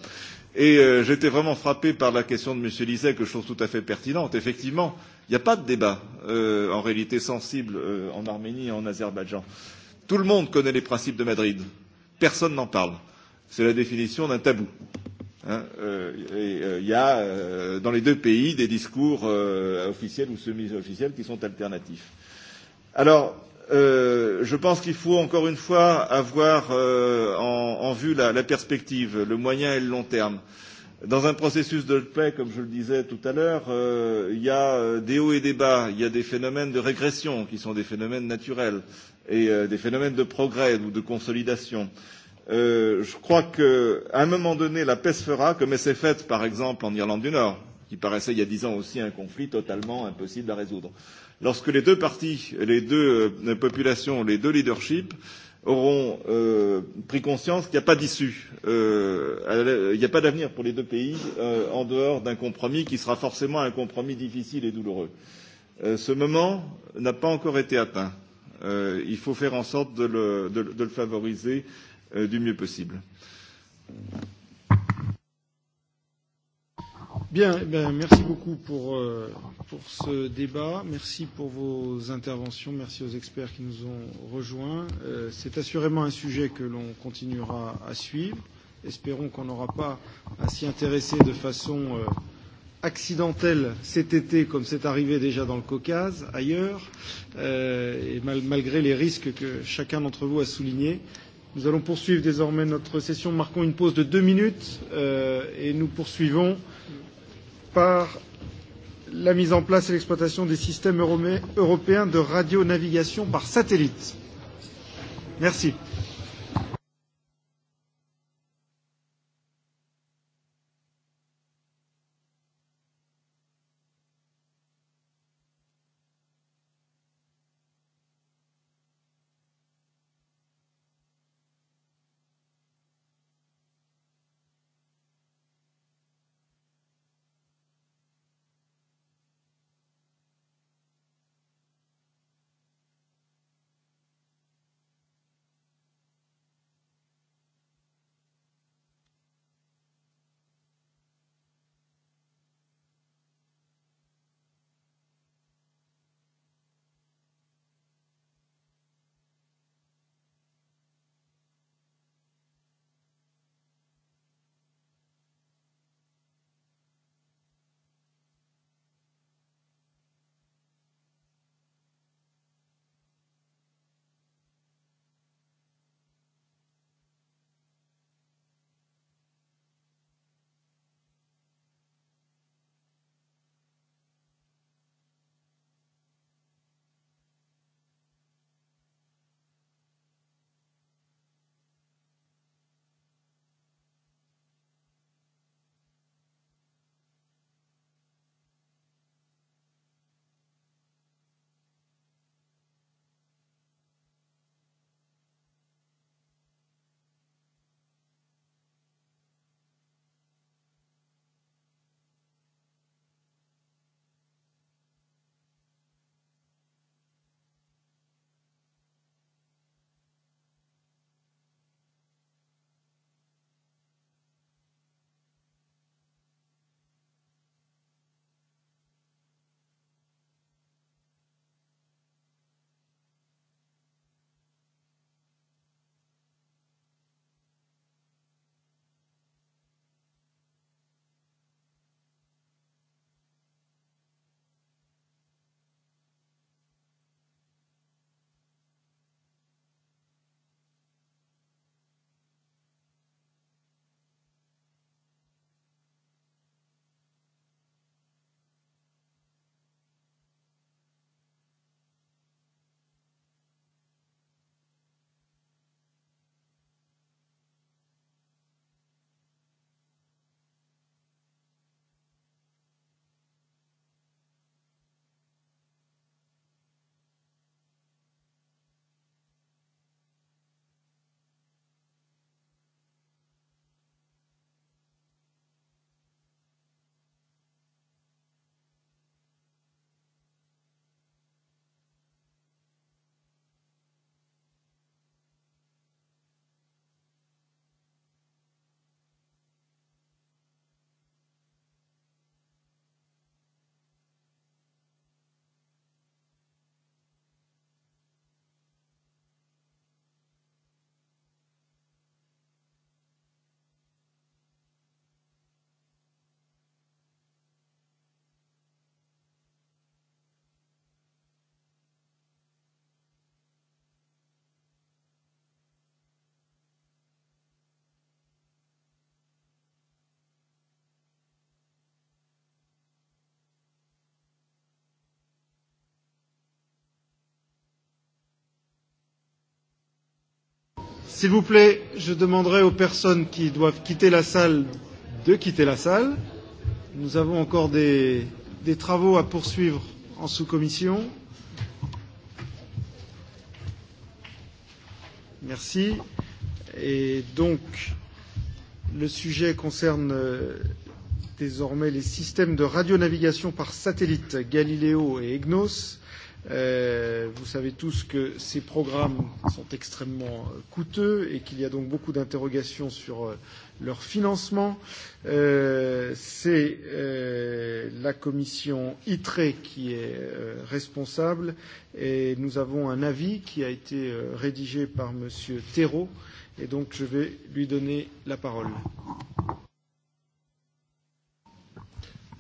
Et euh, j'étais vraiment frappé par la question de M. Lisset, que je trouve tout à fait pertinente. Effectivement, il n'y a pas de débat euh, en réalité sensible euh, en Arménie et en Azerbaïdjan. Tout le monde connaît les principes de Madrid, personne n'en parle. Euh, c'est la définition d'un tabou. Hein, euh, et il euh, y a euh, dans les deux pays des discours euh, officiels ou semi-officiels qui sont alternatifs. Alors, euh, je pense qu'il faut encore une fois avoir euh, en, en vue la, la perspective, le moyen et le long terme. Dans un processus de paix, comme je le disais tout à l'heure, euh, il y a euh, des hauts et des bas, il y a des phénomènes de régression qui sont des phénomènes naturels et euh, des phénomènes de progrès ou de consolidation. Euh, Euh, je crois qu'à un moment donné, la paix se fera, comme elle s'est faite, par exemple, en Irlande du Nord, qui paraissait il y a dix ans aussi un conflit totalement impossible à résoudre. Lorsque les deux partis, les deux euh, populations, les deux leaderships auront euh, pris conscience qu'il n'y a pas d'issue, euh, il n'y a pas d'avenir pour les deux pays euh, en dehors d'un compromis qui sera forcément un compromis difficile et douloureux. Euh, ce moment n'a pas encore été atteint. Euh, il faut faire en sorte de le, de, de le favoriser euh, euh, du mieux possible. Bien, eh bien, merci beaucoup pour, euh, pour ce débat. Merci pour vos interventions. Merci aux experts qui nous ont rejoints. Euh, C'est assurément un sujet que l'on continuera à suivre. Espérons qu'on n'aura pas à s'y intéresser de façon euh, accidentelle cet été, comme c'est arrivé déjà dans le Caucase, ailleurs, euh, et mal, malgré les risques que chacun d'entre vous a soulignés. Euh, Nous allons poursuivre désormais notre session. Marquons une pause de deux minutes euh, et nous poursuivons par la mise en place et l'exploitation des systèmes européens de radionavigation par satellite. Merci. S'il vous plaît, je demanderai aux personnes qui doivent quitter la salle de quitter la salle. Nous avons encore des, des travaux à poursuivre en sous-commission. Merci. Et donc, le sujet concerne euh, désormais les systèmes de radionavigation par satellite Galileo et EGNOS Euh, vous savez tous que ces programmes sont extrêmement euh, coûteux et qu'il y a donc beaucoup d'interrogations sur euh, leur financement. Euh, C'est euh, la commission ITRE qui est euh, responsable et nous avons un avis qui a été euh, rédigé par M. Thérault et donc je vais lui donner la parole.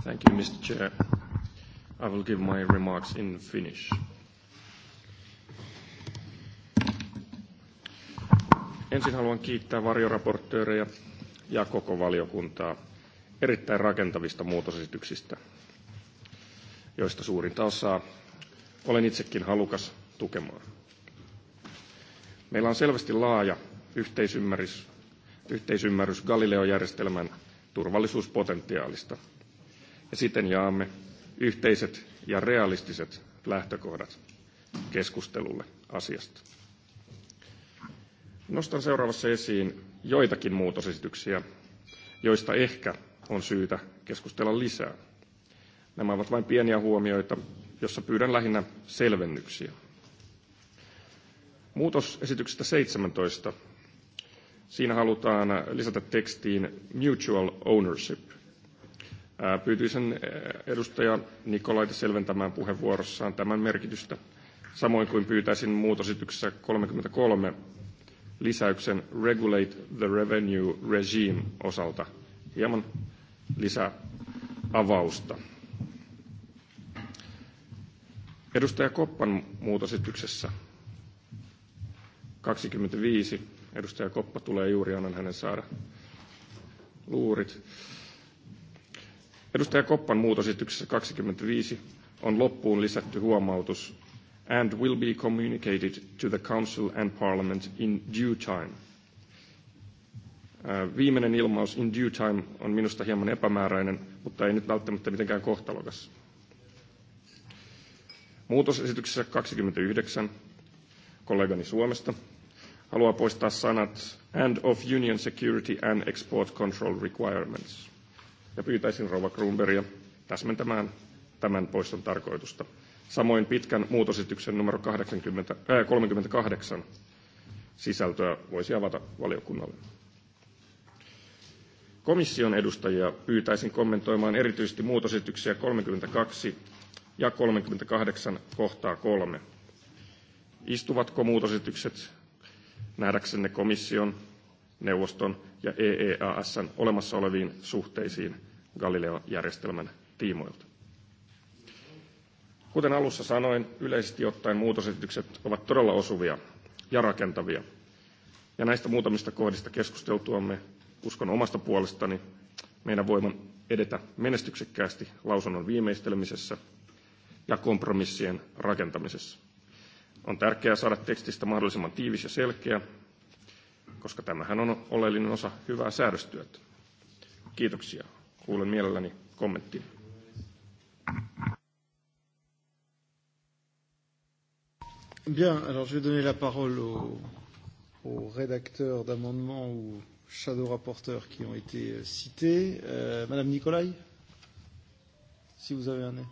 Thank you, Mr. Chair. I will give my remarks in Finnish. Ensin haluan kiittää varjoraportööreja ja koko valiokuntaa erittäin rakentavista muutosesityksistä, joista suurinta osaa olen itsekin halukas tukemaan. Meillä on selvästi laaja yhteisymmärrys, yhteisymmärrys Galileo-järjestelmän turvallisuuspotentiaalista, ja siten jaamme yhteiset ja realistiset lähtökohdat keskustelulle asiasta. Nostan seuraavassa esiin joitakin muutosesityksiä, joista ehkä on syytä keskustella lisää. Nämä ovat vain pieniä huomioita, jossa pyydän lähinnä selvennyksiä. Muutosesityksestä 17. Siinä halutaan lisätä tekstiin mutual ownership Pyytyisin edustaja Nikolaita selventämään puheenvuorossaan tämän merkitystä, samoin kuin pyytäisin muutosesityksessä 33 lisäyksen Regulate the Revenue Regime osalta hieman lisäavausta. Edustaja Koppan muutosityksessä 25. Edustaja Koppa tulee juuri, annan hänen saada luurit. Edustaja Koppan muutosesityksessä 25 on loppuun lisätty huomautus and will be communicated to the Council and Parliament in due time. Äh, viimeinen ilmaus in due time on minusta hieman epämääräinen, mutta ei nyt välttämättä mitenkään kohtalokas. Muutosesityksessä 29 kollegani Suomesta haluaa poistaa sanat and of Union Security and Export Control Requirements ja pyytäisin rouva Kruunberia täsmentämään tämän poiston tarkoitusta. Samoin pitkän muutosesityksen numero 80, äh, 38 sisältöä voisi avata valiokunnalle. Komission edustajia pyytäisin kommentoimaan erityisesti muutosesityksiä 32 ja 38 kohtaa 3. Istuvatko muutosesitykset nähdäksenne komission neuvoston ja EEASn olemassa oleviin suhteisiin Galileo-järjestelmän tiimoilta. Kuten alussa sanoin, yleisesti ottaen muutosesitykset ovat todella osuvia ja rakentavia. Ja näistä muutamista kohdista keskusteltuamme uskon omasta puolestani meidän voiman edetä menestyksekkäästi lausunnon viimeistelemisessä ja kompromissien rakentamisessa. On tärkeää saada tekstistä mahdollisimman tiivis ja selkeä, koska tämähän on oleellinen osa hyvää säädöstyötä. Kiitoksia. Kuulen mielelläni kommenttiin. Bien, alors je vais donner la parole aux, aux rédacteurs d'amendements ou shadow rapporteurs qui ont été euh, cités. Euh, Madame Nicolai, si vous avez un nez.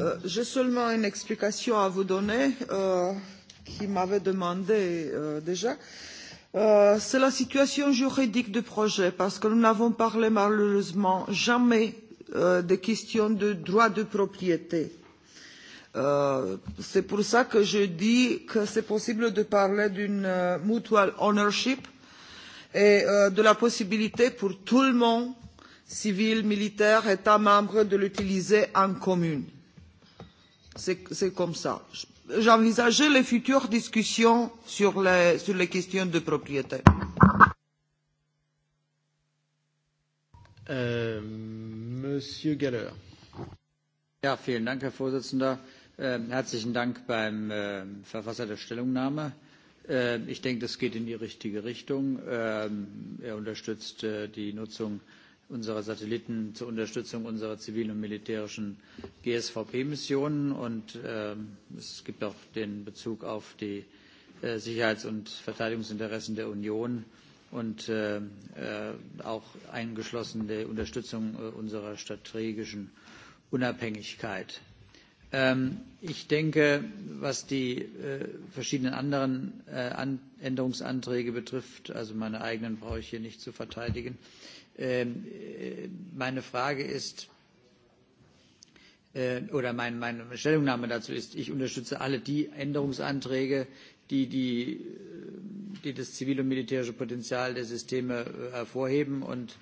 Euh, J'ai seulement une explication à vous donner. Euh, qui m'avait demandé euh, déjà. Euh, c'est la situation juridique du projet, parce que nous n'avons parlé malheureusement jamais euh, des questions de droit de propriété. Euh, c'est pour ça que je dis que c'est possible de parler d'une euh, mutual ownership et euh, de la possibilité pour tout le monde, civil, militaire, État membre, de l'utiliser en commune. C'est comme ça. Je j'envisageais les futures discussions sur les, sur les questions de propriété. Euh, Monsieur Galler. Ja, vielen Dank, Herr Vorsitzender. Äh, herzlichen Dank beim äh, Verfasser der Stellungnahme. Äh, ich denke, das geht in die richtige Richtung. Äh, er unterstützt äh, die Nutzung äh, unserer Satelliten zur Unterstützung unserer zivilen und militärischen GSVP-Missionen. Und äh, es gibt auch den Bezug auf die äh, Sicherheits- und Verteidigungsinteressen der Union und äh, äh, auch eingeschlossen der Unterstützung äh, unserer strategischen Unabhängigkeit. Ähm, ich denke, was die äh, verschiedenen anderen äh, An Änderungsanträge betrifft, also meine eigenen brauche ich hier nicht zu verteidigen, äh, Ähm, äh, meine Frage ist, äh, oder mein, meine Stellungnahme dazu ist, ich unterstütze alle die Änderungsanträge, die, die, äh, die das zivil- und militärische Potenzial der Systeme hervorheben. Und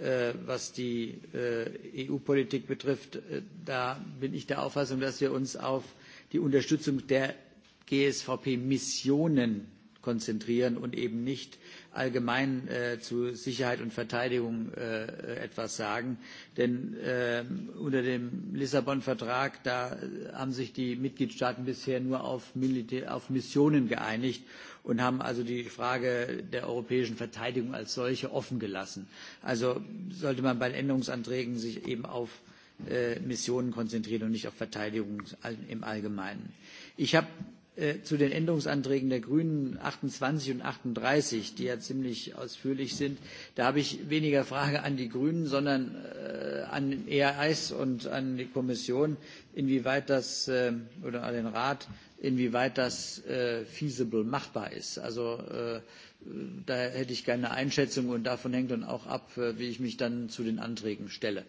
äh, was die äh, EU-Politik betrifft, äh, da bin ich der Auffassung, dass wir uns auf die Unterstützung der GSVP-Missionen konzentrieren und eben nicht allgemein äh, zu Sicherheit und Verteidigung äh, äh etwas sagen. Denn äh, unter dem Lissabon-Vertrag, da äh, haben sich die Mitgliedstaaten bisher nur auf, Militär, auf Missionen geeinigt und haben also die Frage der europäischen Verteidigung als solche offen gelassen. Also sollte man bei den Änderungsanträgen sich eben auf äh, Missionen konzentrieren und nicht auf Verteidigung im Allgemeinen. Ich habe Äh, zu den Änderungsanträgen der Grünen 28 und 38, die ja ziemlich ausführlich sind. Da habe ich weniger Frage an die Grünen, sondern äh, an den EAS und an die Kommission, inwieweit das äh, oder an den Rat, inwieweit das äh, feasible machbar ist. Also äh, da hätte ich gerne eine Einschätzung und davon hängt dann auch ab, äh, wie ich mich dann zu den Anträgen stelle.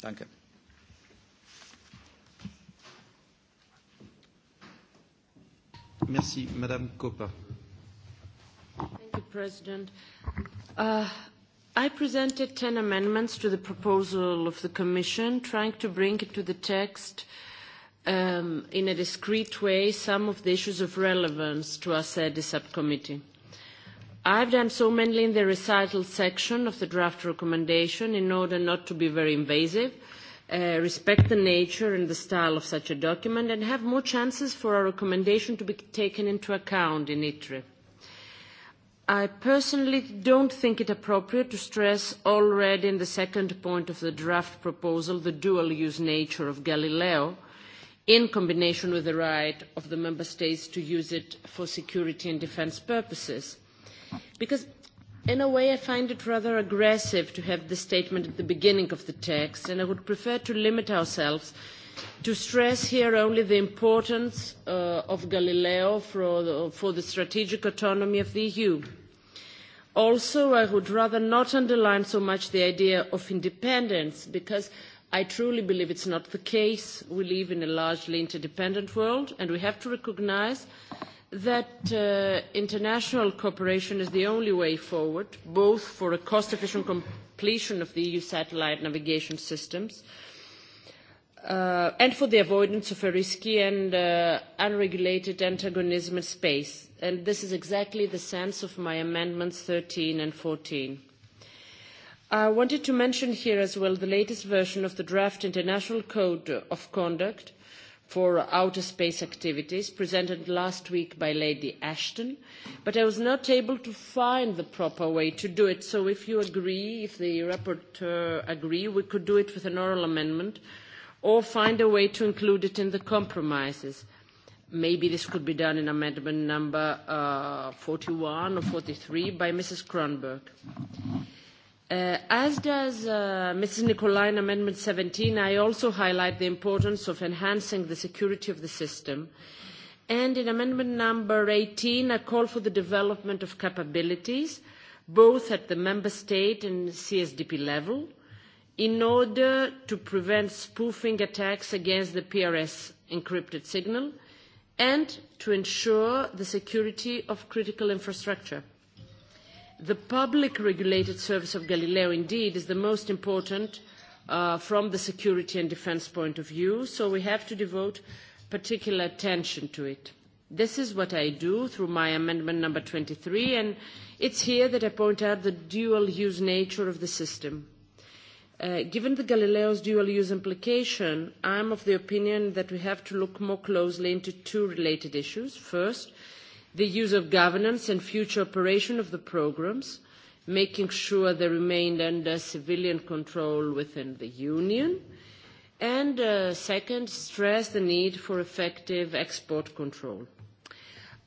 Danke. Merci. Madame Coppa. Thank you, President. Uh, I presented 10 amendments to the proposal of the Commission, trying to bring into the text um, in a discrete way some of the issues of relevance to our SEDI subcommittee. I've done so mainly in the recital section of the draft recommendation in order not to be very invasive – uh, respect the nature and the style of such a document and have more chances for our recommendation to be taken into account in ITRE. I personally don't think it appropriate to stress already in the second point of the draft proposal the dual-use nature of Galileo in combination with the right of the Member States to use it for security and defence purposes. Because In a way, I find it rather aggressive to have this statement at the beginning of the text, and I would prefer to limit ourselves to stress here only the importance uh, of Galileo for the, for the strategic autonomy of the EU. Also, I would rather not underline so much the idea of independence, because I truly believe it's not the case. We live in a largely interdependent world, and we have to recognize uh, that uh, international cooperation is the only way forward, both for a cost-efficient completion of the EU satellite navigation systems uh, and for the avoidance of a risky and uh, unregulated antagonism in space. And this is exactly the sense of my amendments 13 and 14. I wanted to mention here as well the latest version of the draft International Code of Conduct – for outer space activities presented last week by Lady Ashton, but I was not able to find the proper way to do it. So if you agree, if the rapporteur agree, we could do it with an oral amendment or find a way to include it in the compromises. Maybe this could be done in amendment number uh, 41 or 43 by Mrs. Kronberg. Mm-hmm. Uh, as does uh, Mrs. Nicolai in Amendment 17, I also highlight the importance of enhancing the security of the system. And in Amendment number 18, I call for the development of capabilities, both at the Member State and CSDP level, in order to prevent spoofing attacks against the PRS encrypted signal and to ensure the security of critical infrastructure. The public regulated service of Galileo indeed is the most important uh, from the security and defense point of view, so we have to devote particular attention to it. This is what I do through my amendment number 23, and it's here that I point out the dual-use nature of the system. Uh, given the Galileo's dual-use implication, I'm of the opinion that we have to look more closely into two related issues. First, the use of governance and future operation of the programs, making sure they remain under civilian control within the Union, and uh, second, stress the need for effective export control.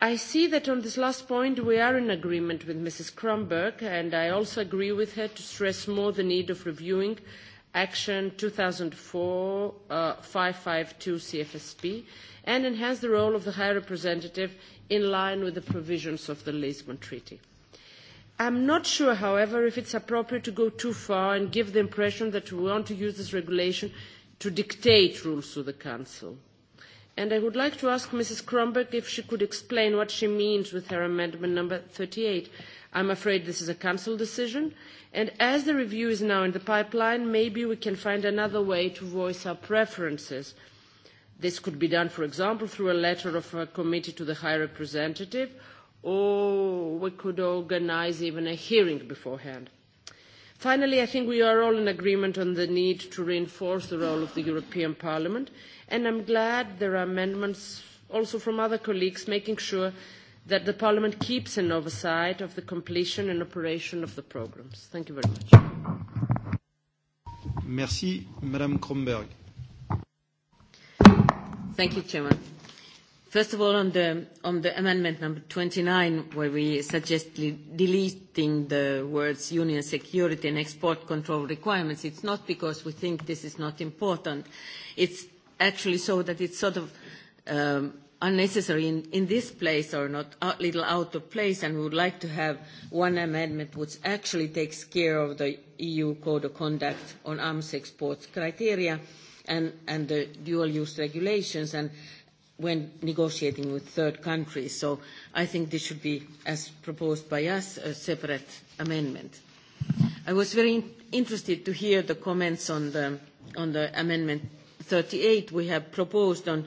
I see that on this last point we are in agreement with Mrs. Kronberg, and I also agree with her to stress more the need of reviewing Action 2004-552 uh, CFSP and enhance the role of the High Representative in line with the provisions of the Lisbon Treaty. I'm not sure, however, if it's appropriate to go too far and give the impression that we want to use this regulation to dictate rules to the Council. And I would like to ask Mrs. Kronberg if she could explain what she means with her amendment number 38. I'm afraid this is a Council decision, and as the review is now in the pipeline, maybe we can find another way to voice our preferences – This could be done, for example, through a letter of a committee to the High Representative, or we could organize even a hearing beforehand. Finally, I think we are all in agreement on the need to reinforce the role of the European Parliament, and I'm glad there are amendments also from other colleagues making sure that the Parliament keeps an oversight of the completion and operation of the programs. Thank you very much. Merci, Madame Kronberg. Thank you, Chairman. First of all, on the, on the amendment number 29, where we suggest deleting the words union security and export control requirements, it's not because we think this is not important. It's actually so that it's sort of um, unnecessary in, in this place or not a little out of place, and we would like to have one amendment which actually takes care of the EU Code of Conduct on arms exports criteria, uh, and, and the dual-use regulations and when negotiating with third countries. So I think this should be, as proposed by us, a separate amendment. I was very in interested to hear the comments on the, on the Amendment 38 we have proposed on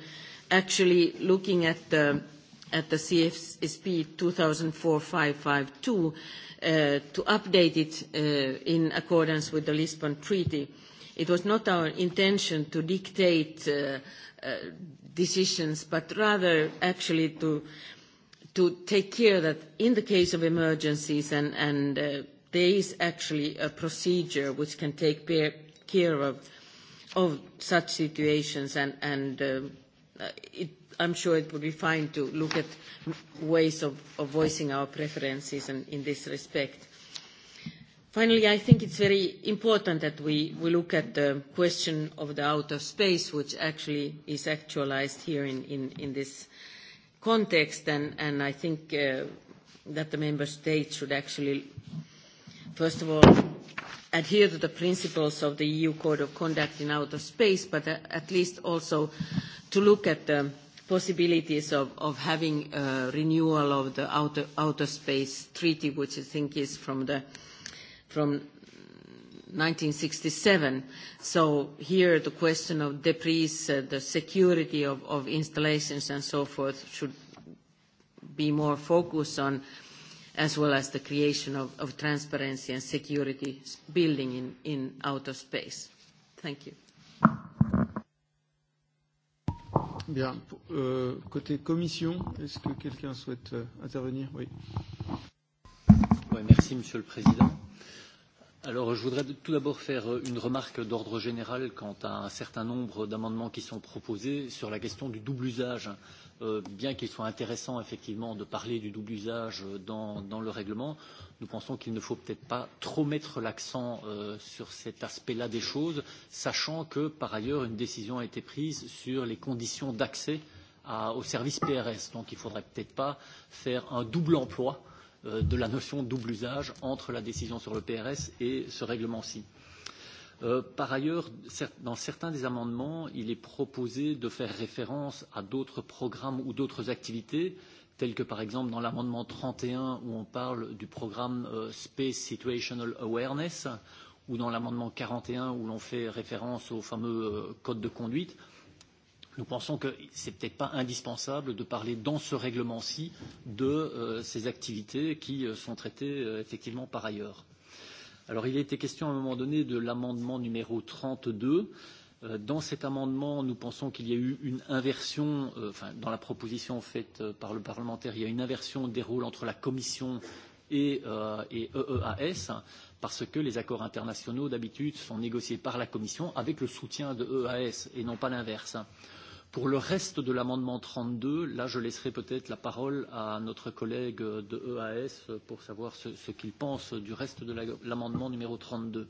actually looking at the, at the CFSP 2004-552 uh, to update it uh, in accordance with the Lisbon Treaty. Uh, It was not our intention to dictate uh, uh, decisions, but rather actually to, to take care that in the case of emergencies and, and uh, there is actually a procedure which can take bear, care of, of such situations and, and uh, uh, it, I'm sure it would be fine to look at ways of, of voicing our preferences in, in this respect. Finally, I think it's very important that we, we look at the question of the outer space, which actually is actualized here in, in, in this context. And, and I think uh, that the member states should actually, first of all, adhere to the principles of the EU Code of Conduct in outer space, but uh, at least also to look at the possibilities of, of having a renewal of the outer, outer space treaty, which I think is from the from 1967. So here the question of debris, uh, the security of, of installations and so forth should be more focused on, as well as the creation of, of transparency and security building in, in outer space. Thank you. Bien. Euh, côté commission, est-ce que quelqu'un souhaite euh, intervenir? Oui. Ouais, merci, Monsieur le Président. Alors, je voudrais tout d'abord faire euh, une remarque d'ordre général quant à un certain nombre d'amendements qui sont proposés sur la question du double usage. Euh, bien qu'il soit intéressant, effectivement, de parler du double usage euh, dans, dans le règlement, nous pensons qu'il ne faut peut-être pas trop mettre l'accent euh, sur cet aspect-là des choses, sachant que, par ailleurs, une décision a été prise sur les conditions d'accès au service PRS. Donc, il ne faudrait peut-être pas faire un double emploi euh, euh, de la notion de double usage entre la décision sur le PRS et ce règlement-ci. Euh, par ailleurs, dans certains des amendements, il est proposé de faire référence à d'autres programmes ou d'autres activités, telles que par exemple dans l'amendement 31 où on parle du programme euh, Space Situational Awareness, ou dans l'amendement 41 où l'on fait référence au fameux euh, code de conduite. Euh, Nous pensons que ce n'est peut-être pas indispensable de parler dans ce règlement-ci de euh, ces activités qui euh, sont traitées euh, effectivement par ailleurs. Alors il a été question à un moment donné de l'amendement numéro 32. Euh, dans cet amendement, nous pensons qu'il y a eu une inversion, euh, enfin, dans la proposition faite euh, par le parlementaire, il y a une inversion des rôles entre la Commission et, euh, et EEAS, parce que les accords internationaux, d'habitude, sont négociés par la Commission avec le soutien de EAS e et non pas l'inverse. Euh, Pour le reste de l'amendement 32, là, je laisserai peut-être la parole à notre collègue de EAS pour savoir ce, ce qu'il pense du reste de l'amendement la, numéro 32.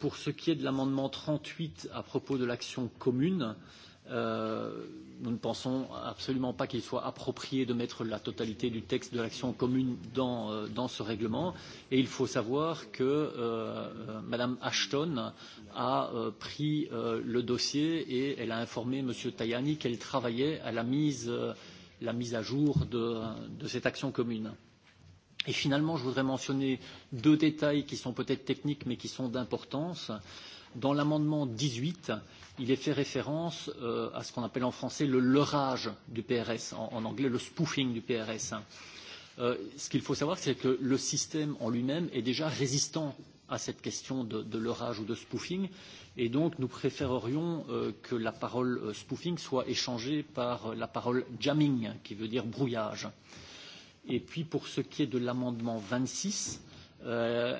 Pour ce qui est de l'amendement 38 à propos de l'action commune, euh, Euh, nous ne pensons absolument pas qu'il soit approprié de mettre la totalité du texte de l'action commune dans, euh, dans ce règlement. Et il faut savoir que euh, euh Mme Ashton a euh, pris euh, le dossier et elle a informé M. Tajani qu'elle travaillait à la mise, euh, la mise à jour de, de cette action commune. Et finalement, je voudrais mentionner deux détails qui sont peut-être techniques mais qui sont d'importance. Dans l'amendement 18, il est fait référence euh, à ce qu'on appelle en français le leurrage du PRS, en, en anglais le spoofing du PRS. Hein. Euh, ce qu'il faut savoir, c'est que le système en lui-même est déjà résistant à cette question de, de leurrage ou de spoofing, et donc nous préférerions euh, que la parole euh, spoofing soit échangée par euh, la parole jamming, qui veut dire brouillage. Et puis pour ce qui est de l'amendement 26, euh,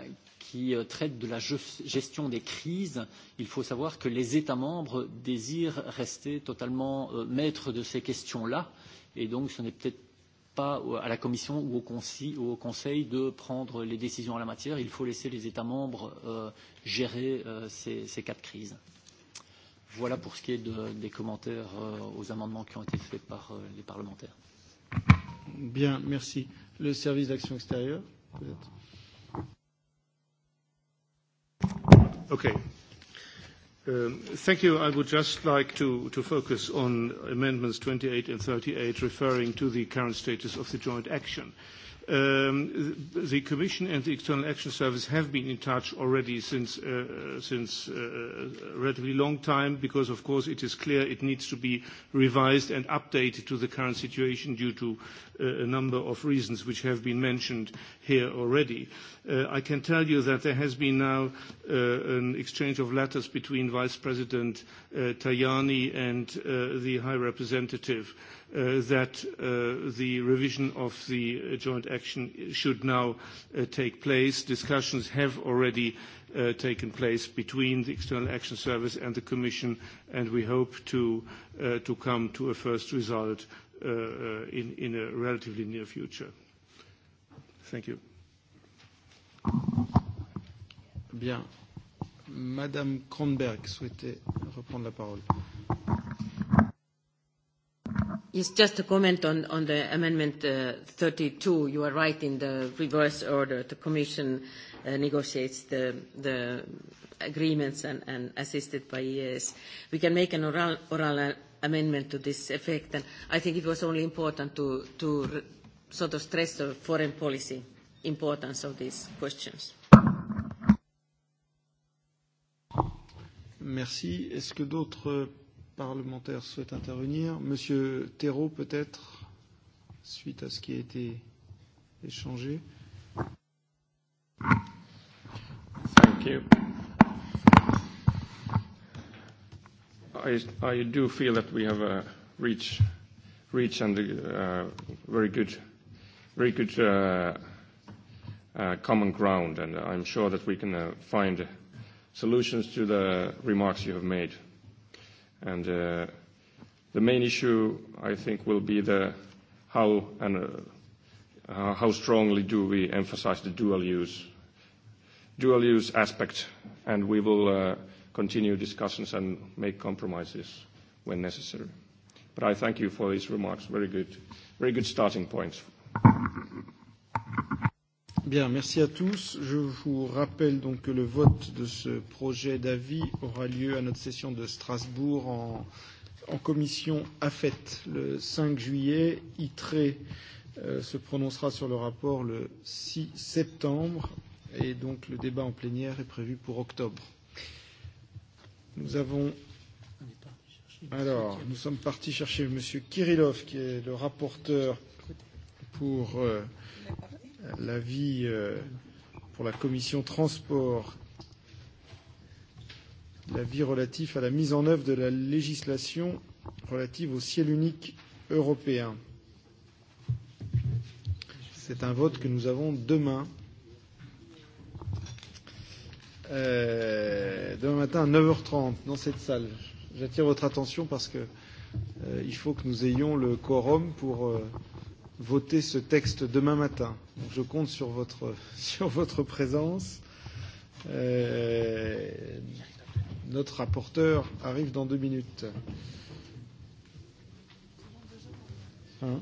qui euh, traite de la gestion des crises, il faut savoir que les États membres désirent rester totalement euh, maîtres de ces questions-là, et donc ce n'est peut-être pas à la Commission ou au, conseil, ou au Conseil de prendre les décisions en la matière. Il faut laisser les États membres euh, gérer euh, ces, ces quatre crises. Voilà pour ce qui est de, des commentaires euh, aux amendements qui ont été faits par euh, les parlementaires. Bien, merci. Le service d'action extérieure, peut-être Okay. Um, thank you. I would just like to, to focus on amendments 28 and 38, referring to the current status of the joint action. Um, the Commission and the External Action Service have been in touch already since, uh, since uh, a uh, relatively long time because, of course, it is clear it needs to be revised and updated to the current situation due to uh, a number of reasons which have been mentioned here already. Uh, I can tell you that there has been now uh, an exchange of letters between Vice President Tajani and the High Representative Uh, that uh, the revision of the uh, joint action should now uh, take place. Discussions have already uh, taken place between the External Action Service and the Commission, and we hope to, uh, to come to a first result in, in a relatively near future. Thank you. Bien. Madame Kronberg souhaitait reprendre la parole. Yes, just to comment on, on the amendment uh, 32. You are right in the reverse order. The Commission uh, negotiates the, the agreements and, and assisted by EAS. We can make an oral, oral uh, amendment to this effect, and I think it was only important to, to sort of stress the foreign policy importance of these questions. Merci. Est-ce que d'autres parlementaires souhaitent intervenir. Monsieur Thérault, peut-être, suite à ce qui a été échangé. Thank you. I, I do feel that we have uh, reached reach and uh, very good, very good uh, uh, common ground, and I'm sure that we can uh, find solutions to the remarks you have made. And uh, the main issue, I think, will be the how and uh, how strongly do we emphasize the dual use, dual use aspect, and we will uh, continue discussions and make compromises when necessary. But I thank you for these remarks. Very good, very good starting points. Bien, merci à tous. Je vous rappelle donc que le vote de ce projet d'avis aura lieu à notre session de Strasbourg en, en commission AFET le 5 juillet. ITRE euh, se prononcera sur le rapport le 6 septembre et donc le débat en plénière est prévu pour octobre. Nous avons alors, nous sommes partis chercher M. Kirillov, qui est le rapporteur pour euh, l'avis euh, pour la commission transport, l'avis relatif à la mise en œuvre de la législation relative au ciel unique européen. C'est un vote que nous avons demain. Euh, demain matin à 9h30 dans cette salle. J'attire votre attention parce que euh, il faut que nous ayons le quorum pour euh, voter ce texte demain matin. Donc je compte sur votre, sur votre présence. Euh, notre rapporteur arrive dans deux minutes. Hein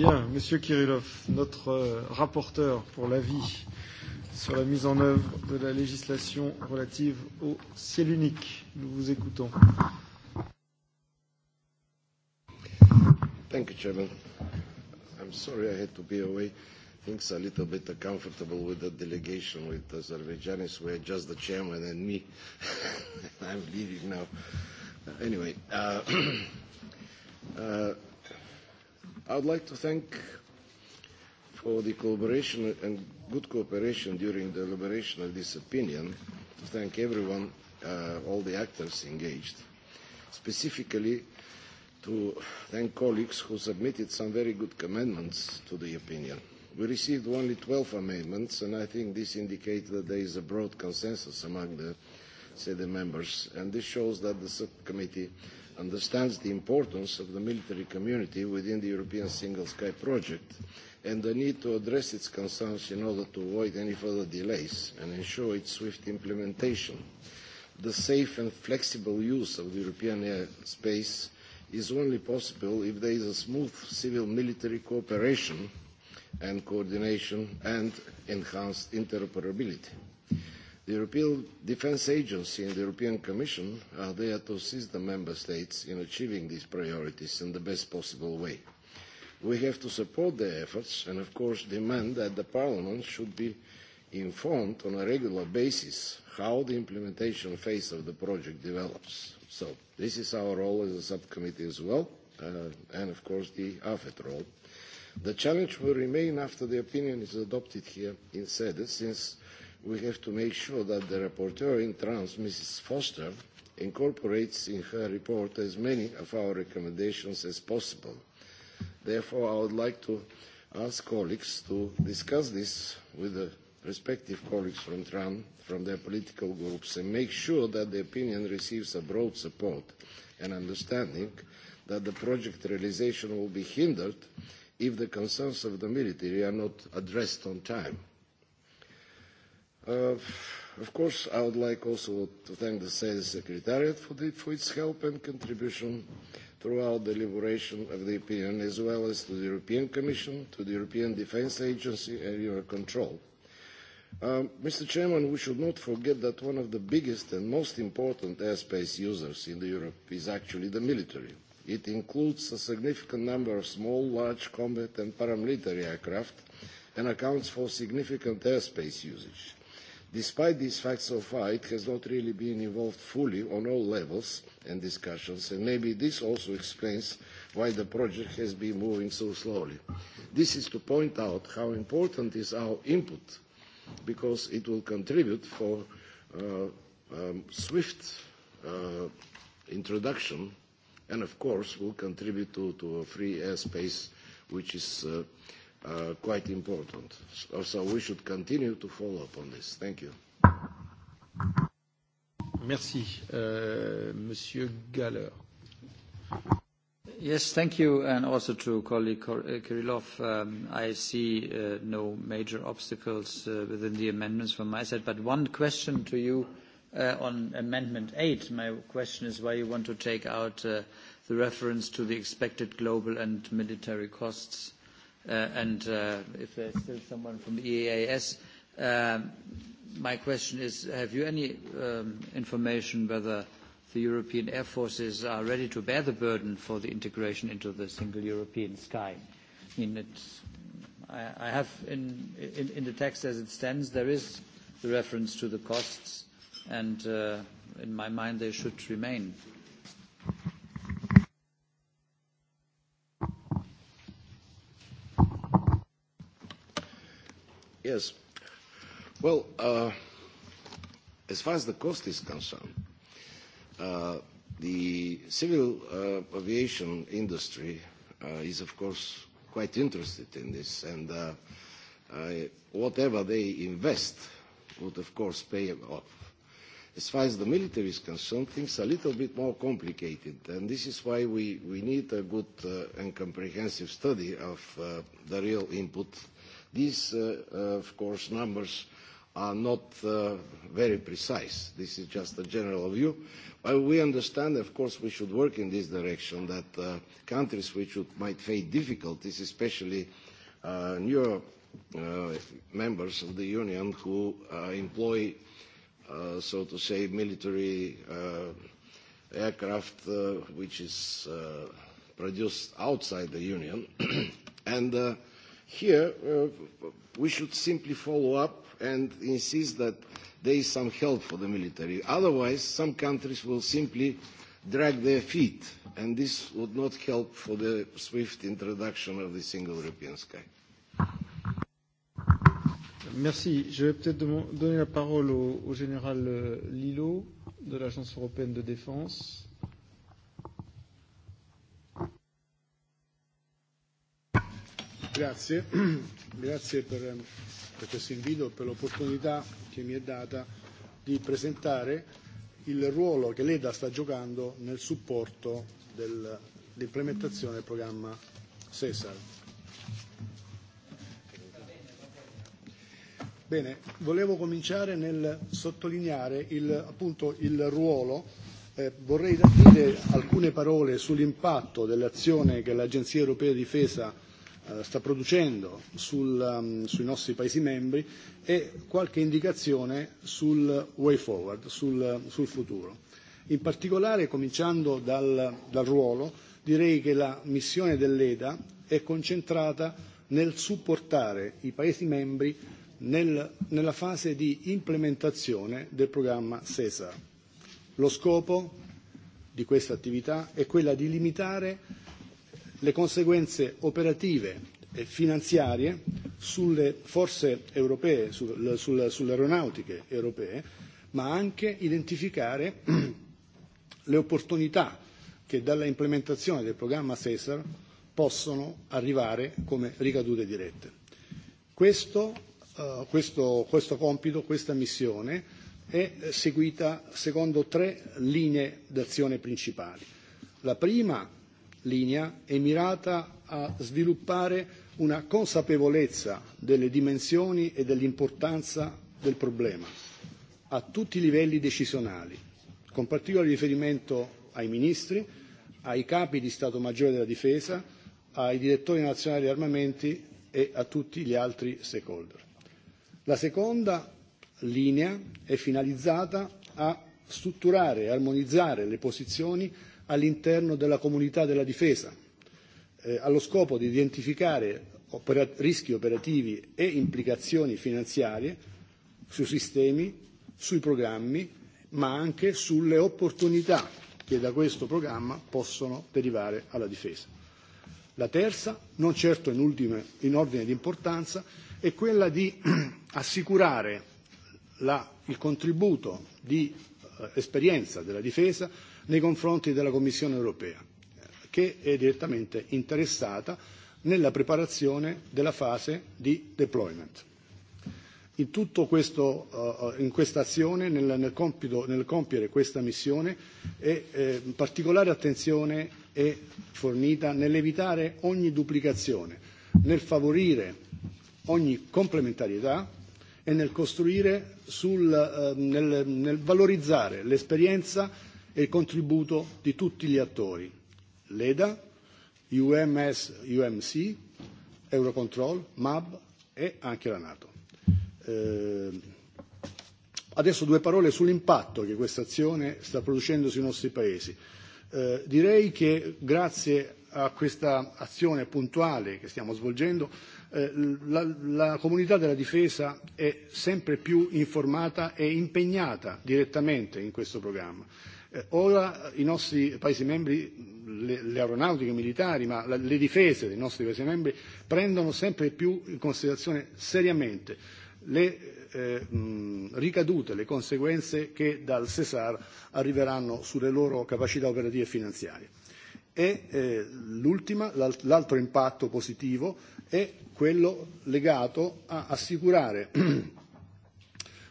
Bien, Monsieur Kirillov, notre euh, rapporteur pour l'avis sur la mise en œuvre de la législation relative au ciel unique. Nous vous écoutons. Thank you, Chairman. I'm sorry I had to be away. Things are a little bit uncomfortable with the delegation with Azerbaijanis. We're just the chairman and me. I'm leaving now. Anyway, uh, uh, I would like to thank for the collaboration and good cooperation during the elaboration of this opinion, to thank everyone, uh, all the actors engaged, specifically to thank colleagues who submitted some very good amendments to the opinion. We received only 12 amendments, and I think this indicates that there is a broad consensus among the, say, the members, and this shows that the subcommittee uh, understands the importance of the military community within the European Single Sky project and the need to address its concerns in order to avoid any further delays and ensure its swift implementation. The safe and flexible use of the European airspace is only possible if there is a smooth civil-military cooperation and coordination and enhanced interoperability. The European Defence Agency and the European Commission are there to assist the Member States in achieving these priorities in the best possible way. We have to support their efforts and, of course, demand that the Parliament should be informed on a regular basis how the implementation phase of the project develops. So this is our role as a subcommittee as well, uh, and of course the AFET role. The challenge will remain after the opinion is adopted here in SEDES, since we have to make sure that the rapporteur in trans, Mrs. Foster, incorporates in her report as many of our recommendations as possible. Therefore, I would like to ask colleagues to discuss this with the respective colleagues from TRAN, from their political groups, and make sure that the opinion receives a broad support and understanding that the project realization will be hindered if the concerns of the military are not addressed on time. Uh, of course, I would like also to thank the Sales Secretariat for, the, for its help and contribution throughout the deliberation of the opinion, as well as to the European Commission, to the European Defence Agency and Eurocontrol. Um, Mr. Chairman, we should not forget that one of the biggest and most important airspace users in Europe is actually the military. It includes a significant number of small, large combat and paramilitary aircraft and accounts for significant airspace usage. Despite these facts so far, it has not really been involved fully on all levels and discussions, and maybe this also explains why the project has been moving so slowly. This is to point out how important is our input, because it will contribute for uh, um, swift uh, introduction and, of course, will contribute to, to a free airspace which is uh, uh, quite important. So, so we should continue to follow up on this. Thank you. Merci. Uh, Monsieur Galler. Yes, thank you, and also to colleague uh, Kirillov. Um, I see uh, no major obstacles uh, within the amendments from my side, but one question to you uh, on Amendment 8. My question is why you want to take out uh, the reference to the expected global and military costs Uh, and uh, if there's still someone from the EAS, uh, um, my question is, have you any um, information whether the European air forces are ready to bear the burden for the integration into the single European sky? I mean, it's, I, I have in, in, in the text as it stands, there is the reference to the costs, and uh, in my mind, they should remain. Uh, Yes. Well, uh, as far as the cost is concerned, uh, the civil uh, aviation industry uh, is, of course, quite interested in this, and uh, uh, whatever they invest would, of course, pay off. As far as the military is concerned, things are a little bit more complicated, and this is why we, we need a good uh, and comprehensive study of uh, the real input uh, These, uh, uh, of course, numbers are not uh, very precise. This is just a general view. But we understand, of course, we should work in this direction, that uh, countries which would, might face difficulties, especially uh, newer uh, members of the Union who uh, employ, uh, so to say, military uh, aircraft uh, which is uh, produced outside the Union. and uh, Here, uh, we should simply follow up and insist that there is some help for the military. Otherwise, some countries will simply drag their feet, and this would not help for the swift introduction of the single European sky. Merci. Je vais peut-être donner la parole au, au général euh, Lillo de l'Agence européenne de défense. Grazie, grazie per, ehm, per questo invito e per l'opportunità che mi è data di presentare il ruolo che l'EDA sta giocando nel supporto del, dell'implementazione del programma CESAR. Bene, volevo cominciare nel sottolineare il, appunto il ruolo Eh, vorrei dire alcune parole sull'impatto dell'azione che l'Agenzia europea di difesa eh, sta producendo sul, um, sui nostri Paesi membri e qualche indicazione sul way forward, sul, sul futuro. In particolare, cominciando dal, dal ruolo, direi che la missione dell'EDA è concentrata nel supportare i Paesi membri nel, nella fase di implementazione del programma CESAR. Lo scopo di questa attività è quella di limitare le conseguenze operative e finanziarie sulle forze europee, sul, sul, sulle aeronautiche europee, ma anche identificare le opportunità che dalla implementazione del programma Cesar possono arrivare come ricadute dirette. Questo, uh, questo, questo compito, questa missione è seguita secondo tre linee d'azione principali. La prima linea è mirata a sviluppare una consapevolezza delle dimensioni e dell'importanza del problema a tutti i livelli decisionali, con particolare riferimento ai ministri, ai capi di Stato Maggiore della Difesa, ai direttori nazionali di armamenti e a tutti gli altri stakeholder. La seconda linea è finalizzata a strutturare e armonizzare le posizioni all'interno della comunità della difesa, eh, allo scopo di identificare operat- rischi operativi e implicazioni finanziarie sui sistemi, sui programmi, ma anche sulle opportunità che da questo programma possono derivare alla difesa. La terza, non certo in, ultime, in ordine di importanza, è quella di assicurare la, il contributo di eh, esperienza della difesa nei confronti della Commissione europea, che è direttamente interessata nella preparazione della fase di deployment. In tutto questo, uh, in questa azione, nel, nel, compito, nel compiere questa missione, è, eh, particolare attenzione è fornita nell'evitare ogni duplicazione, nel favorire ogni complementarietà e nel costruire sul, eh, nel, nel valorizzare l'esperienza e il contributo di tutti gli attori, l'EDA, UMS, UMC, Eurocontrol, MAB e anche la Nato. Eh, adesso due parole sull'impatto che questa azione sta producendo sui nostri paesi. Eh, direi che grazie a questa azione puntuale che stiamo svolgendo, eh, la, la comunità della difesa è sempre più informata e impegnata direttamente in questo programma Eh, ora i nostri Paesi membri, le, le aeronautiche militari, ma la, le difese dei nostri Paesi membri prendono sempre più in considerazione seriamente le eh, mh, ricadute, le conseguenze che dal Cesar arriveranno sulle loro capacità operative e finanziarie. E eh, l'ultima, l'altro impatto positivo è quello legato a assicurare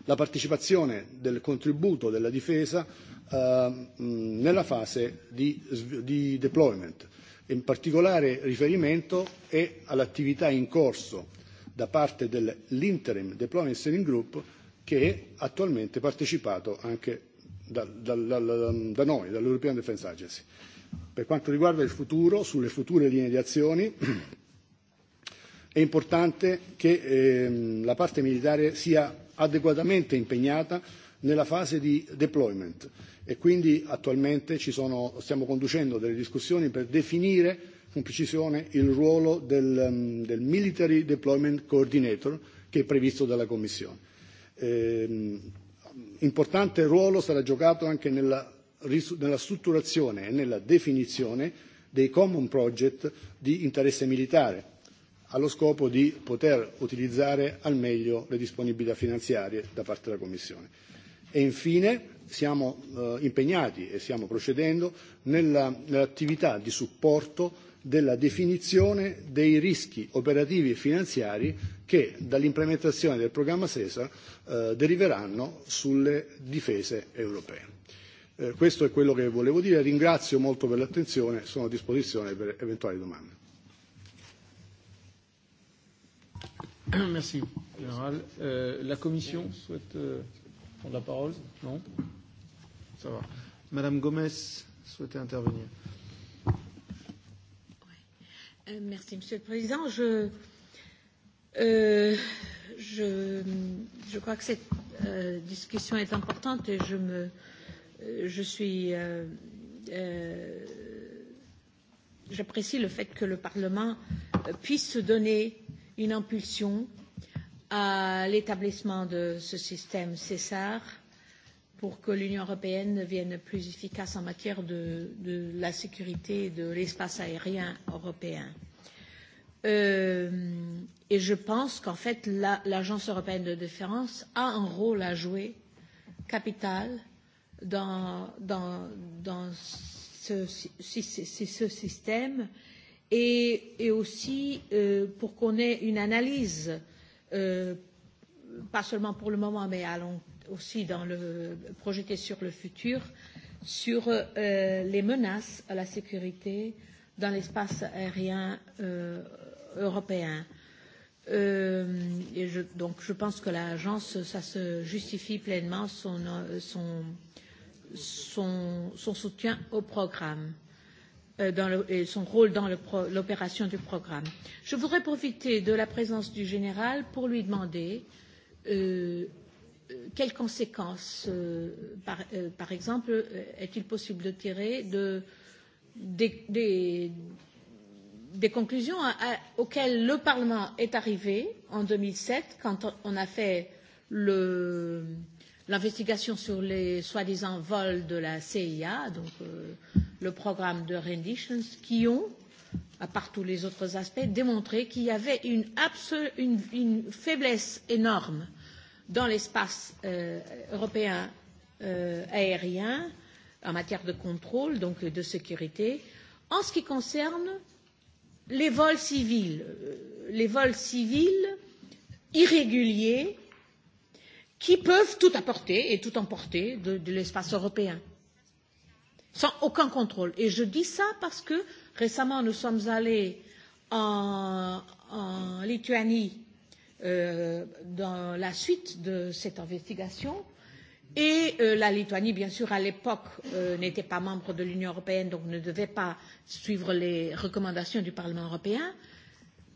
la partecipazione del contributo della difesa Ehm, nella fase di, di deployment. In particolare riferimento è all'attività in corso da parte dell'Interim Deployment Steering Group che è attualmente partecipato anche da, da, da, da noi, dall'European Defence Agency. Per quanto riguarda il futuro, sulle future linee di azioni, è importante che ehm, la parte militare sia adeguatamente impegnata nella fase di deployment e quindi attualmente ci sono, stiamo conducendo delle discussioni per definire con precisione il ruolo del, mm, del Military Deployment Coordinator che è previsto dalla Commissione. Eh, importante ruolo sarà giocato anche nella, nella strutturazione e nella definizione dei common project di interesse militare, allo scopo di poter utilizzare al meglio le disponibilità finanziarie da parte della Commissione. E infine siamo eh, impegnati e stiamo procedendo nella, nell'attività di supporto della definizione dei rischi operativi e finanziari che dall'implementazione del programma SESA eh, deriveranno sulle difese europee. Eh, questo è quello che volevo dire, ringrazio molto per l'attenzione, sono a disposizione per eventuali domande. Merci. Alors, euh, la Commission souhaite. Euh prendre la parole Non Ça va. Madame Gomez souhaitait intervenir. Ouais. Euh, merci, Monsieur le Président. Je, euh, je, je crois que cette euh, discussion est importante et je, me, euh, je suis. Euh, euh, J'apprécie le fait que le Parlement puisse se donner une impulsion euh, à l'établissement de ce système César pour que l'Union européenne devienne plus efficace en matière de, de la sécurité de l'espace aérien européen. Euh, et je pense qu'en fait, l'Agence la, européenne de défense a un rôle à jouer capital dans, dans, dans ce, ce, ce, ce système et, et aussi euh, pour qu'on ait une analyse euh, euh, pas seulement pour le moment, mais à long, aussi dans le projeté sur le futur, sur euh, les menaces à la sécurité dans l'espace aérien euh, européen. Euh, et je, donc, je pense que l'agence, ça se justifie pleinement son, euh, son, son, son soutien au programme. Euh, Euh, dans le, et son rôle dans l'opération pro, du programme. Je voudrais profiter de la présence du général pour lui demander euh, euh quelles conséquences, euh, par, euh, par exemple, euh, est-il possible de tirer de, des, des, des conclusions à, à, auxquelles le Parlement est arrivé en 2007 quand on a fait le, euh, l'investigation sur les soi-disant vols de la CIA, donc euh, le programme de renditions, qui ont, à part tous les autres aspects, démontré qu'il y avait une, une, une faiblesse énorme dans l'espace euh, européen euh, aérien en matière de contrôle, donc de sécurité, en ce qui concerne les vols civils, euh, les vols civils irréguliers qui peuvent tout apporter et tout emporter de, de l'espace européen, sans aucun contrôle. Et je dis ça parce que récemment, nous sommes allés en, en Lituanie euh, dans la suite de cette investigation. Et euh, la Lituanie, bien sûr, à l'époque, euh, n'était pas membre de l'Union européenne, donc ne devait pas suivre les recommandations du Parlement européen.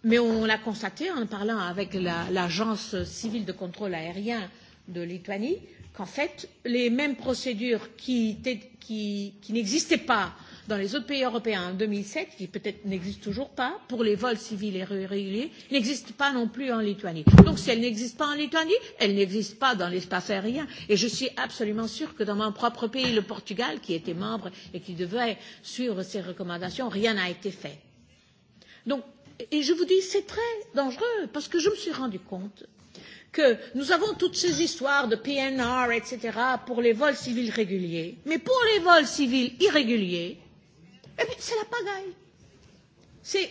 Mais on l'a constaté en parlant avec l'agence la, civile de contrôle aérien de Lituanie, qu'en fait, les mêmes procédures qui, qui, qui n'existaient pas dans les autres pays européens en 2007, qui peut-être n'existent toujours pas, pour les vols civils et réguliers, n'existent pas non plus en Lituanie. Donc si elles n'existent pas en Lituanie, elles n'existent pas dans l'espace aérien. Et je suis absolument sûre que dans mon propre pays, le Portugal, qui était membre et qui devait suivre ces recommandations, rien n'a été fait. Donc, et je vous dis, c'est très dangereux, parce que je me suis rendu compte que nous avons toutes ces histoires de PNR, etc., pour les vols civils réguliers, mais pour les vols civils irréguliers, eh bien, c'est la pagaille. C'est,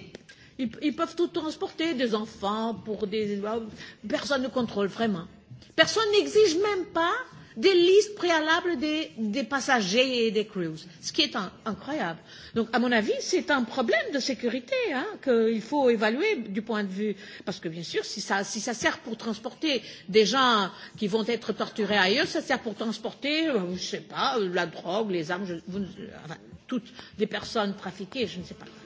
ils, ils peuvent tout transporter, des enfants, pour des... Euh, personne ne contrôle vraiment. Personne n'exige même pas euh, des listes préalables des, des passagers et des crews, ce qui est un, incroyable. Donc, à mon avis, c'est un problème de sécurité hein, qu'il faut évaluer du point de vue. Parce que, bien sûr, si ça, si ça sert pour transporter des gens qui vont être torturés ailleurs, ça sert pour transporter, euh, je ne sais pas, euh, la drogue, les armes, je, vous, enfin, toutes des personnes trafiquées, je ne sais pas. Euh,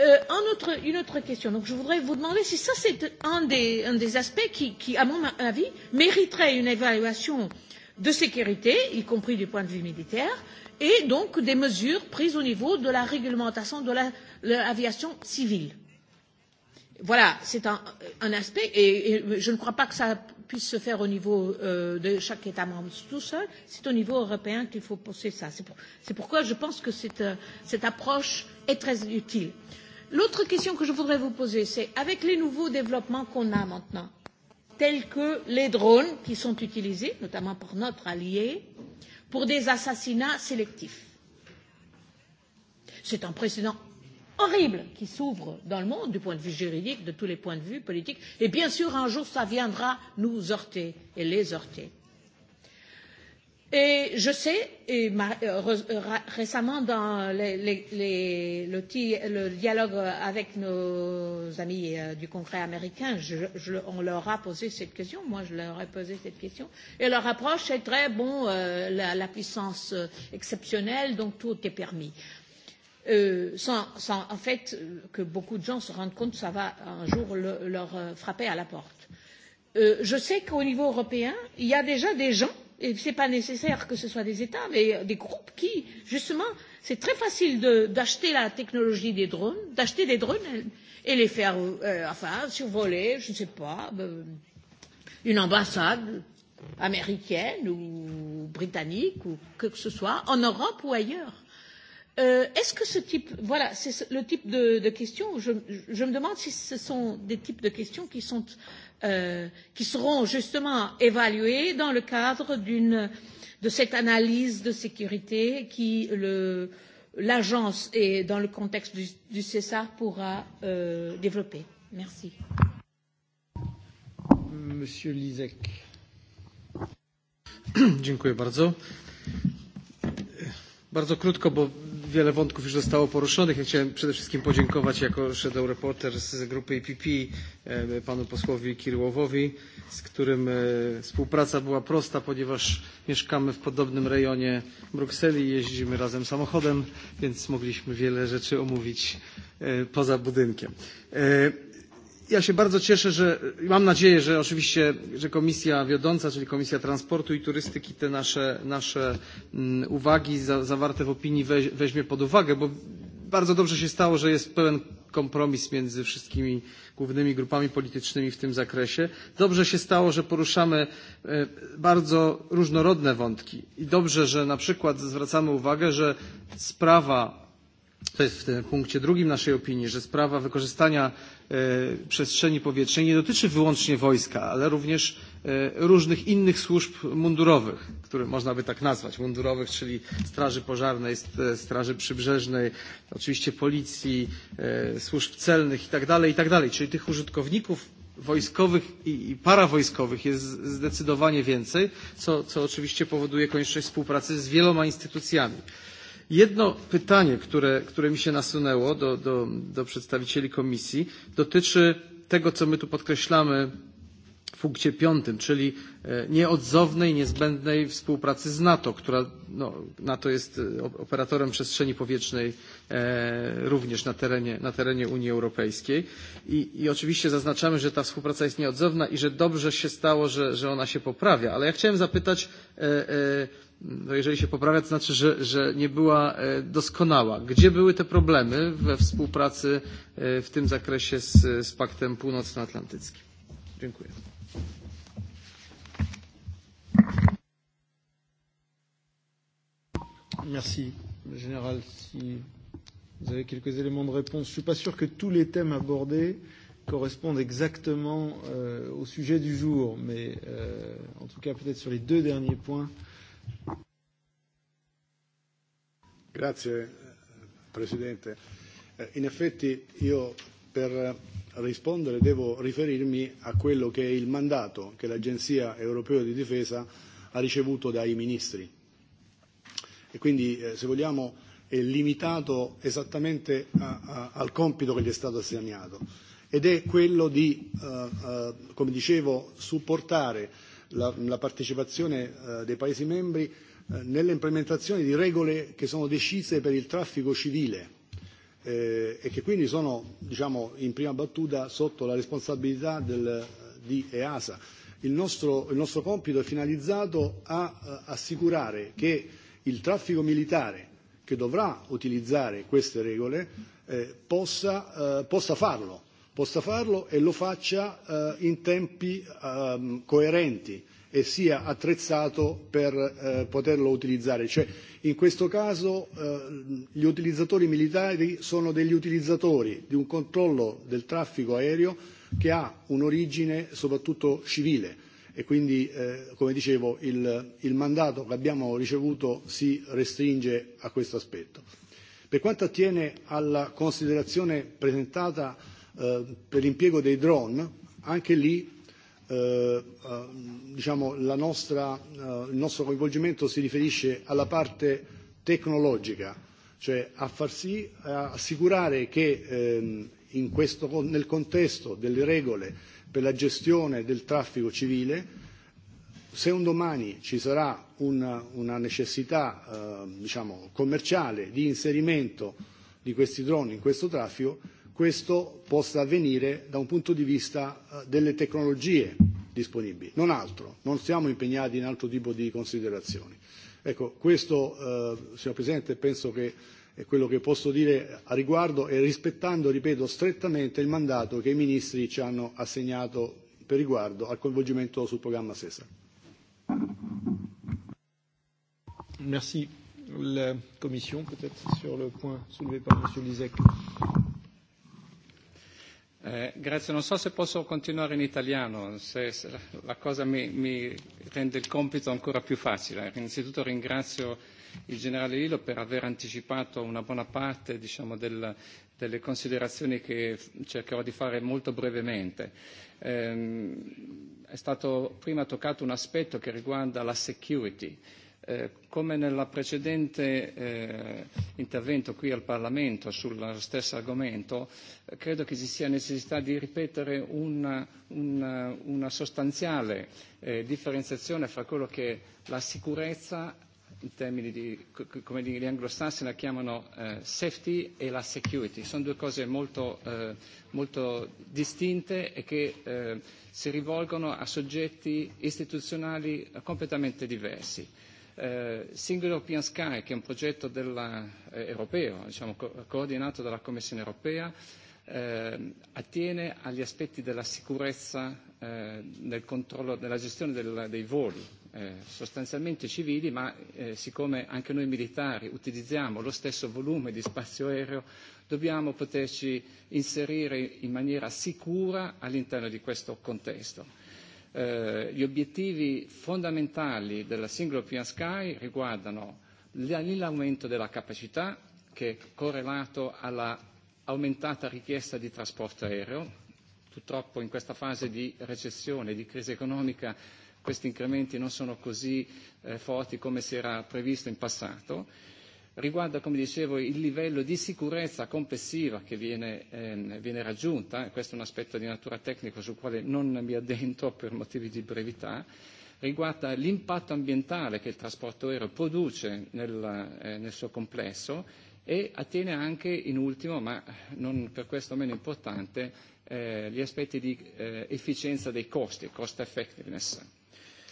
Euh, un autre, une autre question. Donc, je voudrais vous demander si ça, c'est un des, un des aspects qui, qui, à mon avis, mériterait une évaluation de sécurité, y compris du point de vue militaire, et donc des mesures prises au niveau de la réglementation de l'aviation la, civile. Voilà, c'est un, un aspect, et, et je ne crois pas que ça puisse se faire au niveau euh, de chaque État membre tout seul, c'est au niveau européen qu'il faut poser ça. C'est pour, pourquoi je pense que cette, cette approche est très utile. Euh, L'autre question que je voudrais vous poser, c'est avec les nouveaux développements qu'on a maintenant, tels que les drones qui sont utilisés, notamment par notre allié, pour des assassinats sélectifs. C'est un précédent horrible qui s'ouvre dans le monde, du point de vue juridique, de tous les points de vue politiques, et bien sûr, un jour, ça viendra nous heurter et les heurter. Et je sais, et ma, récemment dans les, les, les, le, le dialogue avec nos amis euh, du Congrès américain, je, je, on leur a posé cette question, moi je leur ai posé cette question, et leur approche est très bon, euh, la, la puissance euh, exceptionnelle, donc tout est permis. Euh, sans, sans en fait euh, que beaucoup de gens se rendent compte, ça va un jour le, leur frapper à la porte. Euh, je sais qu'au niveau européen, il y a déjà des gens ce n'est pas nécessaire que ce soient des États, mais des groupes qui, justement, c'est très facile d'acheter la technologie des drones, d'acheter des drones et, et les faire, euh, enfin, survoler, je ne sais pas, euh, une ambassade américaine ou britannique ou que ce soit, en Europe ou ailleurs. Euh, Est-ce que ce type, voilà, c'est le type de, de questions. Je, je me demande si ce sont des types de questions qui sont euh, qui seront justement évaluées dans le cadre de cette analyse de sécurité qui l'agence et dans le contexte du, du César pourra euh, développer. Merci. Monsieur Lisek. Dziękuję bardzo. Bardzo krótko, bo wiele wątków już zostało poruszonych. Ja chciałem przede wszystkim podziękować jako shadow reporter z grupy IPP e e, panu posłowi Kirłowowi, z którym e, współpraca była prosta, ponieważ mieszkamy w podobnym rejonie Brukseli i jeździmy razem samochodem, więc mogliśmy wiele rzeczy omówić poza budynkiem. Ja się bardzo cieszę, że mam nadzieję, że oczywiście, że komisja wiodąca, czyli Komisja Transportu i Turystyki te nasze, nasze mm, uwagi za, zawarte w opinii weź, weźmie pod uwagę, bo bardzo dobrze się stało, że jest pełen kompromis między wszystkimi głównymi grupami politycznymi w tym zakresie. Dobrze się stało, że poruszamy e, bardzo różnorodne wątki i dobrze, że na przykład zwracamy uwagę, że sprawa to jest w punkcie drugim naszej opinii, że sprawa wykorzystania e, przestrzeni powietrznej nie dotyczy wyłącznie wojska, ale również e, różnych innych służb mundurowych, które można by tak nazwać, mundurowych, czyli Straży Pożarnej, Straży Przybrzeżnej, oczywiście Policji, e, służb celnych itd., itd. Czyli tych użytkowników wojskowych i, i parawojskowych jest zdecydowanie więcej, co, co oczywiście powoduje konieczność współpracy z wieloma instytucjami. Jedno pytanie, które, które mi się nasunęło do, do, do przedstawicieli komisji, dotyczy tego, co my tu podkreślamy w punkcie piątym, czyli e, nieodzownej, niezbędnej współpracy z NATO, która no, NATO jest e, operatorem przestrzeni powietrznej e, również na terenie, na terenie Unii Europejskiej. I, I oczywiście zaznaczamy, że ta współpraca jest nieodzowna i że dobrze się stało, że, że ona się poprawia. Ale ja chciałem zapytać, e, e, no jeżeli się poprawia, to znaczy, że, że nie była e, doskonała. Gdzie były te problemy we współpracy e, w tym zakresie z, z Paktem Północnoatlantyckim? Dziękuję. Merci, Général. Si vous avez quelques éléments de réponse, je ne suis pas sûr que tous les thèmes abordés correspondent exactement euh, au sujet du jour, mais euh, en tout cas peut-être sur les deux derniers points, euh, Grazie Presidente. Eh, in effetti io per rispondere devo riferirmi a quello che è il mandato che l'Agenzia europea di difesa ha ricevuto dai ministri. E quindi, eh, se vogliamo, è limitato esattamente a, a, al compito che gli è stato assegnato ed è quello di, eh, eh, come dicevo, supportare la, la partecipazione eh, dei Paesi membri eh, nell'implementazione di regole che sono decise per il traffico civile eh, e che quindi sono diciamo, in prima battuta sotto la responsabilità del, di EASA. Il nostro, il nostro compito è finalizzato a, a eh, assicurare che il traffico militare che dovrà utilizzare queste regole eh, possa, eh, possa farlo possa farlo e lo faccia eh, in tempi ehm, coerenti e sia attrezzato per eh, poterlo utilizzare. Cioè, in questo caso eh, gli utilizzatori militari sono degli utilizzatori di un controllo del traffico aereo che ha un'origine soprattutto civile e quindi, eh, come dicevo, il, il mandato che abbiamo ricevuto si restringe a questo aspetto. Per quanto attiene alla considerazione presentata eh, per l'impiego dei drone, anche lì eh, eh, diciamo, la nostra, eh, il nostro coinvolgimento si riferisce alla parte tecnologica, cioè a far sì, a assicurare che ehm, in questo, nel contesto delle regole per la gestione del traffico civile, se un domani ci sarà una, una necessità eh, diciamo, commerciale di inserimento di questi droni in questo traffico, questo possa avvenire da un punto di vista eh, delle tecnologie disponibili, non altro, non siamo impegnati in altro tipo di considerazioni. Ecco, questo, eh, signor Presidente, penso che è quello che posso dire a riguardo e rispettando, ripeto, strettamente il mandato che i ministri ci hanno assegnato per riguardo al coinvolgimento sul programma SESA. Merci. La Commission, peut-être, sur le point soulevé par M. Lisek. Eh, grazie, non so se posso continuare in italiano, se, se la cosa mi, mi rende il compito ancora più facile. Innanzitutto ringrazio il generale Lillo per aver anticipato una buona parte diciamo, del, delle considerazioni che cercherò di fare molto brevemente. Ehm, è stato prima toccato un aspetto che riguarda la security. Eh, Eh, come nella precedente eh, intervento qui al Parlamento sul stesso argomento, eh, credo che ci sia necessità di ripetere una, una, una sostanziale eh, differenziazione fra quello che la sicurezza in termini di, come gli anglosassi la chiamano eh, safety e la security. Sono due cose molto, eh, molto distinte e che eh, si rivolgono a soggetti istituzionali completamente diversi. Eh, Single European Sky, che è un progetto della, eh, europeo, diciamo, co- coordinato dalla Commissione europea, eh, attiene agli aspetti della sicurezza eh, nel controllo, nella gestione del, dei voli, eh, sostanzialmente civili, ma eh, siccome anche noi militari utilizziamo lo stesso volume di spazio aereo, dobbiamo poterci inserire in maniera sicura all'interno di questo contesto Eh, gli obiettivi fondamentali della Single European Sky riguardano l'aumento della capacità, che è correlato all'aumentata richiesta di trasporto aereo. Purtroppo in questa fase di recessione, di crisi economica, questi incrementi non sono così eh, forti come si era previsto in passato riguarda, come dicevo, il livello di sicurezza complessiva che viene, ehm, viene raggiunta, e questo è un aspetto di natura tecnica sul quale non mi addentro per motivi di brevità, riguarda l'impatto ambientale che il trasporto aereo produce nel, eh, nel suo complesso e attiene anche, in ultimo, ma non per questo meno importante, eh, gli aspetti di eh, efficienza dei costi, cost effectiveness.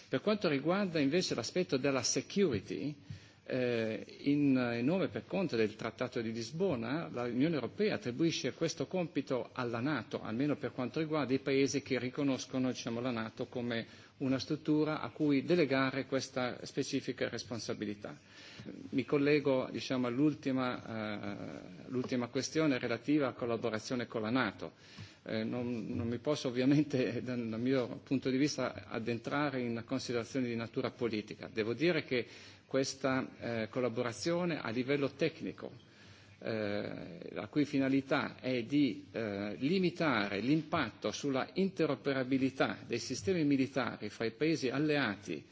Per quanto riguarda invece l'aspetto della security, eh, eh, in eh, nome per conto del Trattato di Lisbona, l'Unione Europea attribuisce questo compito alla Nato, almeno per quanto riguarda i paesi che riconoscono diciamo, la Nato come una struttura a cui delegare questa specifica responsabilità. Mi collego diciamo, all'ultima eh, l'ultima questione relativa a collaborazione con la Nato. Eh, non, non mi posso ovviamente dal, dal mio punto di vista addentrare in considerazioni di natura politica. Devo dire che questa eh, collaborazione a livello tecnico, eh, la cui finalità è di eh, limitare l'impatto sulla interoperabilità dei sistemi militari fra i paesi alleati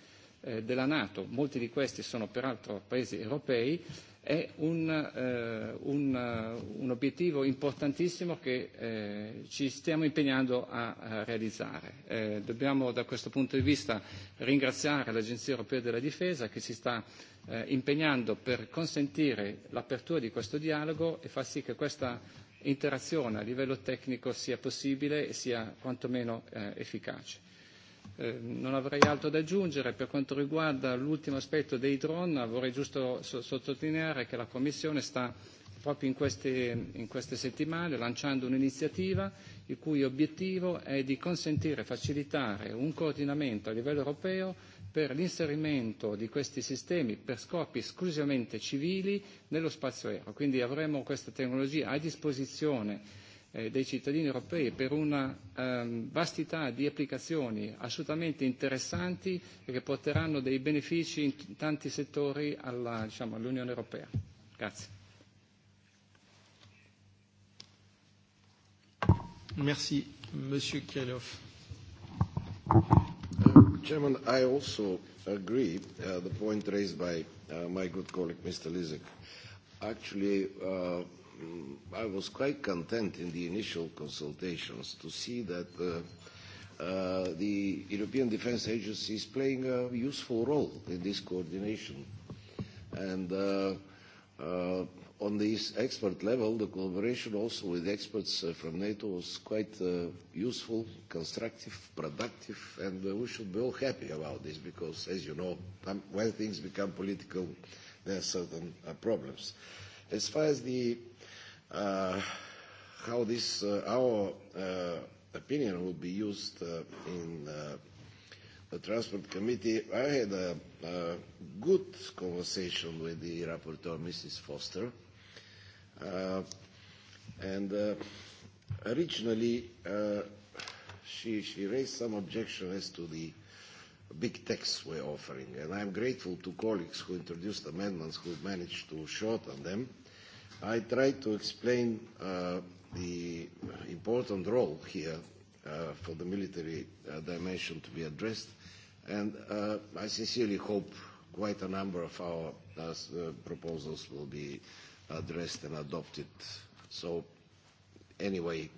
eh, della Nato, molti di questi sono peraltro paesi europei, è un, eh, un, eh, un obiettivo importantissimo che eh, ci stiamo impegnando a, a realizzare. Eh, dobbiamo da questo punto di vista ringraziare l'Agenzia europea della difesa che si sta eh, impegnando per consentire l'apertura di questo dialogo e far sì che questa interazione a livello tecnico sia possibile e sia quantomeno eh, efficace. Eh, non avrei altro da aggiungere. Per quanto riguarda l'ultimo aspetto dei drone, vorrei giusto so- sottolineare che la Commissione sta proprio in queste, in queste settimane lanciando un'iniziativa il cui obiettivo è di consentire e facilitare un coordinamento a livello europeo per l'inserimento di questi sistemi per scopi esclusivamente civili nello spazio aereo. Quindi avremo questa tecnologia a disposizione eh, dei cittadini europei per una ehm, vastità di applicazioni assolutamente interessanti e che porteranno dei benefici in tanti settori alla, diciamo, all'Unione Europea. Grazie. Merci, Monsieur Kirillov. Uh, Chairman, I also agree uh, the point raised by uh, my good colleague, Mr. Lizek. Actually, uh, I was quite content in the initial consultations to see that uh, uh, the European Defence Agency is playing a useful role in this coordination. And uh, uh, on this expert level, the collaboration also with experts uh, from NATO was quite uh, useful, constructive, productive, and uh, we should be all happy about this because, as you know, um, when things become political, there are certain uh, problems. As far as the uh, how this uh, our uh, opinion will be used uh, in uh, the transport committee. I had a, a good conversation with the rapporteur, Mrs. Foster, uh, and uh, originally uh, she she raised some objection as to the big tax we're offering, and I'm grateful to colleagues who introduced amendments who managed to shorten them. Uh, I tried to explain uh, the important role here uh, for the military uh, dimension to be addressed, and uh, I sincerely hope quite a number of our uh, uh, proposals will be addressed and adopted. So anyway,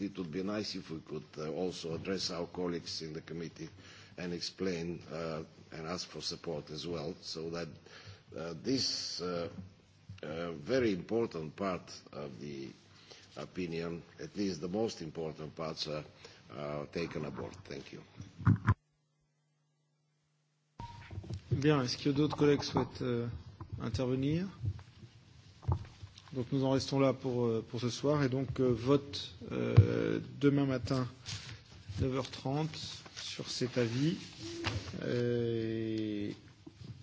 it would be nice if we could uh, also address our colleagues in the committee and explain uh, and ask for support as well, so that uh, this uh, a very important part of the opinion, at least the most important parts, are uh, taken aboard. Thank you. Bien, est-ce que d'autres collègues souhaitent euh, intervenir Donc nous en restons là pour, euh, pour ce soir et donc euh, vote euh, demain matin 9h30 sur cet avis. Euh,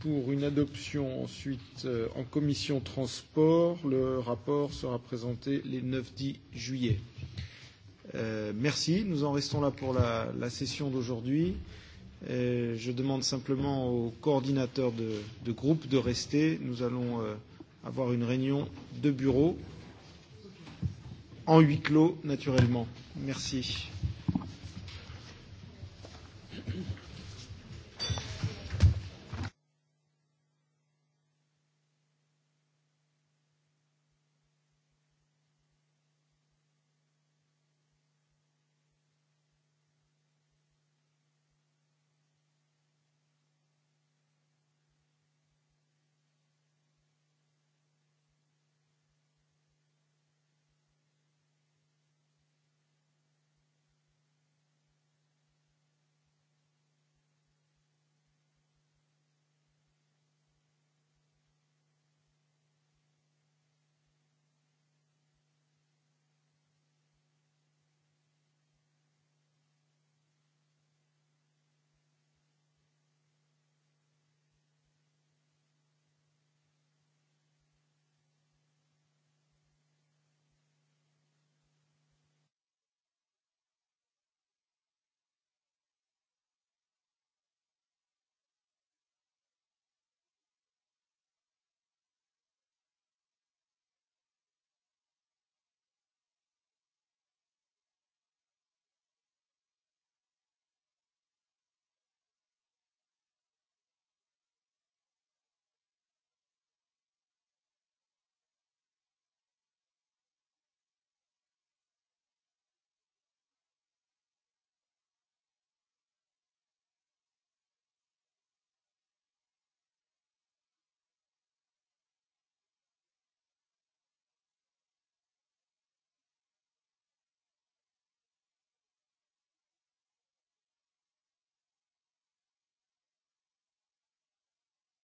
pour une adoption ensuite euh, en commission transport. Le rapport sera présenté les 9-10 juillet. Euh, merci. Nous en restons là pour la, la session d'aujourd'hui. Euh, je demande simplement aux coordinateurs de, de groupe de rester. Nous allons euh, avoir une réunion de bureau en huis clos, naturellement. Merci.